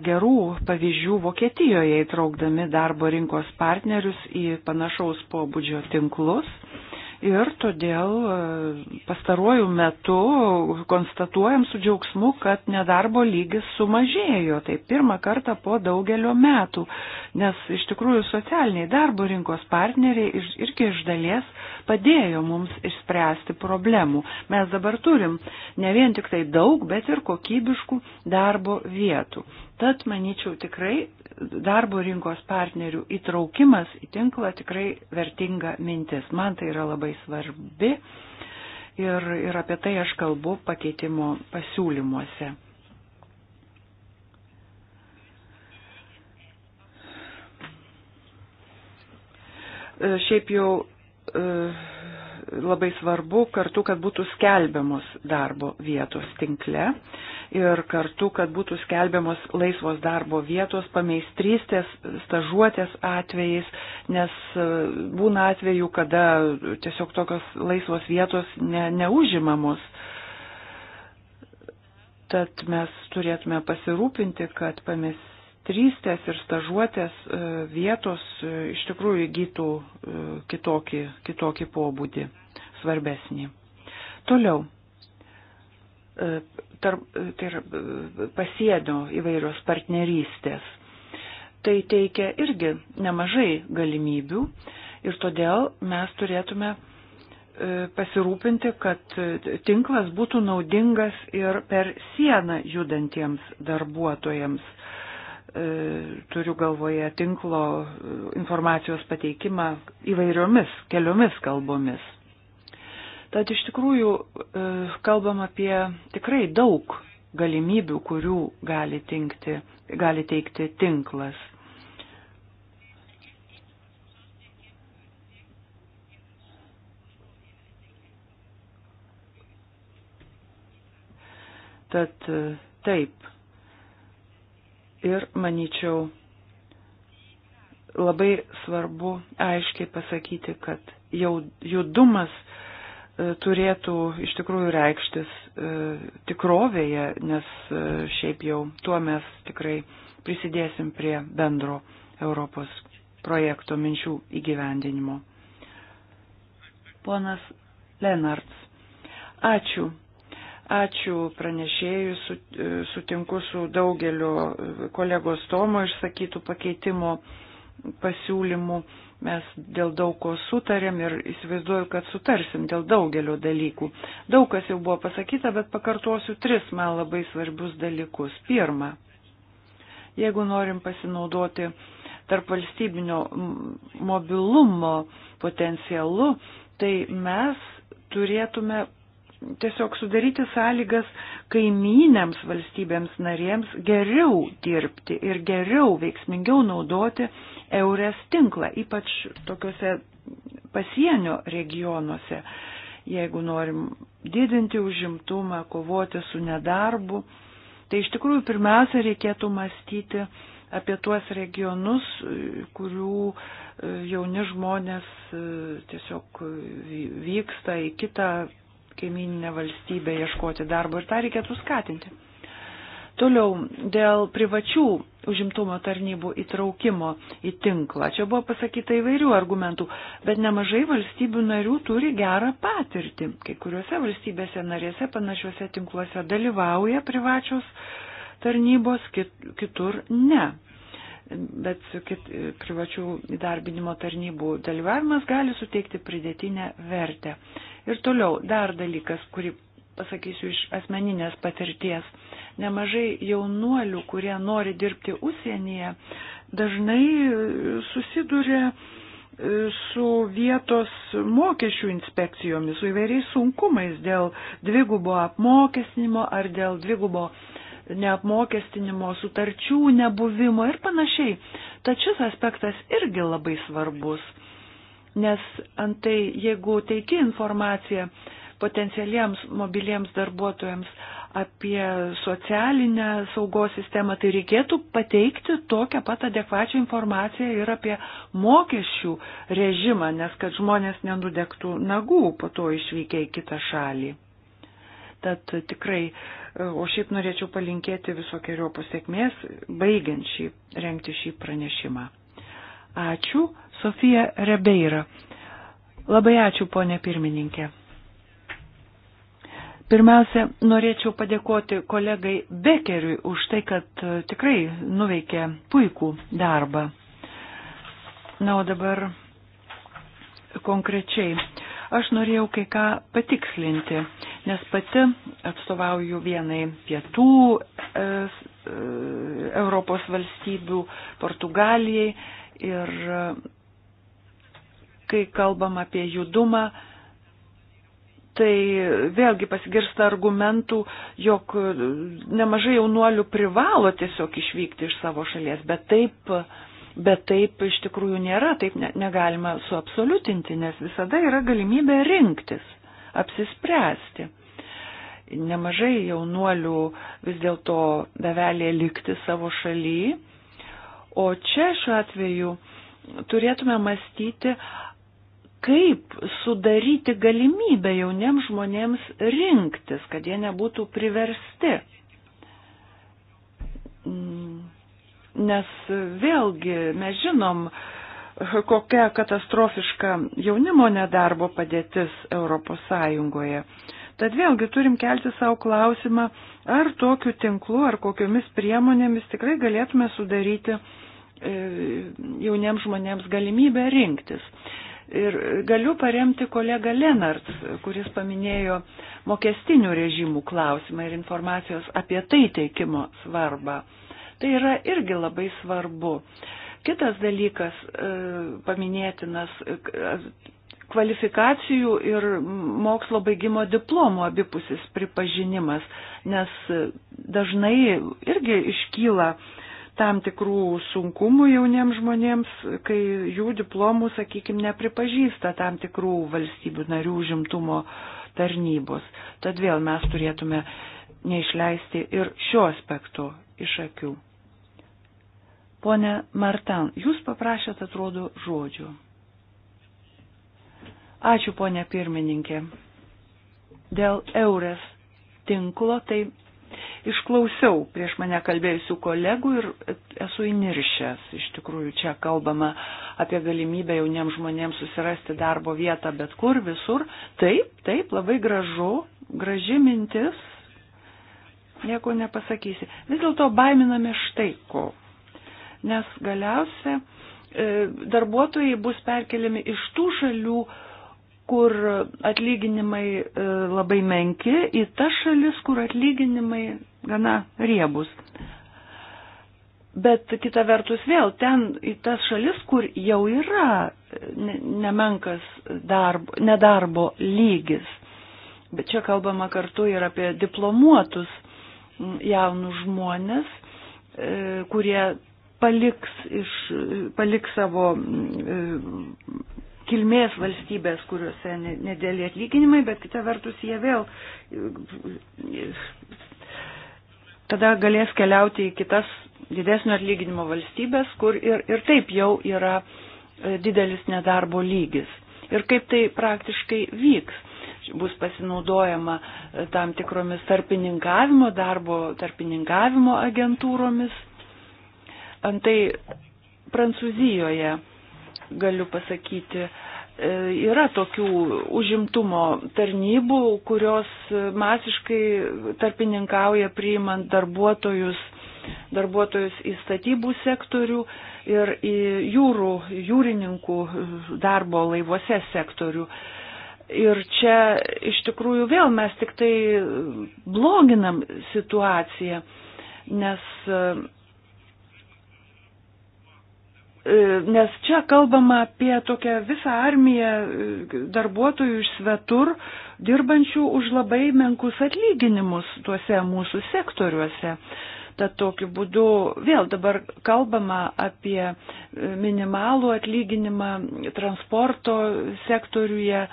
gerų pavyzdžių Vokietijoje įtraukdami darbo rinkos partnerius į panašaus pobūdžio tinklus Ir todėl e, pastaruoju metu konstatuojam su džiaugsmu, kad nedarbo lygis sumažėjo. Tai pirmą kartą po daugelio metų, nes iš tikrųjų socialiniai darbo rinkos partneriai irgi iš dalies padėjo mums išspręsti problemų. Mes dabar turim ne vien tik tai daug, bet ir kokybiškų darbo vietų. Tad, manyčiau, tikrai darbo rinkos partnerių įtraukimas į tinklą tikrai vertinga mintis. Man tai yra labai svarbi ir, ir apie tai aš kalbu pakeitimo pasiūlymuose. Šiaip jau e, labai svarbu kartu, kad būtų skelbiamos darbo vietos tinkle ir kartu, kad būtų skelbiamos laisvos darbo vietos pameistrystės, stažuotės atvejais, nes e, būna atvejų, kada tiesiog tokios laisvos vietos ne, neužimamos. Tad mes turėtume pasirūpinti, kad pameistrystės mentorystės ir stažuotės e, vietos e, iš tikrųjų įgytų e, kitokį, kitokį pobūdį, svarbesnį. Toliau. Tarp, tai yra pasienio įvairios partnerystės. Tai teikia irgi nemažai galimybių ir todėl mes turėtume pasirūpinti, kad tinklas būtų naudingas ir per sieną judantiems darbuotojams. E, turiu galvoje tinklo informacijos pateikimą įvairiomis keliomis kalbomis. Tad iš tikrųjų e, kalbam apie tikrai daug galimybių, kurių gali, tinkti, gali teikti tinklas. Tad e, taip, Ir, manyčiau, labai svarbu aiškiai pasakyti, kad jau judumas e, turėtų iš tikrųjų reikštis e, tikrovėje, nes e, šiaip jau tuo mes tikrai prisidėsim prie bendro Europos projekto minčių įgyvendinimo. Ponas Lenarts, ačiū. Ačiū pranešėjus, e, sutinku su daugeliu e, kolegos Tomo išsakytų pakeitimo pasiūlymų. Mes dėl daug ko sutarėm ir įsivaizduoju, kad sutarsim dėl daugelio dalykų. Daug kas jau buvo pasakyta, bet pakartosiu tris man labai svarbius dalykus. Pirma, jeigu norim pasinaudoti tarp valstybinio mobilumo potencialu, tai mes turėtume tiesiog sudaryti sąlygas kaimynėms valstybėms narėms geriau dirbti ir geriau, veiksmingiau naudoti eurės tinklą, ypač tokiuose pasienio regionuose, jeigu norim didinti užimtumą, kovoti su nedarbu. Tai iš tikrųjų pirmiausia reikėtų mąstyti apie tuos regionus, kurių e, jauni žmonės e, tiesiog e, vyksta į kitą kaimininę valstybę ieškoti darbo ir tą reikėtų skatinti. Toliau, dėl privačių užimtumo tarnybų įtraukimo į tinklą. Čia buvo pasakyta įvairių argumentų, bet nemažai valstybių narių turi gerą patirtį. Kai kuriuose valstybėse narėse panašiuose tinkluose dalyvauja privačios tarnybos, kitur ne bet su kit, privačių įdarbinimo tarnybų dalyvavimas gali suteikti pridėtinę vertę. Ir toliau dar dalykas, kurį pasakysiu iš asmeninės patirties. Nemažai jaunuolių, kurie nori dirbti užsienyje, dažnai susiduria e, su vietos mokesčių inspekcijomis, su įvairiais sunkumais dėl dvigubo apmokesnimo ar dėl dvigubo uh, neapmokestinimo, sutarčių nebuvimo ir panašiai. Tačiau šis aspektas irgi labai svarbus, nes antai jeigu teiki informaciją potencialiems mobiliems darbuotojams apie socialinę saugos sistemą, tai reikėtų pateikti tokią pat adekvačią informaciją ir apie mokesčių režimą, nes kad žmonės nenudegtų nagų po to išvykę į kitą šalį. Tad tikrai E, o šiaip norėčiau palinkėti visokiojo pasiekmės, baigiant šį, renkti šį pranešimą. Ačiū, Sofija Rebeira. Labai ačiū, ponė pirmininkė. Pirmiausia, norėčiau padėkoti kolegai Bekeriui už tai, kad e, tikrai nuveikė puikų darbą. Na, o dabar konkrečiai Aš norėjau kai ką patikslinti, nes pati atstovauju vienai pietų e, e, Europos valstybių, Portugalijai ir e, kai kalbam apie judumą, tai vėlgi pasigirsta argumentų, jog nemažai jaunuolių privalo tiesiog išvykti iš savo šalies, bet taip Bet taip iš tikrųjų nėra, taip ne, negalima suabsoliutinti, nes visada yra galimybė rinktis, apsispręsti. Nemažai jaunuolių vis dėlto bevelė likti savo šalyje, o čia šiuo atveju turėtume mąstyti, kaip sudaryti galimybę jauniems žmonėms rinktis, kad jie nebūtų priversti. Mm Nes vėlgi mes žinom, kokia katastrofiška jaunimo nedarbo padėtis Europos Sąjungoje. Tad vėlgi turim kelti savo klausimą, ar tokiu tinklu, ar kokiomis priemonėmis tikrai galėtume sudaryti e, jauniems žmonėms galimybę rinktis. Ir galiu paremti kolegą Lenarts, kuris paminėjo mokestinių režimų klausimą ir informacijos apie tai teikimo svarbą. Tai yra irgi labai svarbu. Kitas dalykas e, paminėtinas e, kvalifikacijų ir mokslo baigimo diplomų abipusis pripažinimas, nes e, dažnai irgi iškyla tam tikrų sunkumų jauniems žmonėms, kai jų diplomų, sakykime, nepripažįsta tam tikrų valstybių narių žimtumo tarnybos. Tad vėl mes turėtume neišleisti ir šio aspektu iš akių. Pone Martan, jūs paprašėt, atrodo, žodžių. Ačiū, ponė pirmininkė. Dėl eurės tinklo, tai išklausiau prieš mane kalbėjusių kolegų ir esu įniršęs. Iš tikrųjų, čia kalbama apie galimybę jauniems žmonėms susirasti darbo vietą bet kur, visur. Taip, taip, labai gražu, graži mintis. Nieko nepasakysi. Vis dėlto baiminame štai ko nes galiausia e, darbuotojai bus perkeliami iš tų šalių, kur atlyginimai e, labai menki, į tas šalis, kur atlyginimai gana riebus. Bet kita vertus vėl ten į tas šalis, kur jau yra e, nemenkas darbo, nedarbo lygis. Bet čia kalbama kartu ir apie diplomuotus jaunus žmonės, kurie paliks, iš, paliks savo e, kilmės valstybės, kuriuose nedėlė atlyginimai, bet kita vertus jie vėl e, tada galės keliauti į kitas didesnio atlyginimo valstybės, kur ir, ir taip jau yra e, didelis nedarbo lygis. Ir kaip tai praktiškai vyks bus pasinaudojama tam tikromis tarpininkavimo darbo, tarpininkavimo agentūromis antai Prancūzijoje, galiu pasakyti, e, yra tokių užimtumo tarnybų, kurios masiškai tarpininkauja priimant darbuotojus, darbuotojus į statybų sektorių ir į jūrų, jūrininkų darbo laivuose sektorių. Ir čia iš tikrųjų vėl mes tik tai bloginam situaciją, nes E, nes čia kalbama apie tokią visą armiją e, darbuotojų iš svetur, dirbančių už labai menkus atlyginimus tuose mūsų sektoriuose. Tad tokiu būdu vėl dabar kalbama apie e, minimalų atlyginimą transporto sektoriuje.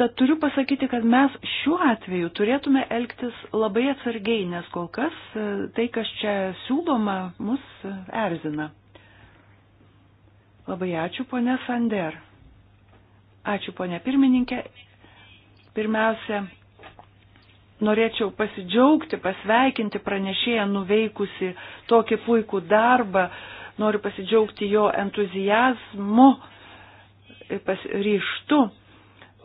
Tad turiu pasakyti, kad mes šiuo atveju turėtume elgtis labai atsargiai, nes kol kas tai, kas čia siūloma, mus erzina. Labai ačiū, ponė Sander. Ačiū, ponė pirmininkė. Pirmiausia, norėčiau pasidžiaugti, pasveikinti pranešėją nuveikusi tokį puikų darbą. Noriu pasidžiaugti jo entuzijazmu ir ryštu.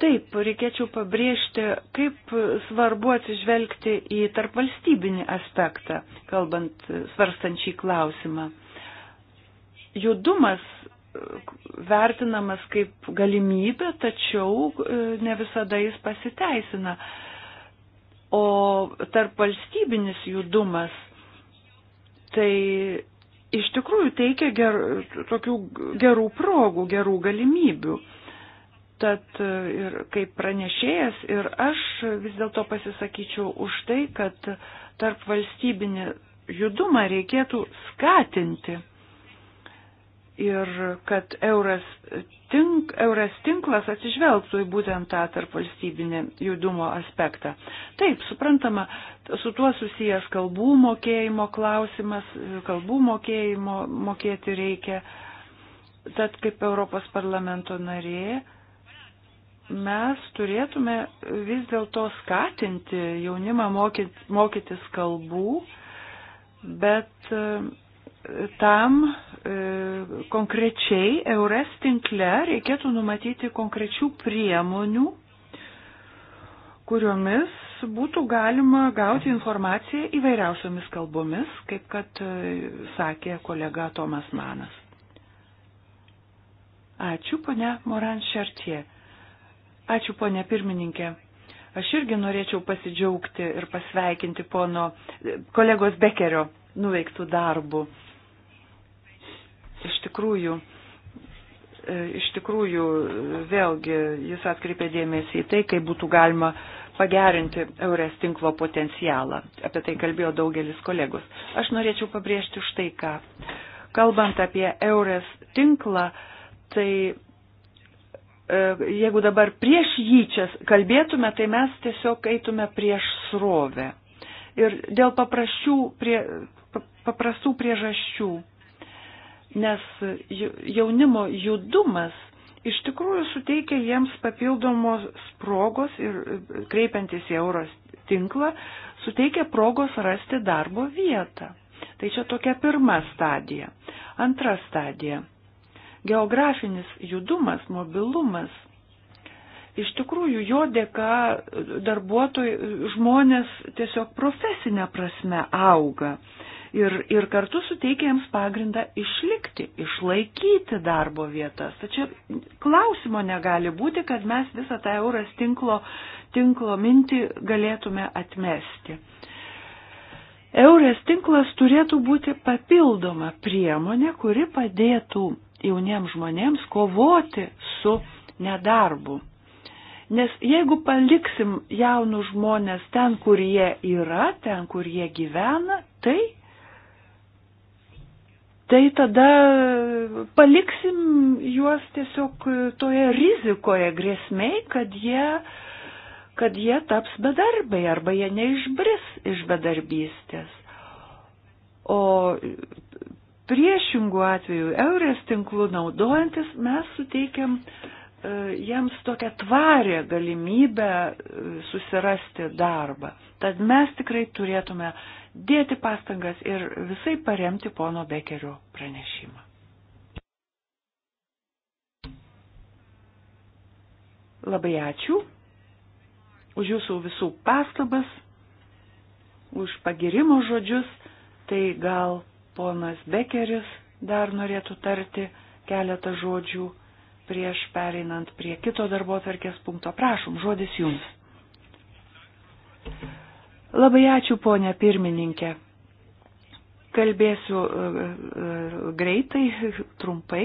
Taip, reikėčiau pabrėžti, kaip svarbu atsižvelgti į tarpvalstybinį aspektą, kalbant, svarstant šį klausimą. Judumas vertinamas kaip galimybė, tačiau e, ne visada jis pasiteisina. O tarp valstybinis judumas, tai iš tikrųjų teikia ger, tokių gerų progų, gerų galimybių. Tad e, ir kaip pranešėjas ir aš vis dėlto pasisakyčiau už tai, kad tarp valstybinį judumą reikėtų skatinti ir kad euras, tink, euras tinklas atsižvelgtų į būtent tą tarpvalstybinį judumo aspektą. Taip, suprantama, su tuo susijęs kalbų mokėjimo klausimas, kalbų mokėjimo mokėti reikia. Tad kaip Europos parlamento narė mes turėtume vis dėlto skatinti jaunimą mokytis kalbų, bet tam e, konkrečiai Eures tinkle reikėtų numatyti konkrečių priemonių, kuriomis būtų galima gauti informaciją įvairiausiomis kalbomis, kaip kad e, sakė kolega Tomas Manas. Ačiū, ponia Moran Šartie. Ačiū, ponia pirmininkė. Aš irgi norėčiau pasidžiaugti ir pasveikinti pono kolegos Bekerio nuveiktų darbų iš tikrųjų, e, iš tikrųjų vėlgi jis atkreipė dėmesį į tai, kaip būtų galima pagerinti eurės tinklo potencialą. Apie tai kalbėjo daugelis kolegos. Aš norėčiau pabrėžti štai ką. Kalbant apie eurės tinklą, tai e, jeigu dabar prieš jį čia kalbėtume, tai mes tiesiog eitume prieš srovę. Ir dėl paprasčių, prie, paprastų priežasčių nes jaunimo judumas iš tikrųjų suteikia jiems papildomos progos ir kreipiantis į euros tinklą, suteikia progos rasti darbo vietą. Tai čia tokia pirma stadija. Antra stadija. Geografinis judumas, mobilumas. Iš tikrųjų, jo dėka darbuotojai, žmonės tiesiog profesinė prasme auga ir, ir kartu suteikia jiems pagrindą išlikti, išlaikyti darbo vietas. Tačiau klausimo negali būti, kad mes visą tą euras tinklo, tinklo mintį galėtume atmesti. Eurės tinklas turėtų būti papildoma priemonė, kuri padėtų jauniems žmonėms kovoti su nedarbu. Nes jeigu paliksim jaunus žmonės ten, kur jie yra, ten, kur jie gyvena, tai tai tada paliksim juos tiesiog toje rizikoje grėsmiai, kad jie, kad jie taps bedarbiai arba jie neišbris iš bedarbystės. O priešingų atveju, eurės tinklų naudojantis, mes suteikiam e, jiems tokią tvarę galimybę e, susirasti darbą. Tad mes tikrai turėtume dėti pastangas ir visai paremti pono Bekerio pranešimą. Labai ačiū už jūsų visų pastabas, už pagirimo žodžius, tai gal ponas Bekeris dar norėtų tarti keletą žodžių prieš pereinant prie kito darbo atverkės punkto. Prašom, žodis jums. Labai ačiū, ponia pirmininkė. Kalbėsiu e, e, greitai, trumpai,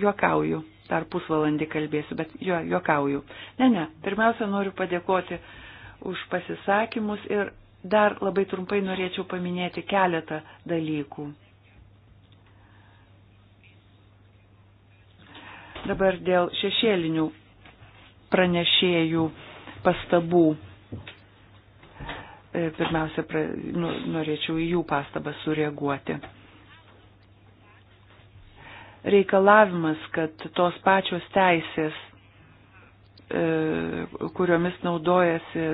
juokauju dar pusvalandį kalbėsiu, bet jo, juokauju. Ne, ne, pirmiausia, noriu padėkoti už pasisakymus ir dar labai trumpai norėčiau paminėti keletą dalykų. Dabar dėl šešėlinių pranešėjų pastabų E, pirmiausia, pra, nu, norėčiau į jų pastabą sureaguoti. Reikalavimas, kad tos pačios teisės, e, kuriomis naudojasi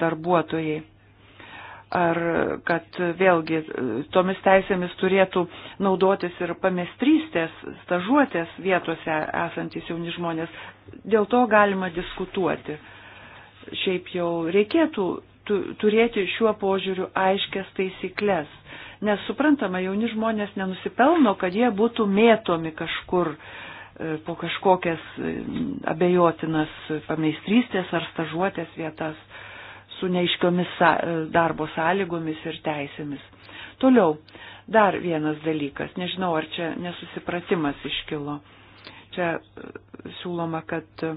darbuotojai, ar kad vėlgi e, tomis teisėmis turėtų naudotis ir pamestrystės, stažuotės vietose esantys jauni žmonės. Dėl to galima diskutuoti. Šiaip jau reikėtų tu, turėti šiuo požiūriu aiškias taisyklės. Nes suprantama, jauni žmonės nenusipelno, kad jie būtų mėtomi kažkur e, po kažkokias e, abejotinas pameistrystės ar stažuotės vietas su neiškiomis e, darbo sąlygomis ir teisėmis. Toliau, dar vienas dalykas, nežinau, ar čia nesusipratimas iškilo. Čia siūloma, kad e,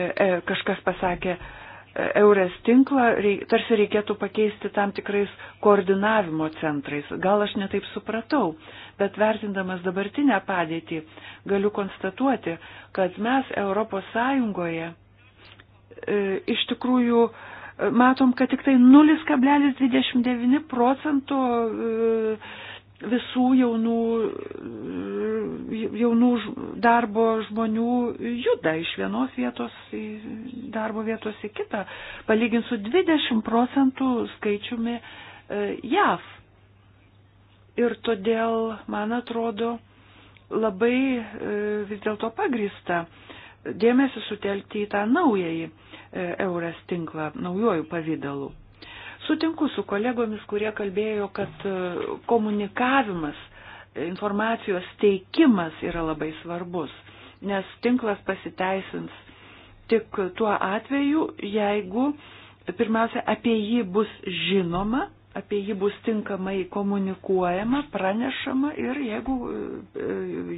e, kažkas pasakė, e, Eures tinklą reik, tarsi reikėtų pakeisti tam tikrais koordinavimo centrais. Gal aš netaip supratau, bet vertindamas dabartinę padėtį galiu konstatuoti, kad mes ES e, iš tikrųjų e, matom, kad tik tai 0,29 procentų e, visų jaunų, jaunų darbo žmonių juda iš vienos vietos į darbo vietos į kitą, palyginti su 20 procentų skaičiumi e, JAV. Ir todėl, man atrodo, labai e, vis dėlto pagrįsta dėmesį sutelkti į tą naująjį e, Euras tinklą, naujojų pavydalu. Sutinku su kolegomis, kurie kalbėjo, kad e, komunikavimas, informacijos teikimas yra labai svarbus, nes tinklas pasiteisins tik tuo atveju, jeigu pirmiausia apie jį bus žinoma, apie jį bus tinkamai komunikuojama, pranešama ir jeigu e, e,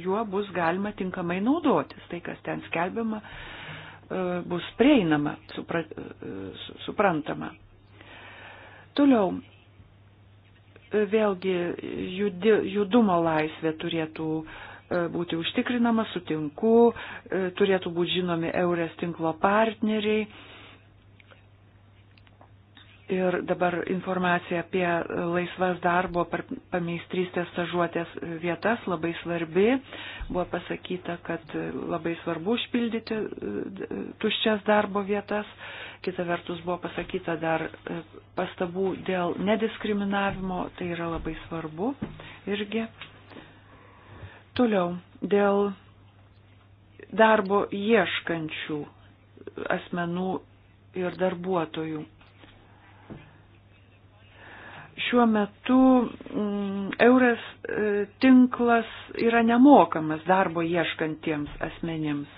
juo bus galima tinkamai naudotis, tai kas ten skelbiama bus prieinama, suprantama. Toliau, vėlgi judumo laisvė turėtų e, būti užtikrinama, sutinku, e, turėtų būti žinomi eurės tinklo partneriai Ir dabar informacija apie laisvas darbo pameistrystės stažuotės vietas labai svarbi. Buvo pasakyta, kad labai svarbu užpildyti e, tuščias darbo vietas. Kita vertus buvo pasakyta dar e, pastabų dėl nediskriminavimo. Tai yra labai svarbu irgi. Toliau, dėl darbo ieškančių asmenų ir darbuotojų šiuo metu mm, eurės e, tinklas yra nemokamas darbo ieškantiems asmenims.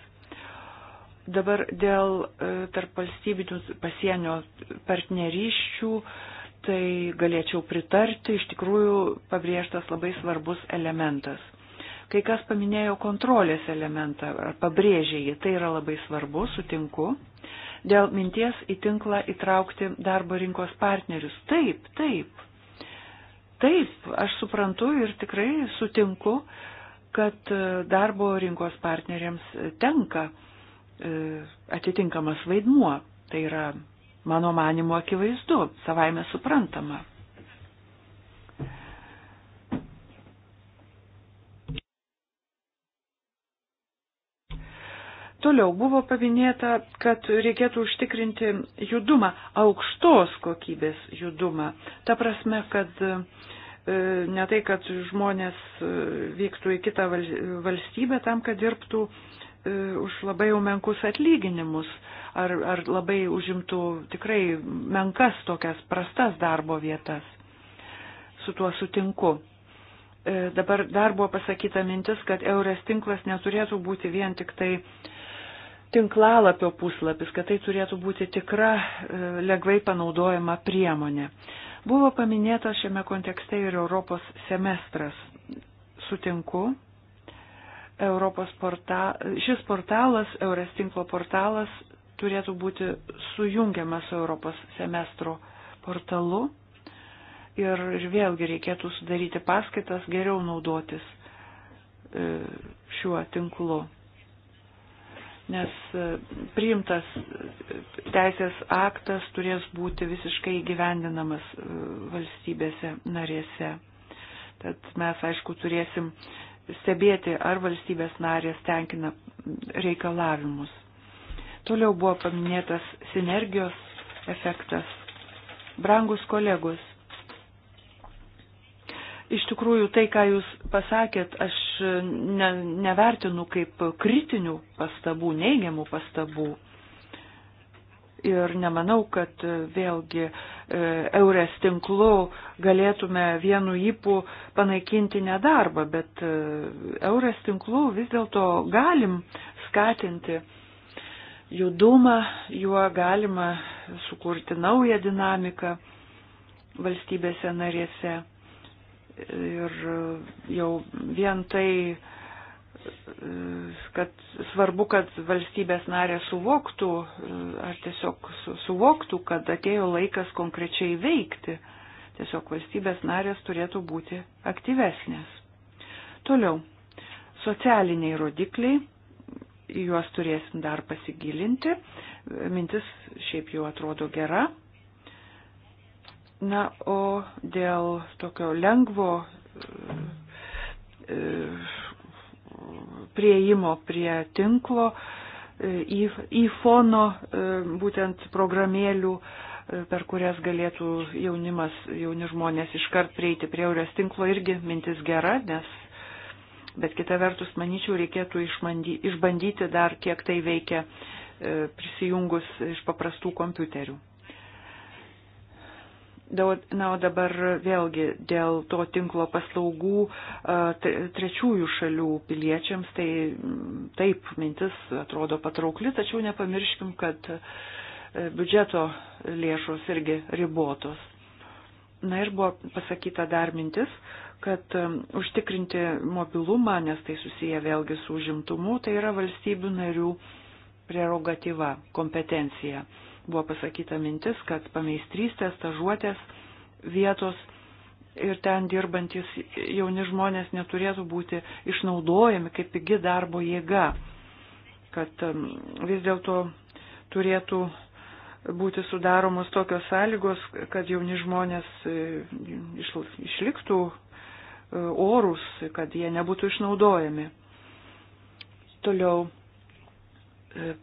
Dabar dėl e, tarp valstybinių pasienio partnerysčių, tai galėčiau pritarti, iš tikrųjų pabrėžtas labai svarbus elementas. Kai kas paminėjo kontrolės elementą, ar pabrėžė jį, tai yra labai svarbu, sutinku dėl minties į tinklą įtraukti darbo rinkos partnerius. Taip, taip. Taip, aš suprantu ir tikrai sutinku, kad e, darbo rinkos partneriams e, tenka e, atitinkamas vaidmuo. Tai yra, mano manimo, akivaizdu, savaime suprantama. Toliau buvo paminėta, kad reikėtų užtikrinti judumą, aukštos kokybės judumą. Ta prasme, kad e, ne tai, kad žmonės e, vyktų į kitą valstybę tam, kad dirbtų e, už labai jau menkus atlyginimus ar, ar labai užimtų tikrai menkas tokias prastas darbo vietas. Su tuo sutinku. Dabar dar buvo pasakyta mintis, kad Eures tinklas neturėtų būti vien tik tai uh, tinklalapio puslapis, kad tai turėtų būti tikra e, lengvai panaudojama priemonė. Buvo paminėta šiame kontekste ir Europos semestras. Sutinku. Europos porta, šis portalas, Eures tinklo portalas, turėtų būti sujungiamas su Europos semestro portalu. Ir vėlgi reikėtų sudaryti paskaitas, geriau naudotis e, šiuo tinklu nes e, priimtas e, teisės aktas turės būti visiškai gyvendinamas e, valstybėse narėse. Tad mes, aišku, turėsim stebėti, ar valstybės narės tenkina reikalavimus. Toliau buvo paminėtas sinergijos efektas. Brangus kolegos, Iš tikrųjų, tai, ką Jūs pasakėt, aš ne, nevertinu kaip kritinių pastabų, neigiamų pastabų. Ir nemanau, kad e, vėlgi e, eurės tinklu galėtume vienu įpū panaikinti nedarbą, bet e, eurės tinklu vis dėlto galim skatinti judumą, juo galima sukurti naują dinamiką valstybėse narėse ir jau vien tai, kad svarbu, kad valstybės narė suvoktų, ar tiesiog suvoktų, kad atėjo laikas konkrečiai veikti. Tiesiog valstybės narės turėtų būti aktyvesnės. Toliau, socialiniai rodikliai, juos turėsim dar pasigilinti. Mintis šiaip jau atrodo gera, Na, o dėl tokio lengvo e, e, prieimo prie tinklo e, į, į fono būtent programėlių, per kurias galėtų jaunimas, jauni žmonės iškart prieiti prie eurės tinklo irgi mintis gera, nes bet kita vertus, manyčiau, reikėtų išmandy, išbandyti dar, kiek tai veikia prisijungus iš paprastų kompiuterių. Na, o dabar vėlgi dėl to tinklo paslaugų trečiųjų šalių piliečiams, tai taip, mintis atrodo patraukli, tačiau nepamirškim, kad e, biudžeto lėšos irgi ribotos. Na ir buvo pasakyta dar mintis, kad užtikrinti mobilumą, nes tai susiję vėlgi su užimtumu, tai yra valstybių narių prerogatyva, kompetencija buvo pasakyta mintis, kad pameistrystės, stažuotės vietos ir ten dirbantis jauni žmonės neturėtų būti išnaudojami kaip pigi darbo jėga, kad um, vis dėlto turėtų būti sudaromos tokios sąlygos, kad jauni žmonės e, išliktų e, orus, kad jie nebūtų išnaudojami. Toliau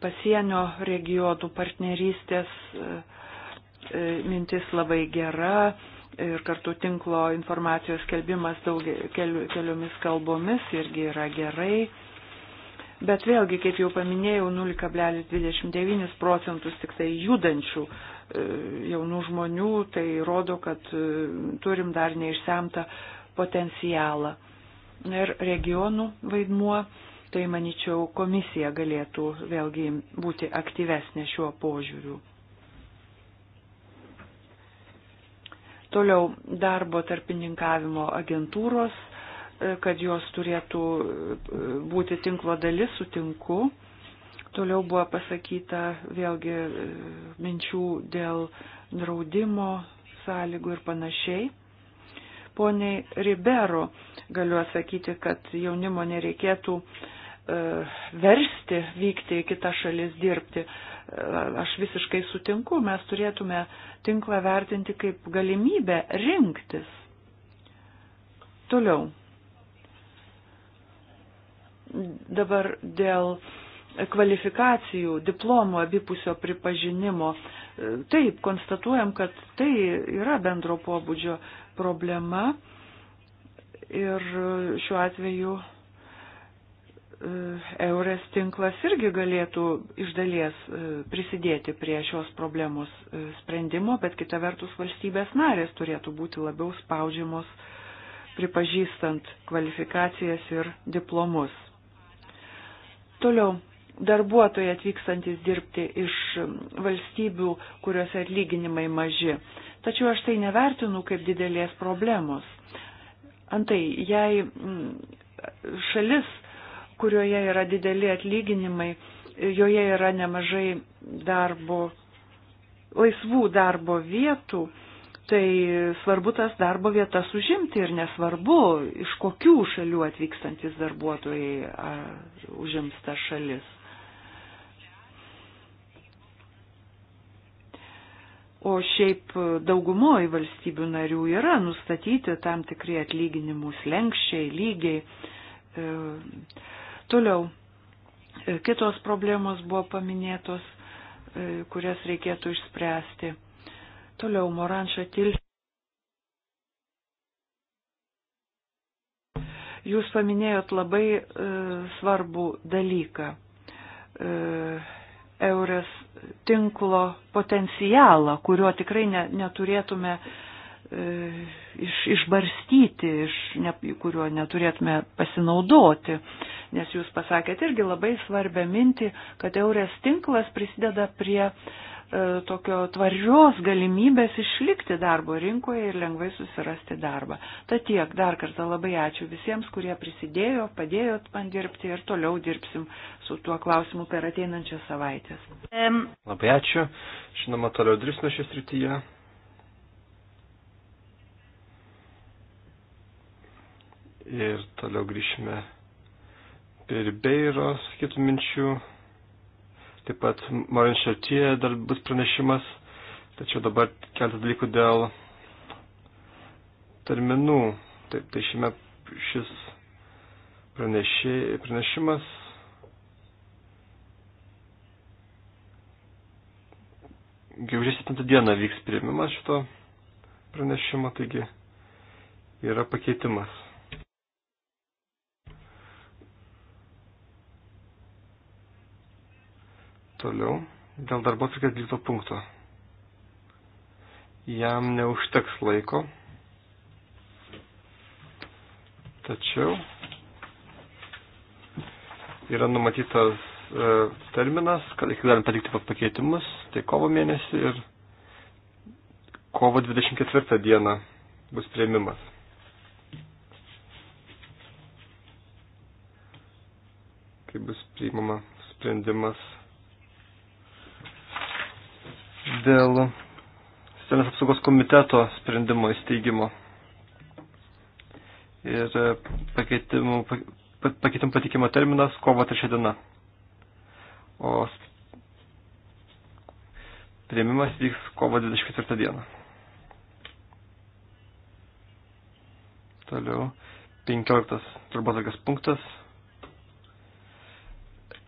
pasienio regionų partnerystės e, e, mintis labai gera ir kartu tinklo informacijos kelbimas keli, keliomis kalbomis irgi yra gerai. Bet vėlgi, kaip jau paminėjau, 0,29 procentus tik tai judančių e, jaunų žmonių, tai rodo, kad turim dar neišsemtą potencialą. Ir regionų vaidmuo tai manyčiau komisija galėtų vėlgi būti aktyvesnė šiuo požiūriu. Toliau darbo tarpininkavimo agentūros, e, kad jos turėtų e, būti tinklo dalis, sutinku. Toliau buvo pasakyta vėlgi e, minčių dėl draudimo sąlygų ir panašiai. Poniai Ribero galiu atsakyti, kad jaunimo nereikėtų uh, E, versti vykti į kitą šalis dirbti. E, aš visiškai sutinku, mes turėtume tinklą vertinti kaip galimybę rinktis. Toliau. Dabar dėl kvalifikacijų, diplomų abipusio pripažinimo. E, taip, konstatuojam, kad tai yra bendro pobūdžio problema ir šiuo atveju E, Eures tinklas irgi galėtų iš dalies e, prisidėti prie šios problemos e, sprendimo, bet kita vertus valstybės narės turėtų būti labiau spaudžiamos pripažįstant kvalifikacijas ir diplomus. Toliau, darbuotojai atvykstantis dirbti iš valstybių, kuriuose atlyginimai maži. Tačiau aš tai nevertinu kaip didelės problemos. Antai, jei šalis kurioje yra dideli atlyginimai, joje yra nemažai darbo, laisvų darbo vietų, tai svarbu tas darbo vietas užimti ir nesvarbu, iš kokių šalių atvykstantis darbuotojai a, užims tas šalis. O šiaip daugumoji valstybių narių yra nustatyti tam tikri atlyginimų slengščiai, lygiai. E, Toliau, e, kitos problemos buvo paminėtos, e, kurias reikėtų išspręsti. Toliau, Moranša Til. Jūs paminėjot labai e, svarbų dalyką. E, Eures tinklo potencialą, kurio tikrai ne, neturėtume e, E, iš, išbarstyti, iš, ne, kuriuo neturėtume pasinaudoti. Nes jūs pasakėte irgi labai svarbę mintį, kad eurės tinklas prisideda prie e, tokio tvarios galimybės išlikti darbo rinkoje ir lengvai susirasti darbą. Ta tiek, dar kartą labai ačiū visiems, kurie prisidėjo, padėjot man dirbti ir toliau dirbsim su tuo klausimu per ateinančias savaitės. Labai ačiū. Žinoma, toliau dirbsime šią srityje. ir toliau grįšime prie Beiros kitų minčių. Taip pat Marin Šartie dar bus pranešimas, tačiau dabar keletas dalykų dėl terminų. Taip, tai šiame šis pranešė, pranešimas gegužės 7 dieną vyks prieimimas šito pranešimo, taigi yra pakeitimas. Toliau, dėl darbo atsikės 12 punkto. Jam neužteks laiko, tačiau yra numatytas e, terminas, kad iki galim patikti pakeitimus, tai kovo mėnesį ir kovo 24 dieną bus prieimimas. Kai bus priimama sprendimas dėl Sistemės apsaugos komiteto sprendimo įsteigimo ir e, pakeitimų, pakeitimų patikimo terminas kovo 3 diena. O prieimimas vyks kovo 24 dieną. Toliau 15 darbotvarkės punktas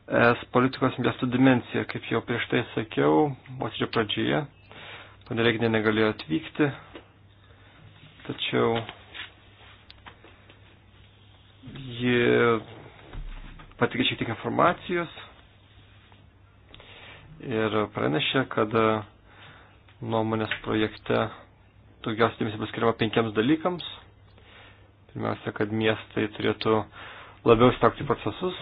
es politikos miestų dimencija. Kaip jau prieš tai sakiau, posėdžio pradžioje, ponė Reginė negalėjo atvykti, tačiau ji patikė šiek tiek informacijos ir pranešė, kad nuomonės projekte daugiausiai dėmesio bus skiriama penkiems dalykams. Pirmiausia, kad miestai turėtų labiau stakti procesus,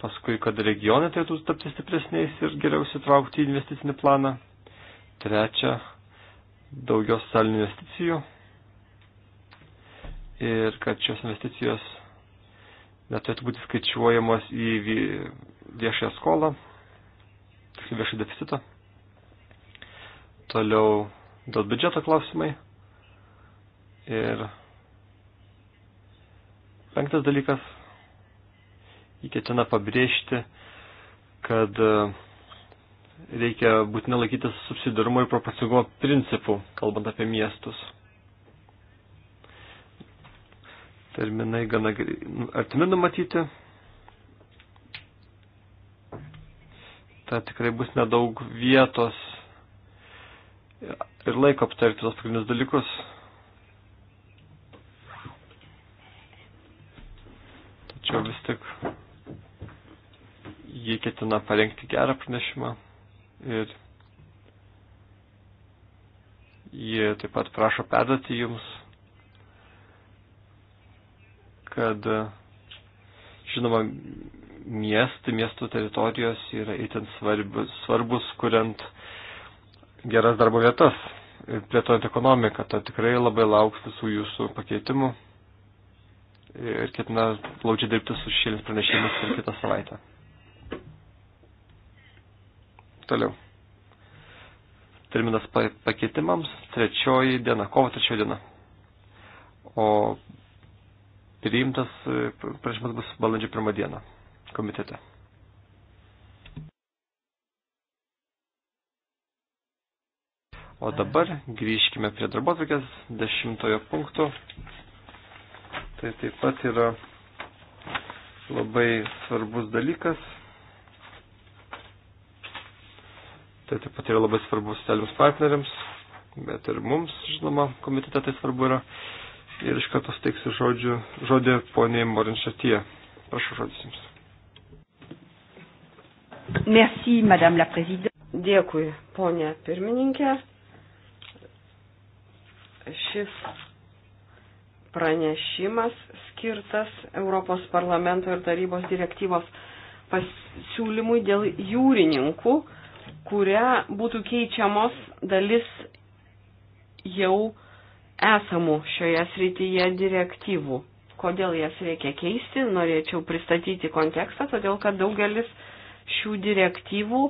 paskui, kad regionai turėtų tapti stipresniais ir geriau sitraukti į investicinį planą. Trečia, daugiau socialinių investicijų ir kad šios investicijos neturėtų būti skaičiuojamos į viešąją skolą, tiksliau viešą deficitą. Toliau dėl biudžeto klausimai. Ir penktas dalykas Jį ketina pabrėžti, kad e, reikia būtinai laikytis subsidarumo ir proporcingumo principų, kalbant apie miestus. Terminai gana nu, artimi numatyti. Ta tikrai bus nedaug vietos ir laiko aptarti tos pagrindinius dalykus. Tačiau vis tik jie ketina parengti gerą pranešimą ir jie taip pat prašo perduoti jums, kad žinoma miestai, miestų teritorijos yra itin svarbus, svarbus kuriant geras darbo vietas ir plėtojant ekonomiką. Tad tikrai labai lauks visų jūsų pakeitimų ir ketina plaudžiai dirbti su šėlis pranešimus ir kitą savaitę. Toliau. Terminas pakeitimams trečioji diena, kovo trečioji diena. O priimtas e, prašymas bus balandžio pirmą dieną komitete. O dabar grįžkime prie darbotvarkės dešimtojo punkto. Tai taip pat yra labai svarbus dalykas Tai taip pat yra labai svarbu socialiniams partneriams, bet ir mums, žinoma, komitete tai svarbu yra. Ir iš karto steiksiu žodžiu, žodį poniai Morinšatie. Prašau žodis jums. Merci, madame la présidente. Dėkui, ponė pirmininkė. Šis pranešimas skirtas Europos parlamento ir tarybos direktyvos pasiūlymui dėl jūrininkų kuria būtų keičiamos dalis jau esamų šioje srityje direktyvų. Kodėl jas reikia keisti, norėčiau pristatyti kontekstą, todėl kad daugelis šių direktyvų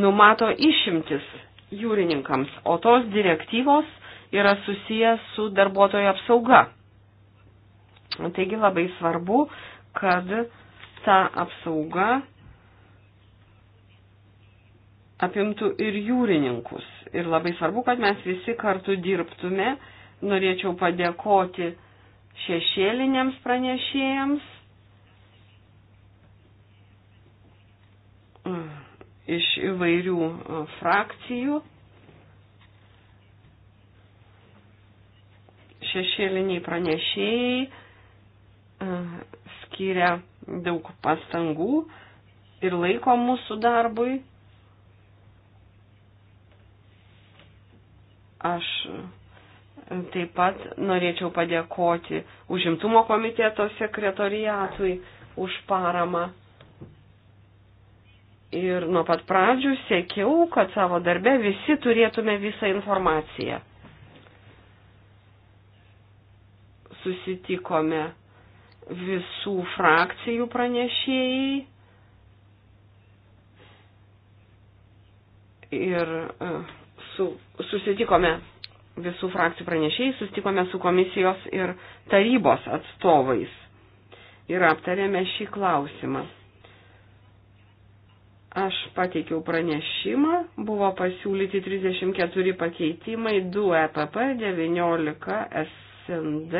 numato išimtis jūrininkams, o tos direktyvos yra susijęs su darbuotojo apsauga. Taigi labai svarbu, kad ta apsauga apimtų ir jūrininkus. Ir labai svarbu, kad mes visi kartu dirbtume. Norėčiau padėkoti šešėliniams pranešėjams. Iš įvairių frakcijų. Šešėliniai pranešėjai skiria daug pastangų ir laiko mūsų darbui Aš taip pat norėčiau padėkoti užimtumo komiteto sekretoriatui už paramą. Ir nuo pat pradžių siekiau, kad savo darbe visi turėtume visą informaciją. Susitikome visų frakcijų pranešėjai. Ir uh, su, susitikome visų frakcijų pranešėjai, susitikome su komisijos ir tarybos atstovais ir aptarėme šį klausimą. Aš pateikiau pranešimą, buvo pasiūlyti 34 pakeitimai, 2 EPP, 19 SND,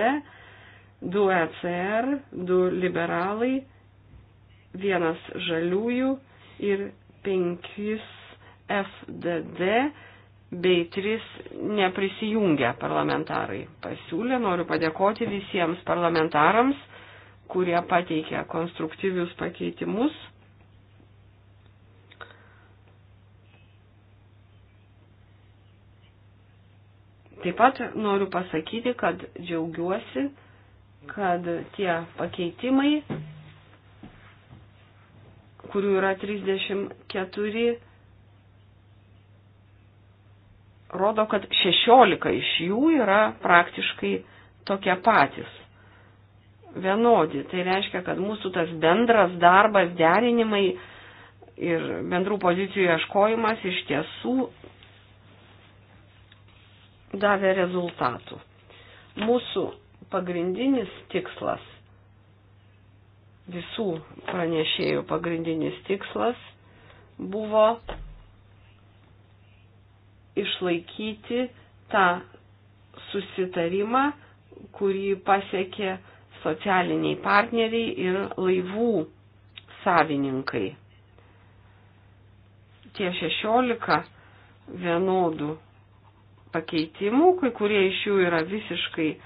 2 ECR, 2 liberalai, 1 žaliųjų ir 5 FDD, bei trys neprisijungę parlamentarai pasiūlė. Noriu padėkoti visiems parlamentarams, kurie pateikė konstruktyvius pakeitimus. Taip pat noriu pasakyti, kad džiaugiuosi, kad tie pakeitimai, kurių yra 34, rodo, kad 16 iš jų yra praktiškai tokie patys. Vienodi. Tai reiškia, kad mūsų tas bendras darbas, derinimai ir bendrų pozicijų ieškojimas iš tiesų davė rezultatų. Mūsų pagrindinis tikslas, visų pranešėjų pagrindinis tikslas buvo išlaikyti tą susitarimą, kurį pasiekė socialiniai partneriai ir laivų savininkai. Tie 16 vienodų pakeitimų, kai kurie iš jų yra visiškai e,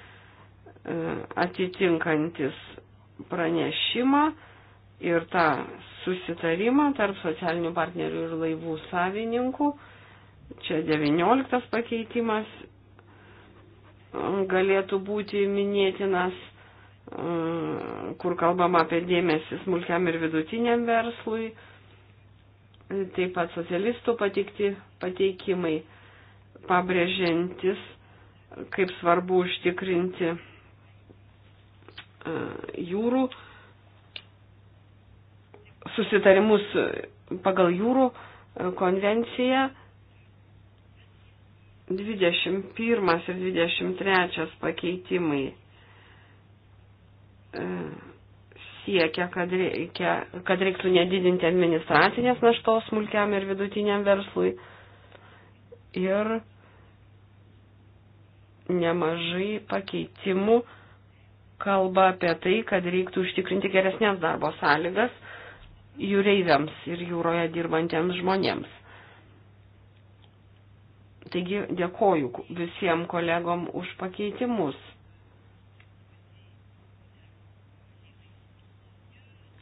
atitinkantis pranešimą ir tą susitarimą tarp socialinių partnerių ir laivų savininkų Čia 19 pakeitimas galėtų būti minėtinas, e, kur kalbama apie dėmesį smulkiam ir vidutiniam verslui, taip pat socialistų pateikti pateikimai, pabrėžiantis, kaip svarbu užtikrinti e, jūrų susitarimus pagal jūrų e, konvenciją 21 ir 23 pakeitimai e, siekia, kad, reikia, kad reiktų nedidinti administracinės naštos smulkiam ir vidutiniam verslui. Ir nemažai pakeitimų kalba apie tai, kad reiktų užtikrinti geresnės darbo sąlygas jūreiviams ir jūroje dirbantiems žmonėms. Taigi dėkoju visiems kolegom už pakeitimus.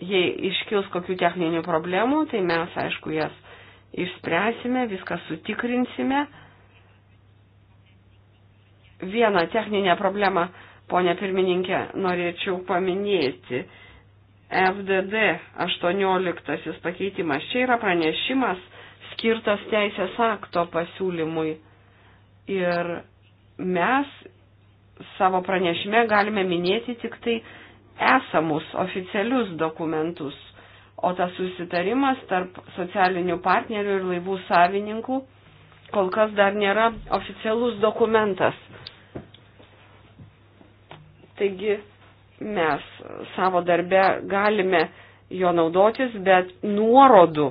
Jei iškils kokių techninių problemų, tai mes, aišku, jas išspręsime, viską sutikrinsime. Vieną techninę problemą, ponė pirmininkė, norėčiau paminėti. FDD 18 pakeitimas. Čia yra pranešimas skirtas teisės akto pasiūlymui. Ir mes savo pranešime galime minėti tik tai esamus oficialius dokumentus, o tas susitarimas tarp socialinių partnerių ir laivų savininkų kol kas dar nėra oficialus dokumentas. Taigi mes savo darbe galime jo naudotis, bet nuorodų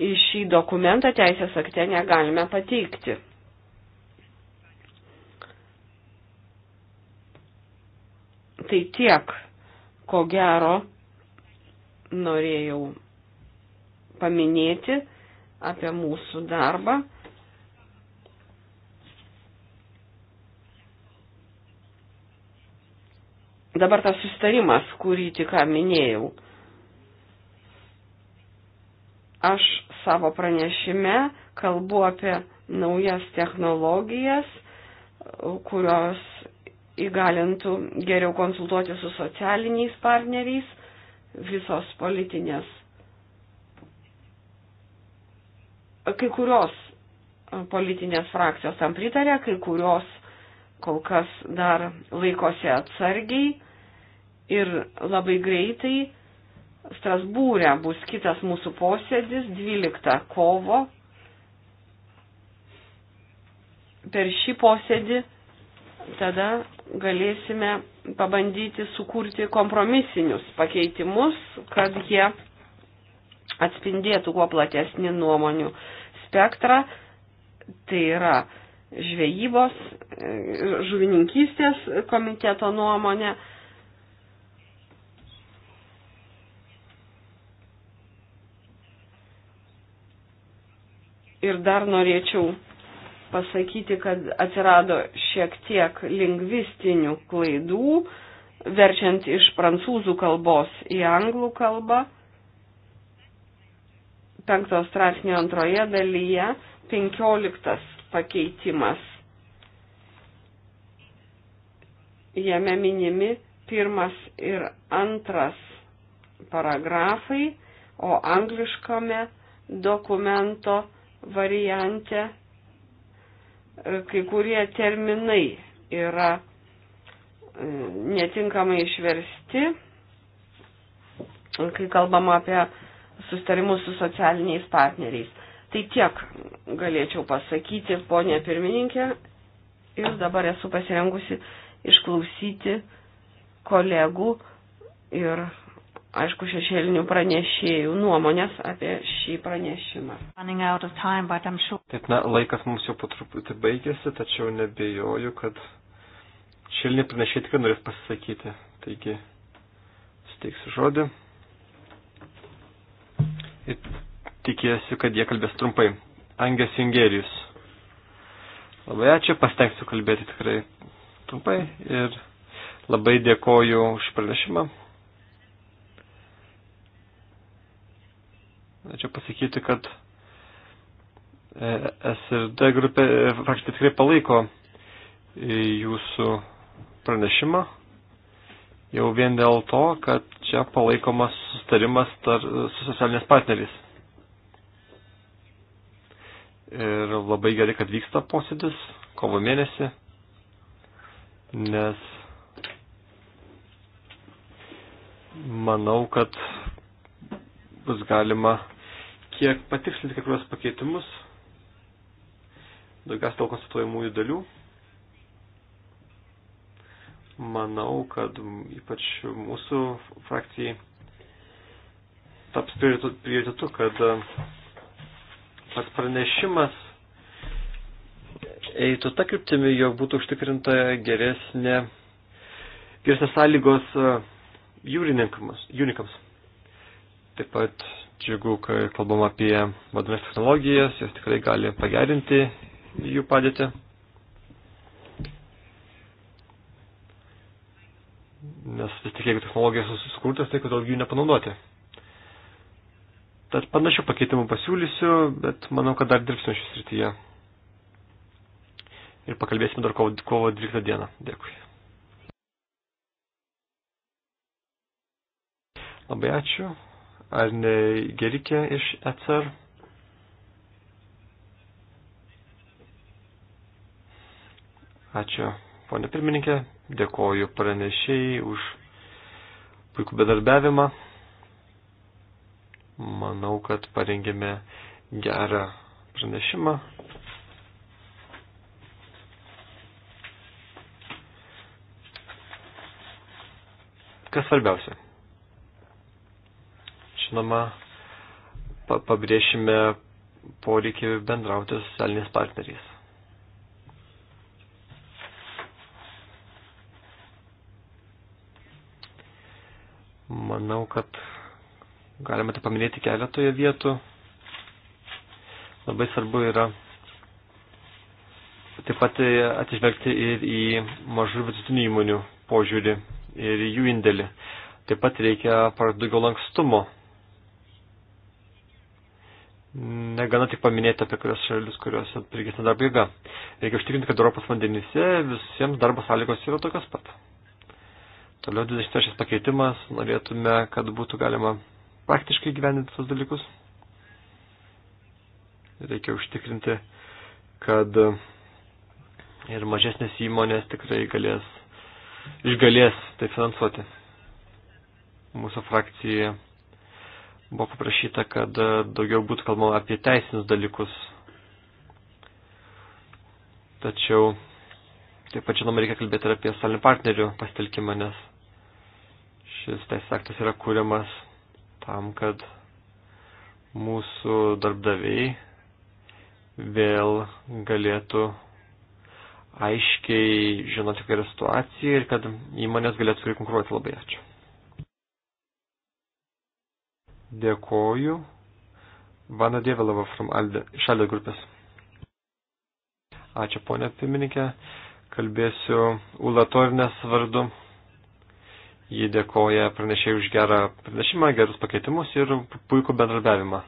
į šį dokumentą teisės akte negalime pateikti. Tai tiek, ko gero, norėjau paminėti apie mūsų darbą. Dabar tas sustarimas, kurį tik minėjau. Aš savo pranešime kalbu apie naujas technologijas, kurios įgalintų geriau konsultuoti su socialiniais partneriais, visos politinės. Kai kurios politinės frakcijos tam pritarė, kai kurios kol kas dar laikosi atsargiai ir labai greitai Strasbūrė bus kitas mūsų posėdis 12 kovo. Per šį posėdį tada galėsime pabandyti sukurti kompromisinius pakeitimus, kad jie atspindėtų kuo platesnį nuomonių spektrą. Tai yra žvejybos, žuvininkystės komiteto nuomonė Ir dar norėčiau pasakyti, kad atsirado šiek tiek lingvistinių klaidų, verčiant iš prancūzų kalbos į anglų kalbą. Penktos straipsnio antroje dalyje penkioliktas pakeitimas. Jame minimi pirmas ir antras paragrafai, o angliškame dokumento variante e, kai kurie terminai yra e, netinkamai išversti, kai kalbama apie sustarimus su socialiniais partneriais. Tai tiek galėčiau pasakyti, ponė pirmininkė, ir dabar esu pasirengusi išklausyti kolegų ir aišku, šešėlinių pranešėjų nuomonės apie šį pranešimą. Taip, na, laikas mums jau po truputį baigėsi, tačiau nebejoju, kad šešėliniai pranešėjai tikrai norės pasisakyti. Taigi, steiksiu žodį. Ir tikėsiu, kad jie kalbės trumpai. Angės Jungerijus. Labai ačiū, pastengsiu kalbėti tikrai trumpai ir labai dėkoju už pranešimą. Norėčiau pasakyti, kad e, SRD grupė e, faktiškai tikrai palaiko e, jūsų pranešimą. Jau vien dėl to, kad čia palaikomas sustarimas tar, su socialiniais partneriais. Ir labai gerai, kad vyksta posėdis kovo mėnesį, nes manau, kad bus galima kiek patikslinti kai kurios pakeitimus, daugiausia dėl konstatuojamųjų dalių. Manau, kad ypač mūsų frakcijai taps prioritetu, kad e, pats pranešimas eitų tą kryptimį, jog būtų užtikrinta geresnė, geresnė sąlygos e, jūrininkams. Taip pat džiugu, kai kalbam apie vadovės technologijas, jos tikrai gali pagerinti jų padėtį. Nes vis tik, jeigu technologijos susikurtas, tai kodėl jų nepanaudoti. Tad panašių pakeitimų pasiūlysiu, bet manau, kad dar dirbsime šį srityje. Ir pakalbėsime dar kovo, kovo 12 dieną. Dėkui. Labai ačiū. Ar ne Gerikė iš ECR? Ačiū, ponė pirmininkė. Dėkoju pranešėjai už puikų bedarbiavimą. Manau, kad parengėme gerą pranešimą. Kas svarbiausia? žinoma, pabrėšime poreikį bendrauti su socialiniais partneriais. Manau, kad galima tai paminėti keletoje vietų. Labai svarbu yra taip pat atsižvelgti ir į mažų vidutinių įmonių požiūrį ir jų indėlį. Taip pat reikia daugiau lankstumo Negana tik paminėti apie kurios šalis, kuriuose prigesnė darbo jėga. Reikia užtikrinti, kad Europos vandenyse visiems darbo sąlygos yra tokios pat. Toliau 26 pakeitimas, norėtume, kad būtų galima praktiškai gyveninti tos dalykus. Reikia užtikrinti, kad ir mažesnės įmonės tikrai galės, išgalės tai finansuoti. Mūsų frakcija Buvo paprašyta, kad e, daugiau būtų kalbama apie teisinius dalykus. Tačiau taip pat, žinoma, reikia kalbėti ir apie salinių partnerių pasitelkimą, nes šis teisės aktas yra kūriamas tam, kad mūsų darbdaviai vėl galėtų aiškiai žinoti, kokia yra situacija ir kad įmonės galėtų konkuruoti labai ačiū. Dėkoju. Vana Dievelava from Alde, iš Alde grupės. Ačiū, ponė pirmininkė. Kalbėsiu Ulatornės vardu. Ji dėkoja pranešėjai už gerą pranešimą, gerus pakeitimus ir puikų bendradarbiavimą.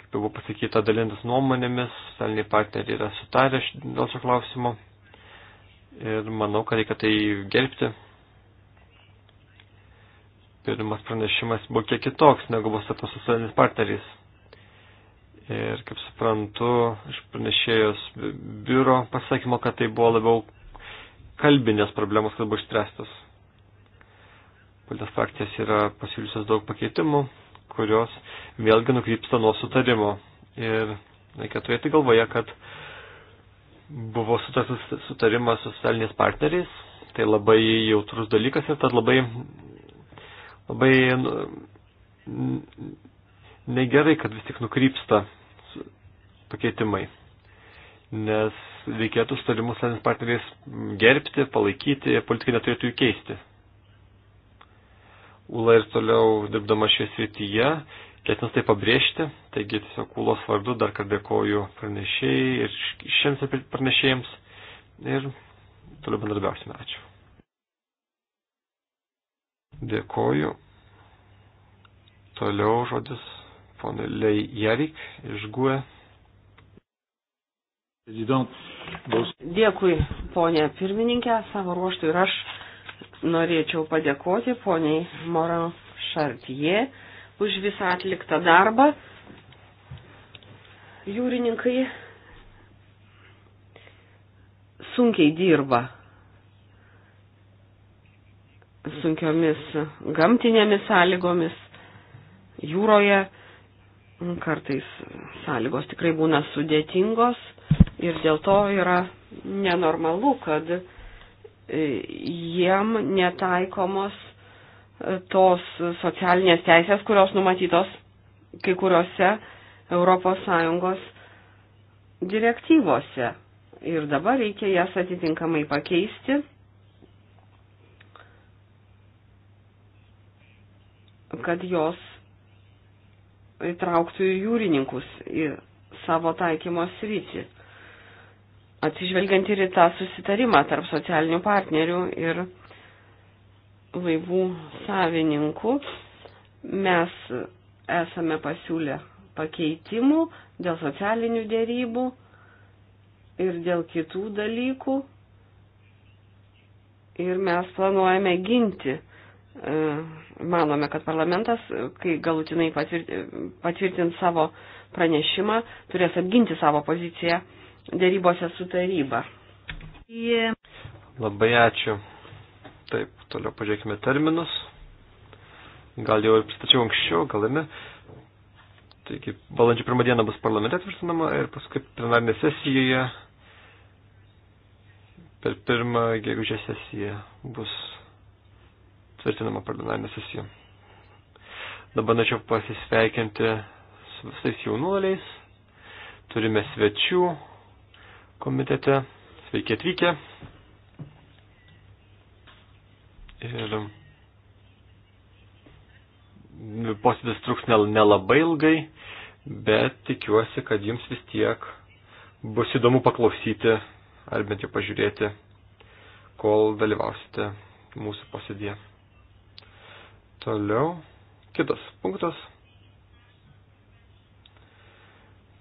Kaip jau buvo pasakyta, dalintis nuomonėmis, saliniai partneriai yra sutarę dėl šio klausimo. Ir manau, kad reikia tai gerbti pirmas pranešimas buvo kiek kitoks negu buvo su socialinis partneriais. Ir kaip suprantu, iš pranešėjos biuro pasakymo, kad tai buvo labiau kalbinės problemos, kad buvo išspręstas. Politinės frakcijas yra pasiūlysios daug pakeitimų, kurios vėlgi nukrypsta nuo sutarimo. Ir reikia turėti galvoje, kad buvo sutarimas su socialiniais partneriais, tai labai jautrus dalykas ir tad labai labai nu, negerai, kad vis tik nukrypsta pakeitimai. Nes reikėtų sutarimus su partneriais gerbti, palaikyti, politikai neturėtų jų keisti. Ula ir toliau dirbdama šioje srityje, ketinas tai pabrėžti, taigi tiesiog Ulos vardu dar kartą dėkoju pranešėjai ir šiems pranešėjams ir toliau bendradarbiausime. Ačiū. Dėkoju. Toliau žodis ponai Leijarik iš GUE. Dėkui, ponė pirmininkė, savo ruoštų ir aš norėčiau padėkoti poniai Moran Šartie už visą atliktą darbą. Jūrininkai sunkiai dirba sunkiomis gamtinėmis sąlygomis jūroje. Kartais sąlygos tikrai būna sudėtingos ir dėl to yra nenormalu, kad e, jiem netaikomos e, tos socialinės teisės, kurios numatytos kai kuriuose ES direktyvose. Ir dabar reikia jas atitinkamai pakeisti kad jos įtrauktų ir jūrininkus į savo taikymo sritį, atsižvelgiant ir į tą susitarimą tarp socialinių partnerių ir laivų savininkų. Mes esame pasiūlę pakeitimų dėl socialinių dėrybų ir dėl kitų dalykų. Ir mes planuojame ginti E, manome, kad parlamentas, kai galutinai patvirtint savo pranešimą, turės apginti savo poziciją dėrybose su taryba. Yeah. Labai ačiū. Taip, toliau pažiūrėkime terminus. Gal jau ir pristačiau anksčiau, gal ir ne. Taigi, balandžio pirmą dieną bus parlamente atvirtinama ir paskui plenarinė sesijoje per pirmą gegužės sesiją bus tvirtinama per plenarinę sesiją. Dabar norėčiau pasisveikinti su visais jaunuoliais. Turime svečių komitete. Sveiki atvykę. Ir posėdis truks nelabai ilgai, bet tikiuosi, kad jums vis tiek bus įdomu paklausyti ar bent jau pažiūrėti, kol dalyvausite mūsų posėdėje. Toliau kitas punktas.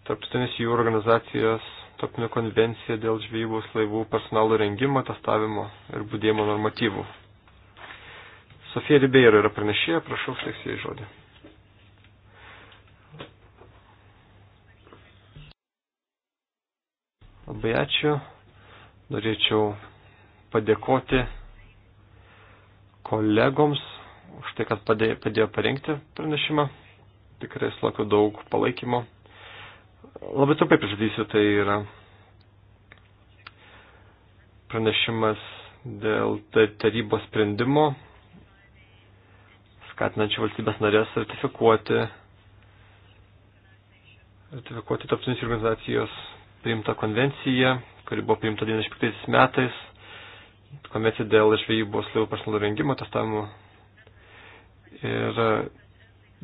Tarptautinės jūrų organizacijos tarptautinė konvencija dėl žvejybos laivų personalo rengimo, testavimo ir būdėjimo normatyvų. Sofija Ribeiro yra pranešėja, prašau, steiksiu į žodį. Labai ačiū. Norėčiau padėkoti kolegoms už tai, kad padėjo, padėjo parengti pranešimą. Tikrai sulaukiu daug palaikymo. Labai trumpai prižadysiu, tai yra pranešimas dėl tarybos sprendimo, skatinančio valstybės narės ratifikuoti, ratifikuoti tarptautinės organizacijos priimtą konvenciją, kuri buvo priimta 95 metais, konvencija dėl žvejybos laivų personalo rengimo, testavimo Ir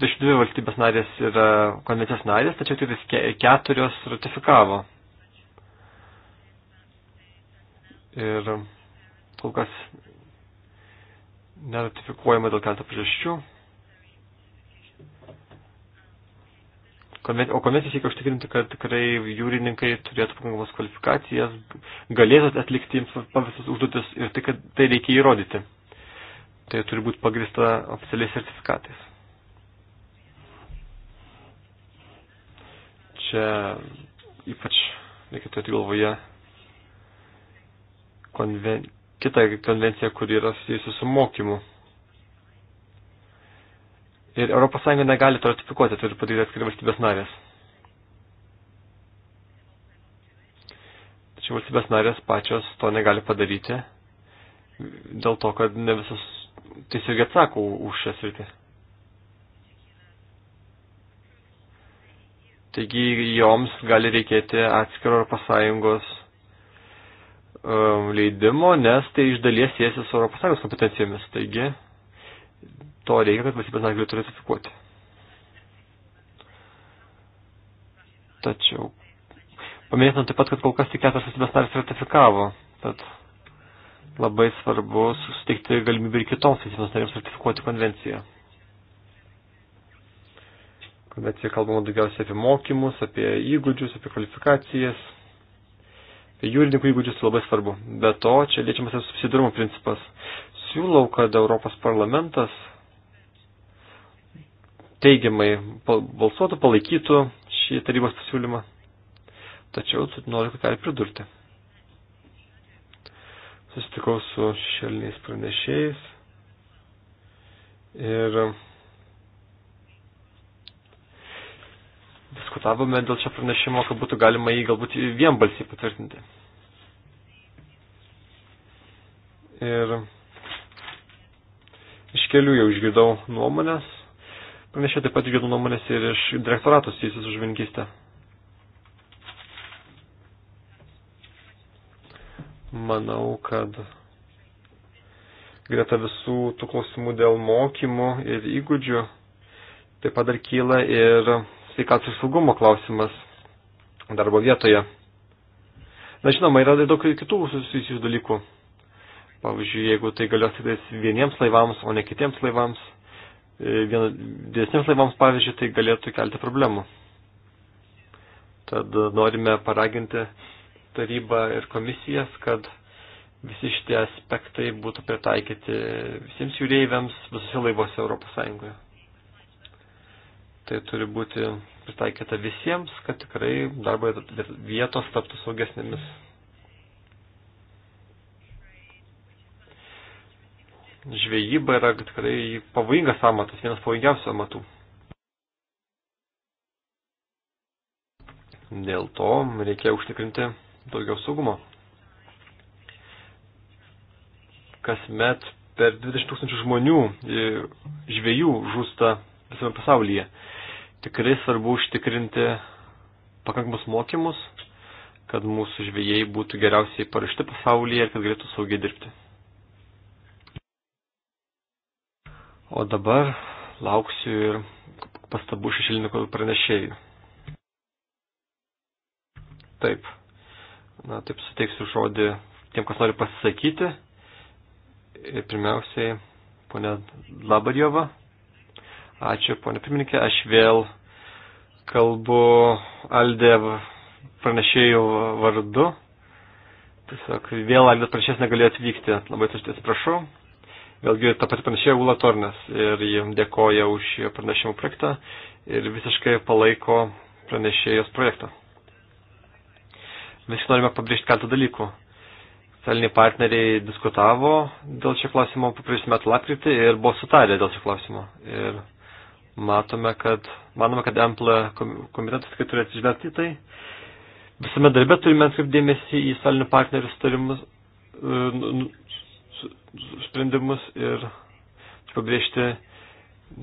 22 valstybės narės yra konvencijos narės, tačiau tik keturios ratifikavo. Ir kol kas neratifikuojama dėl keletą priežasčių. O konvencija siekia užtikrinti, kad tikrai jūrininkai turėtų pakankamas kvalifikacijas, galėtų atlikti jiems pavisas užduotis ir tai, kad tai reikia įrodyti tai turi būti pagrista oficialiais sertifikatais. Čia ypač reikia turėti galvoje konven... kitą konvenciją, kuri yra susijusi su mokymu. Ir ES negali to ratifikuoti, turi padaryti atskiri valstybės narės. Tačiau valstybės narės pačios to negali padaryti, dėl to, kad ne visos tiesiog atsako už šią sritį. Taigi joms gali reikėti atskiro ES um, leidimo, nes tai iš dalies siejasi su ES kompetencijomis. Taigi to reikia, kad valstybės narės galėtų ratifikuoti. Tačiau paminėtum taip pat, kad kol kas tik keturios valstybės narės ratifikavo. Tad labai svarbu susitikti galimybę ir kitoms teisėms narėms ratifikuoti konvenciją. Konvencijoje kalbama daugiausiai apie mokymus, apie įgūdžius, apie kvalifikacijas, apie jūrininkų įgūdžius tai labai svarbu. Be to, čia liečiamas ir subsidarumo principas. Siūlau, kad Europos parlamentas teigiamai balsuotų, palaikytų šį tarybos pasiūlymą. Tačiau noriu ką tai pridurti susitikau su šelniais pranešėjais ir um, diskutavome dėl šio pranešimo, kad būtų galima jį galbūt vienbalsiai patvirtinti. Ir um, iš kelių jau išgirdau nuomonės, pranešė taip pat išgirdau nuomonės ir iš direktoratos įsis už vinkystę. manau, kad greta visų tų klausimų dėl mokymų ir įgūdžių taip pat dar kyla ir sveikatos ir saugumo klausimas darbo vietoje. Na žinoma, yra daug kitų susijusių dalykų. Pavyzdžiui, jeigu tai galios tik vieniems laivams, o ne kitiems laivams, e, vien, didesniems laivams, pavyzdžiui, tai galėtų kelti problemų. Tad norime paraginti tarybą ir komisijas, kad visi šitie aspektai būtų pritaikyti visiems jūreiviams visose laivuose Europos Sąjungoje. Tai turi būti pritaikyta visiems, kad tikrai darbo vietos taptų saugesnėmis. Žvejyba yra tikrai pavojingas amatas, vienas pavojingiausių amatų. Dėl to reikia užtikrinti daugiau saugumo. Kasmet per 20 tūkstančių žmonių e, žvėjų žūsta visame pasaulyje. Tikrai svarbu užtikrinti pakankamus mokymus, kad mūsų žvėjai būtų geriausiai parašti pasaulyje ir kad galėtų saugiai dirbti. O dabar lauksiu ir pastabų šešilininkų pranešėjų. Taip. Na, taip suteiksiu žodį tiem, kas nori pasisakyti. Ir pirmiausiai, ponė Labadjova. Ačiū, ponė pirmininkė. Aš vėl kalbu Aldė pranešėjų vardu. Tiesiog vėl Aldės pranešėjas negalėjo atvykti. Labai atsiprašau. Vėlgi ta pati pranešėja Ula Tornes ir jiems dėkoja už pranešimų projektą ir visiškai palaiko pranešėjos projektą. Visi norime pabrėžti keletą dalykų. Socialiniai partneriai diskutavo dėl šio klausimo papraėjus metų lapkritį ir buvo sutarę dėl šio klausimo. Ir matome, kad, manome, kad EMPLA komitetas tikrai turi atsižvelgti į tai. Visame darbe turime atkreipdėmėsi į socialinių partnerių sutarimus, e, sprendimus ir pabrėžti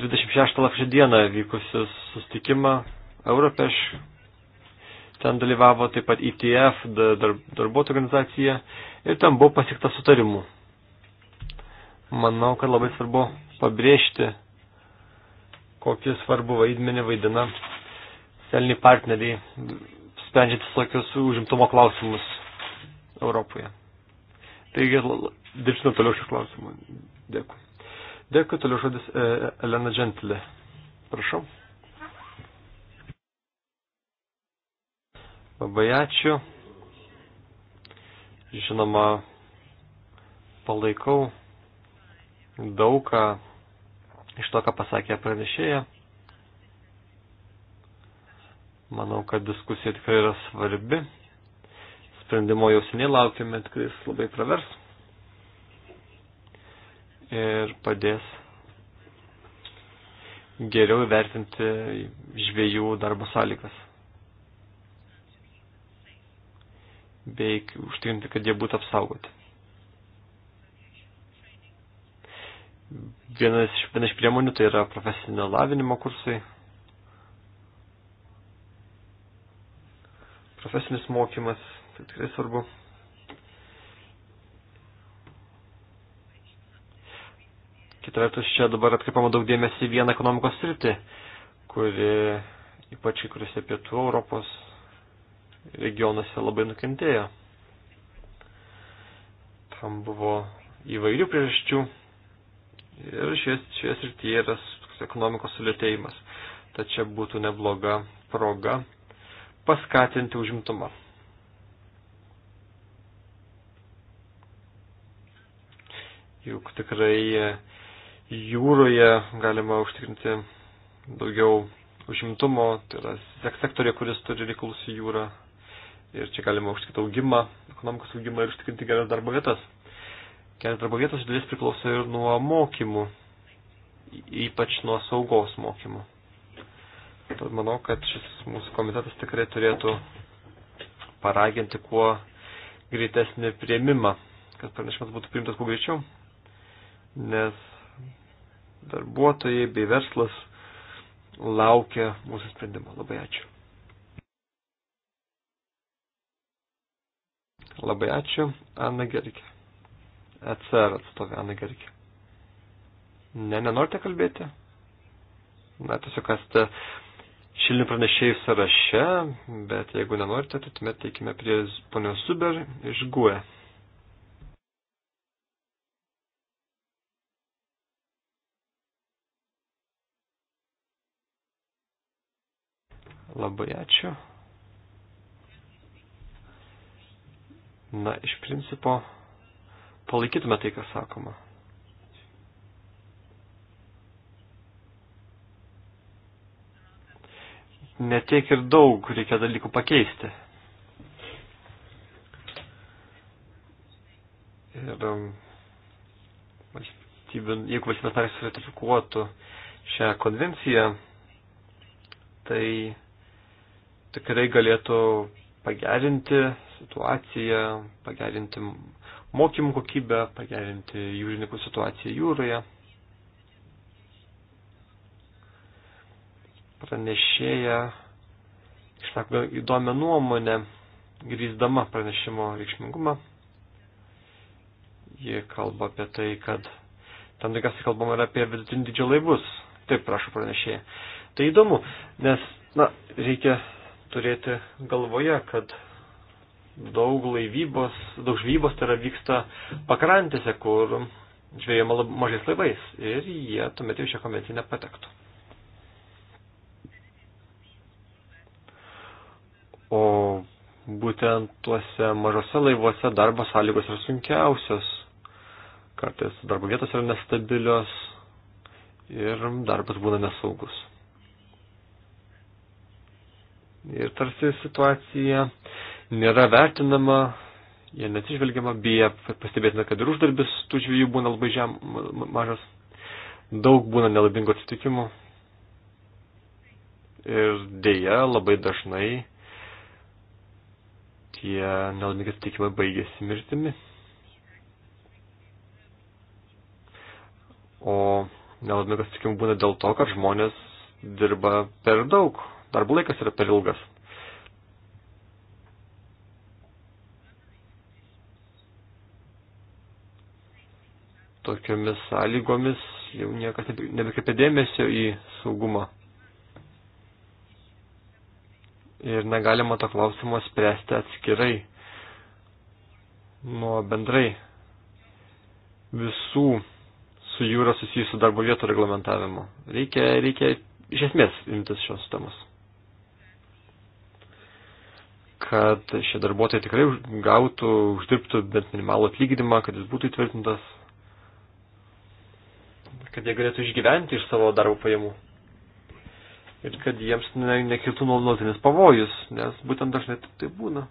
26 lapkričio dieną vykusius sustikimą Europeš ten dalyvavo taip pat ITF, e dar, darbuotojų organizacija, ir ten buvo pasiekta sutarimų. Manau, kad labai svarbu pabrėžti, kokį svarbu vaidmenį vaidina seliniai partneriai, sprendžiant visokius užimtumo klausimus Europoje. Taigi, dirbsime toliau šis klausimus. Dėkui. Dėkui, toliau žodis e, Elena Gentilė. Prašau. Labai ačiū. Žinoma, palaikau daugą iš to, ką pasakė pranešėja. Manau, kad diskusija tikrai yra svarbi. Sprendimo jau seniai laukime, tikrai jis labai pravers. Ir padės geriau įvertinti žvėjų darbo sąlygas. bei užtikrinti, kad jie būtų apsaugoti. Vienas, viena iš priemonių tai yra profesinio lavinimo kursai. Profesinis mokymas, tai tikrai svarbu. Kita vertus, čia dabar atkreipama daug dėmesį į vieną ekonomikos sritį, kuri ypač kai kuriuose pietų Europos regionuose labai nukentėjo. Tam buvo įvairių priežasčių ir šioje, šioje srityje yra ekonomikos sulėtėjimas. Tačiau būtų nebloga proga paskatinti užimtumą. Juk tikrai jūroje galima užtikrinti daugiau užimtumo, tai yra sektorė, kuris turi reikalus į jūrą, ir čia galima užtikrinti augimą, ekonomikos augimą ir užtikrinti geras darbo vietas. Geras darbo vietas iš dalies priklauso ir nuo mokymų, ypač nuo saugos mokymų. Tad manau, kad šis mūsų komitetas tikrai turėtų paraginti kuo greitesnį prieimimą, kad pranešimas būtų priimtas kuo greičiau, nes darbuotojai bei verslas laukia mūsų sprendimo. Labai ačiū. Labai ačiū, Ana Gerikė. ECR atstovė Ana Gerikė. Ne, nenorite kalbėti? Na, tiesiog esate šilni pranešėjai sąraše, bet jeigu nenorite, tai tuomet teikime prie ponios Suber iš GUE. Labai ačiū. Na, iš principo, palaikytume tai, kas sakoma. Netiek ir daug reikia dalykų pakeisti. Ir um, valstybė, jeigu valstybės narės ratifikuotų šią konvenciją, tai tikrai galėtų pagerinti situaciją, pagerinti mokymų kokybę, pagerinti jūrininkų situaciją jūroje. Pranešėja išsako įdomią nuomonę, grįzdama pranešimo reikšmingumą. Ji kalba apie tai, kad tam tikras kalbama yra apie vidutinį didžio laivus. Taip prašo pranešėja. Tai įdomu, nes, na, reikia turėti galvoje, kad daug laivybos, daug žvybos tai yra vyksta pakrantėse, kur žvėjama mažais laivais ir jie tuomet jau šią konvenciją nepatektų. O būtent tuose mažose laivuose darbo sąlygos yra sunkiausios. Kartais darbo vietos yra nestabilios ir darbas būna nesaugus. Ir tarsi situacija nėra vertinama, jie neatsižvelgiama, bija pastebėtina, kad ir uždarbis tų žvėjų būna labai žem, mažas, daug būna nelabingo atsitikimų. Ir dėja, labai dažnai tie nelabingi atsitikimai baigėsi mirtimi. O nelabingas atsitikimų būna dėl to, kad žmonės dirba per daug, darbo laikas yra per ilgas. tokiomis sąlygomis jau niekas nebekreipia dėmesio į saugumą. Ir negalima to klausimo spręsti atskirai nuo bendrai visų su jūra susijusių darbo vietų reglamentavimo. Reikia, reikia iš esmės imtis šios temos. Kad šie darbuotojai tikrai gautų, uždirbtų bent minimalų atlyginimą, kad jis būtų įtvirtintas kad jie galėtų išgyventi iš savo darbo pajamų. Ir kad jiems ne, nekiltų nuolatinis pavojus, nes būtent dažnai tai būna.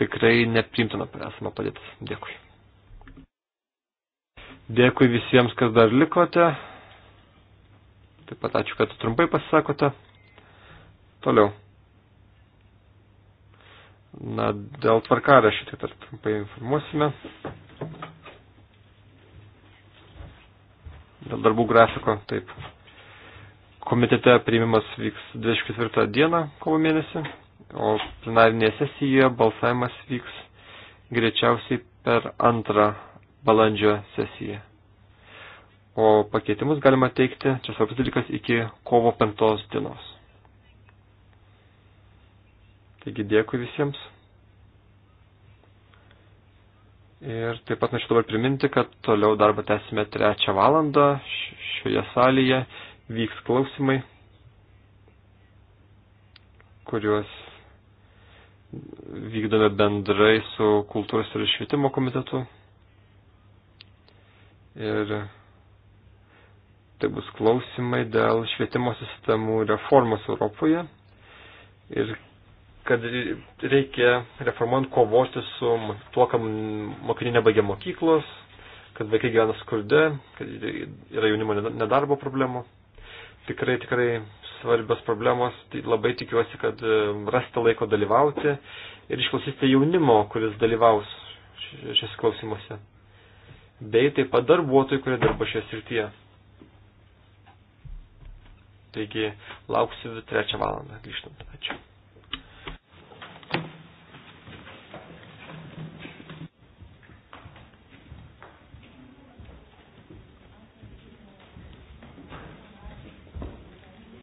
Tikrai neprimtina esama padėtis. Dėkui. Dėkui visiems, kas dar likote. Taip pat ačiū, kad trumpai pasisakote. Toliau. Na, dėl tvarkaraščių taip pat trumpai informuosime. dėl darbų grafiko, taip. Komitete priimimas vyks 24 dieną kovo mėnesį, o plenarinėje sesijoje balsavimas vyks greičiausiai per antrą balandžio sesiją. O pakeitimus galima teikti, čia svarbus dalykas, iki kovo 5 dienos. Taigi dėkui visiems. Ir taip pat norėčiau dabar priminti, kad toliau darbą tęsime trečią valandą. Šioje salėje vyks klausimai, kuriuos vykdome bendrai su kultūros ir švietimo komitetu. Ir tai bus klausimai dėl švietimo sistemų reformos Europoje. Ir kad reikia reformuojant kovoti su tuo, kam mokiniai nebaigia mokyklos, kad vaikai gyvena skurde, kad yra jaunimo nedarbo problemų. Tikrai, tikrai svarbios problemos, tai labai tikiuosi, kad um, rasite laiko dalyvauti ir išklausysite jaunimo, kuris dalyvaus šiuose klausimuose, bei taip pat darbuotojų, kurie dirba šioje srityje. Taigi lauksiu trečią valandą grįžtant. Ačiū.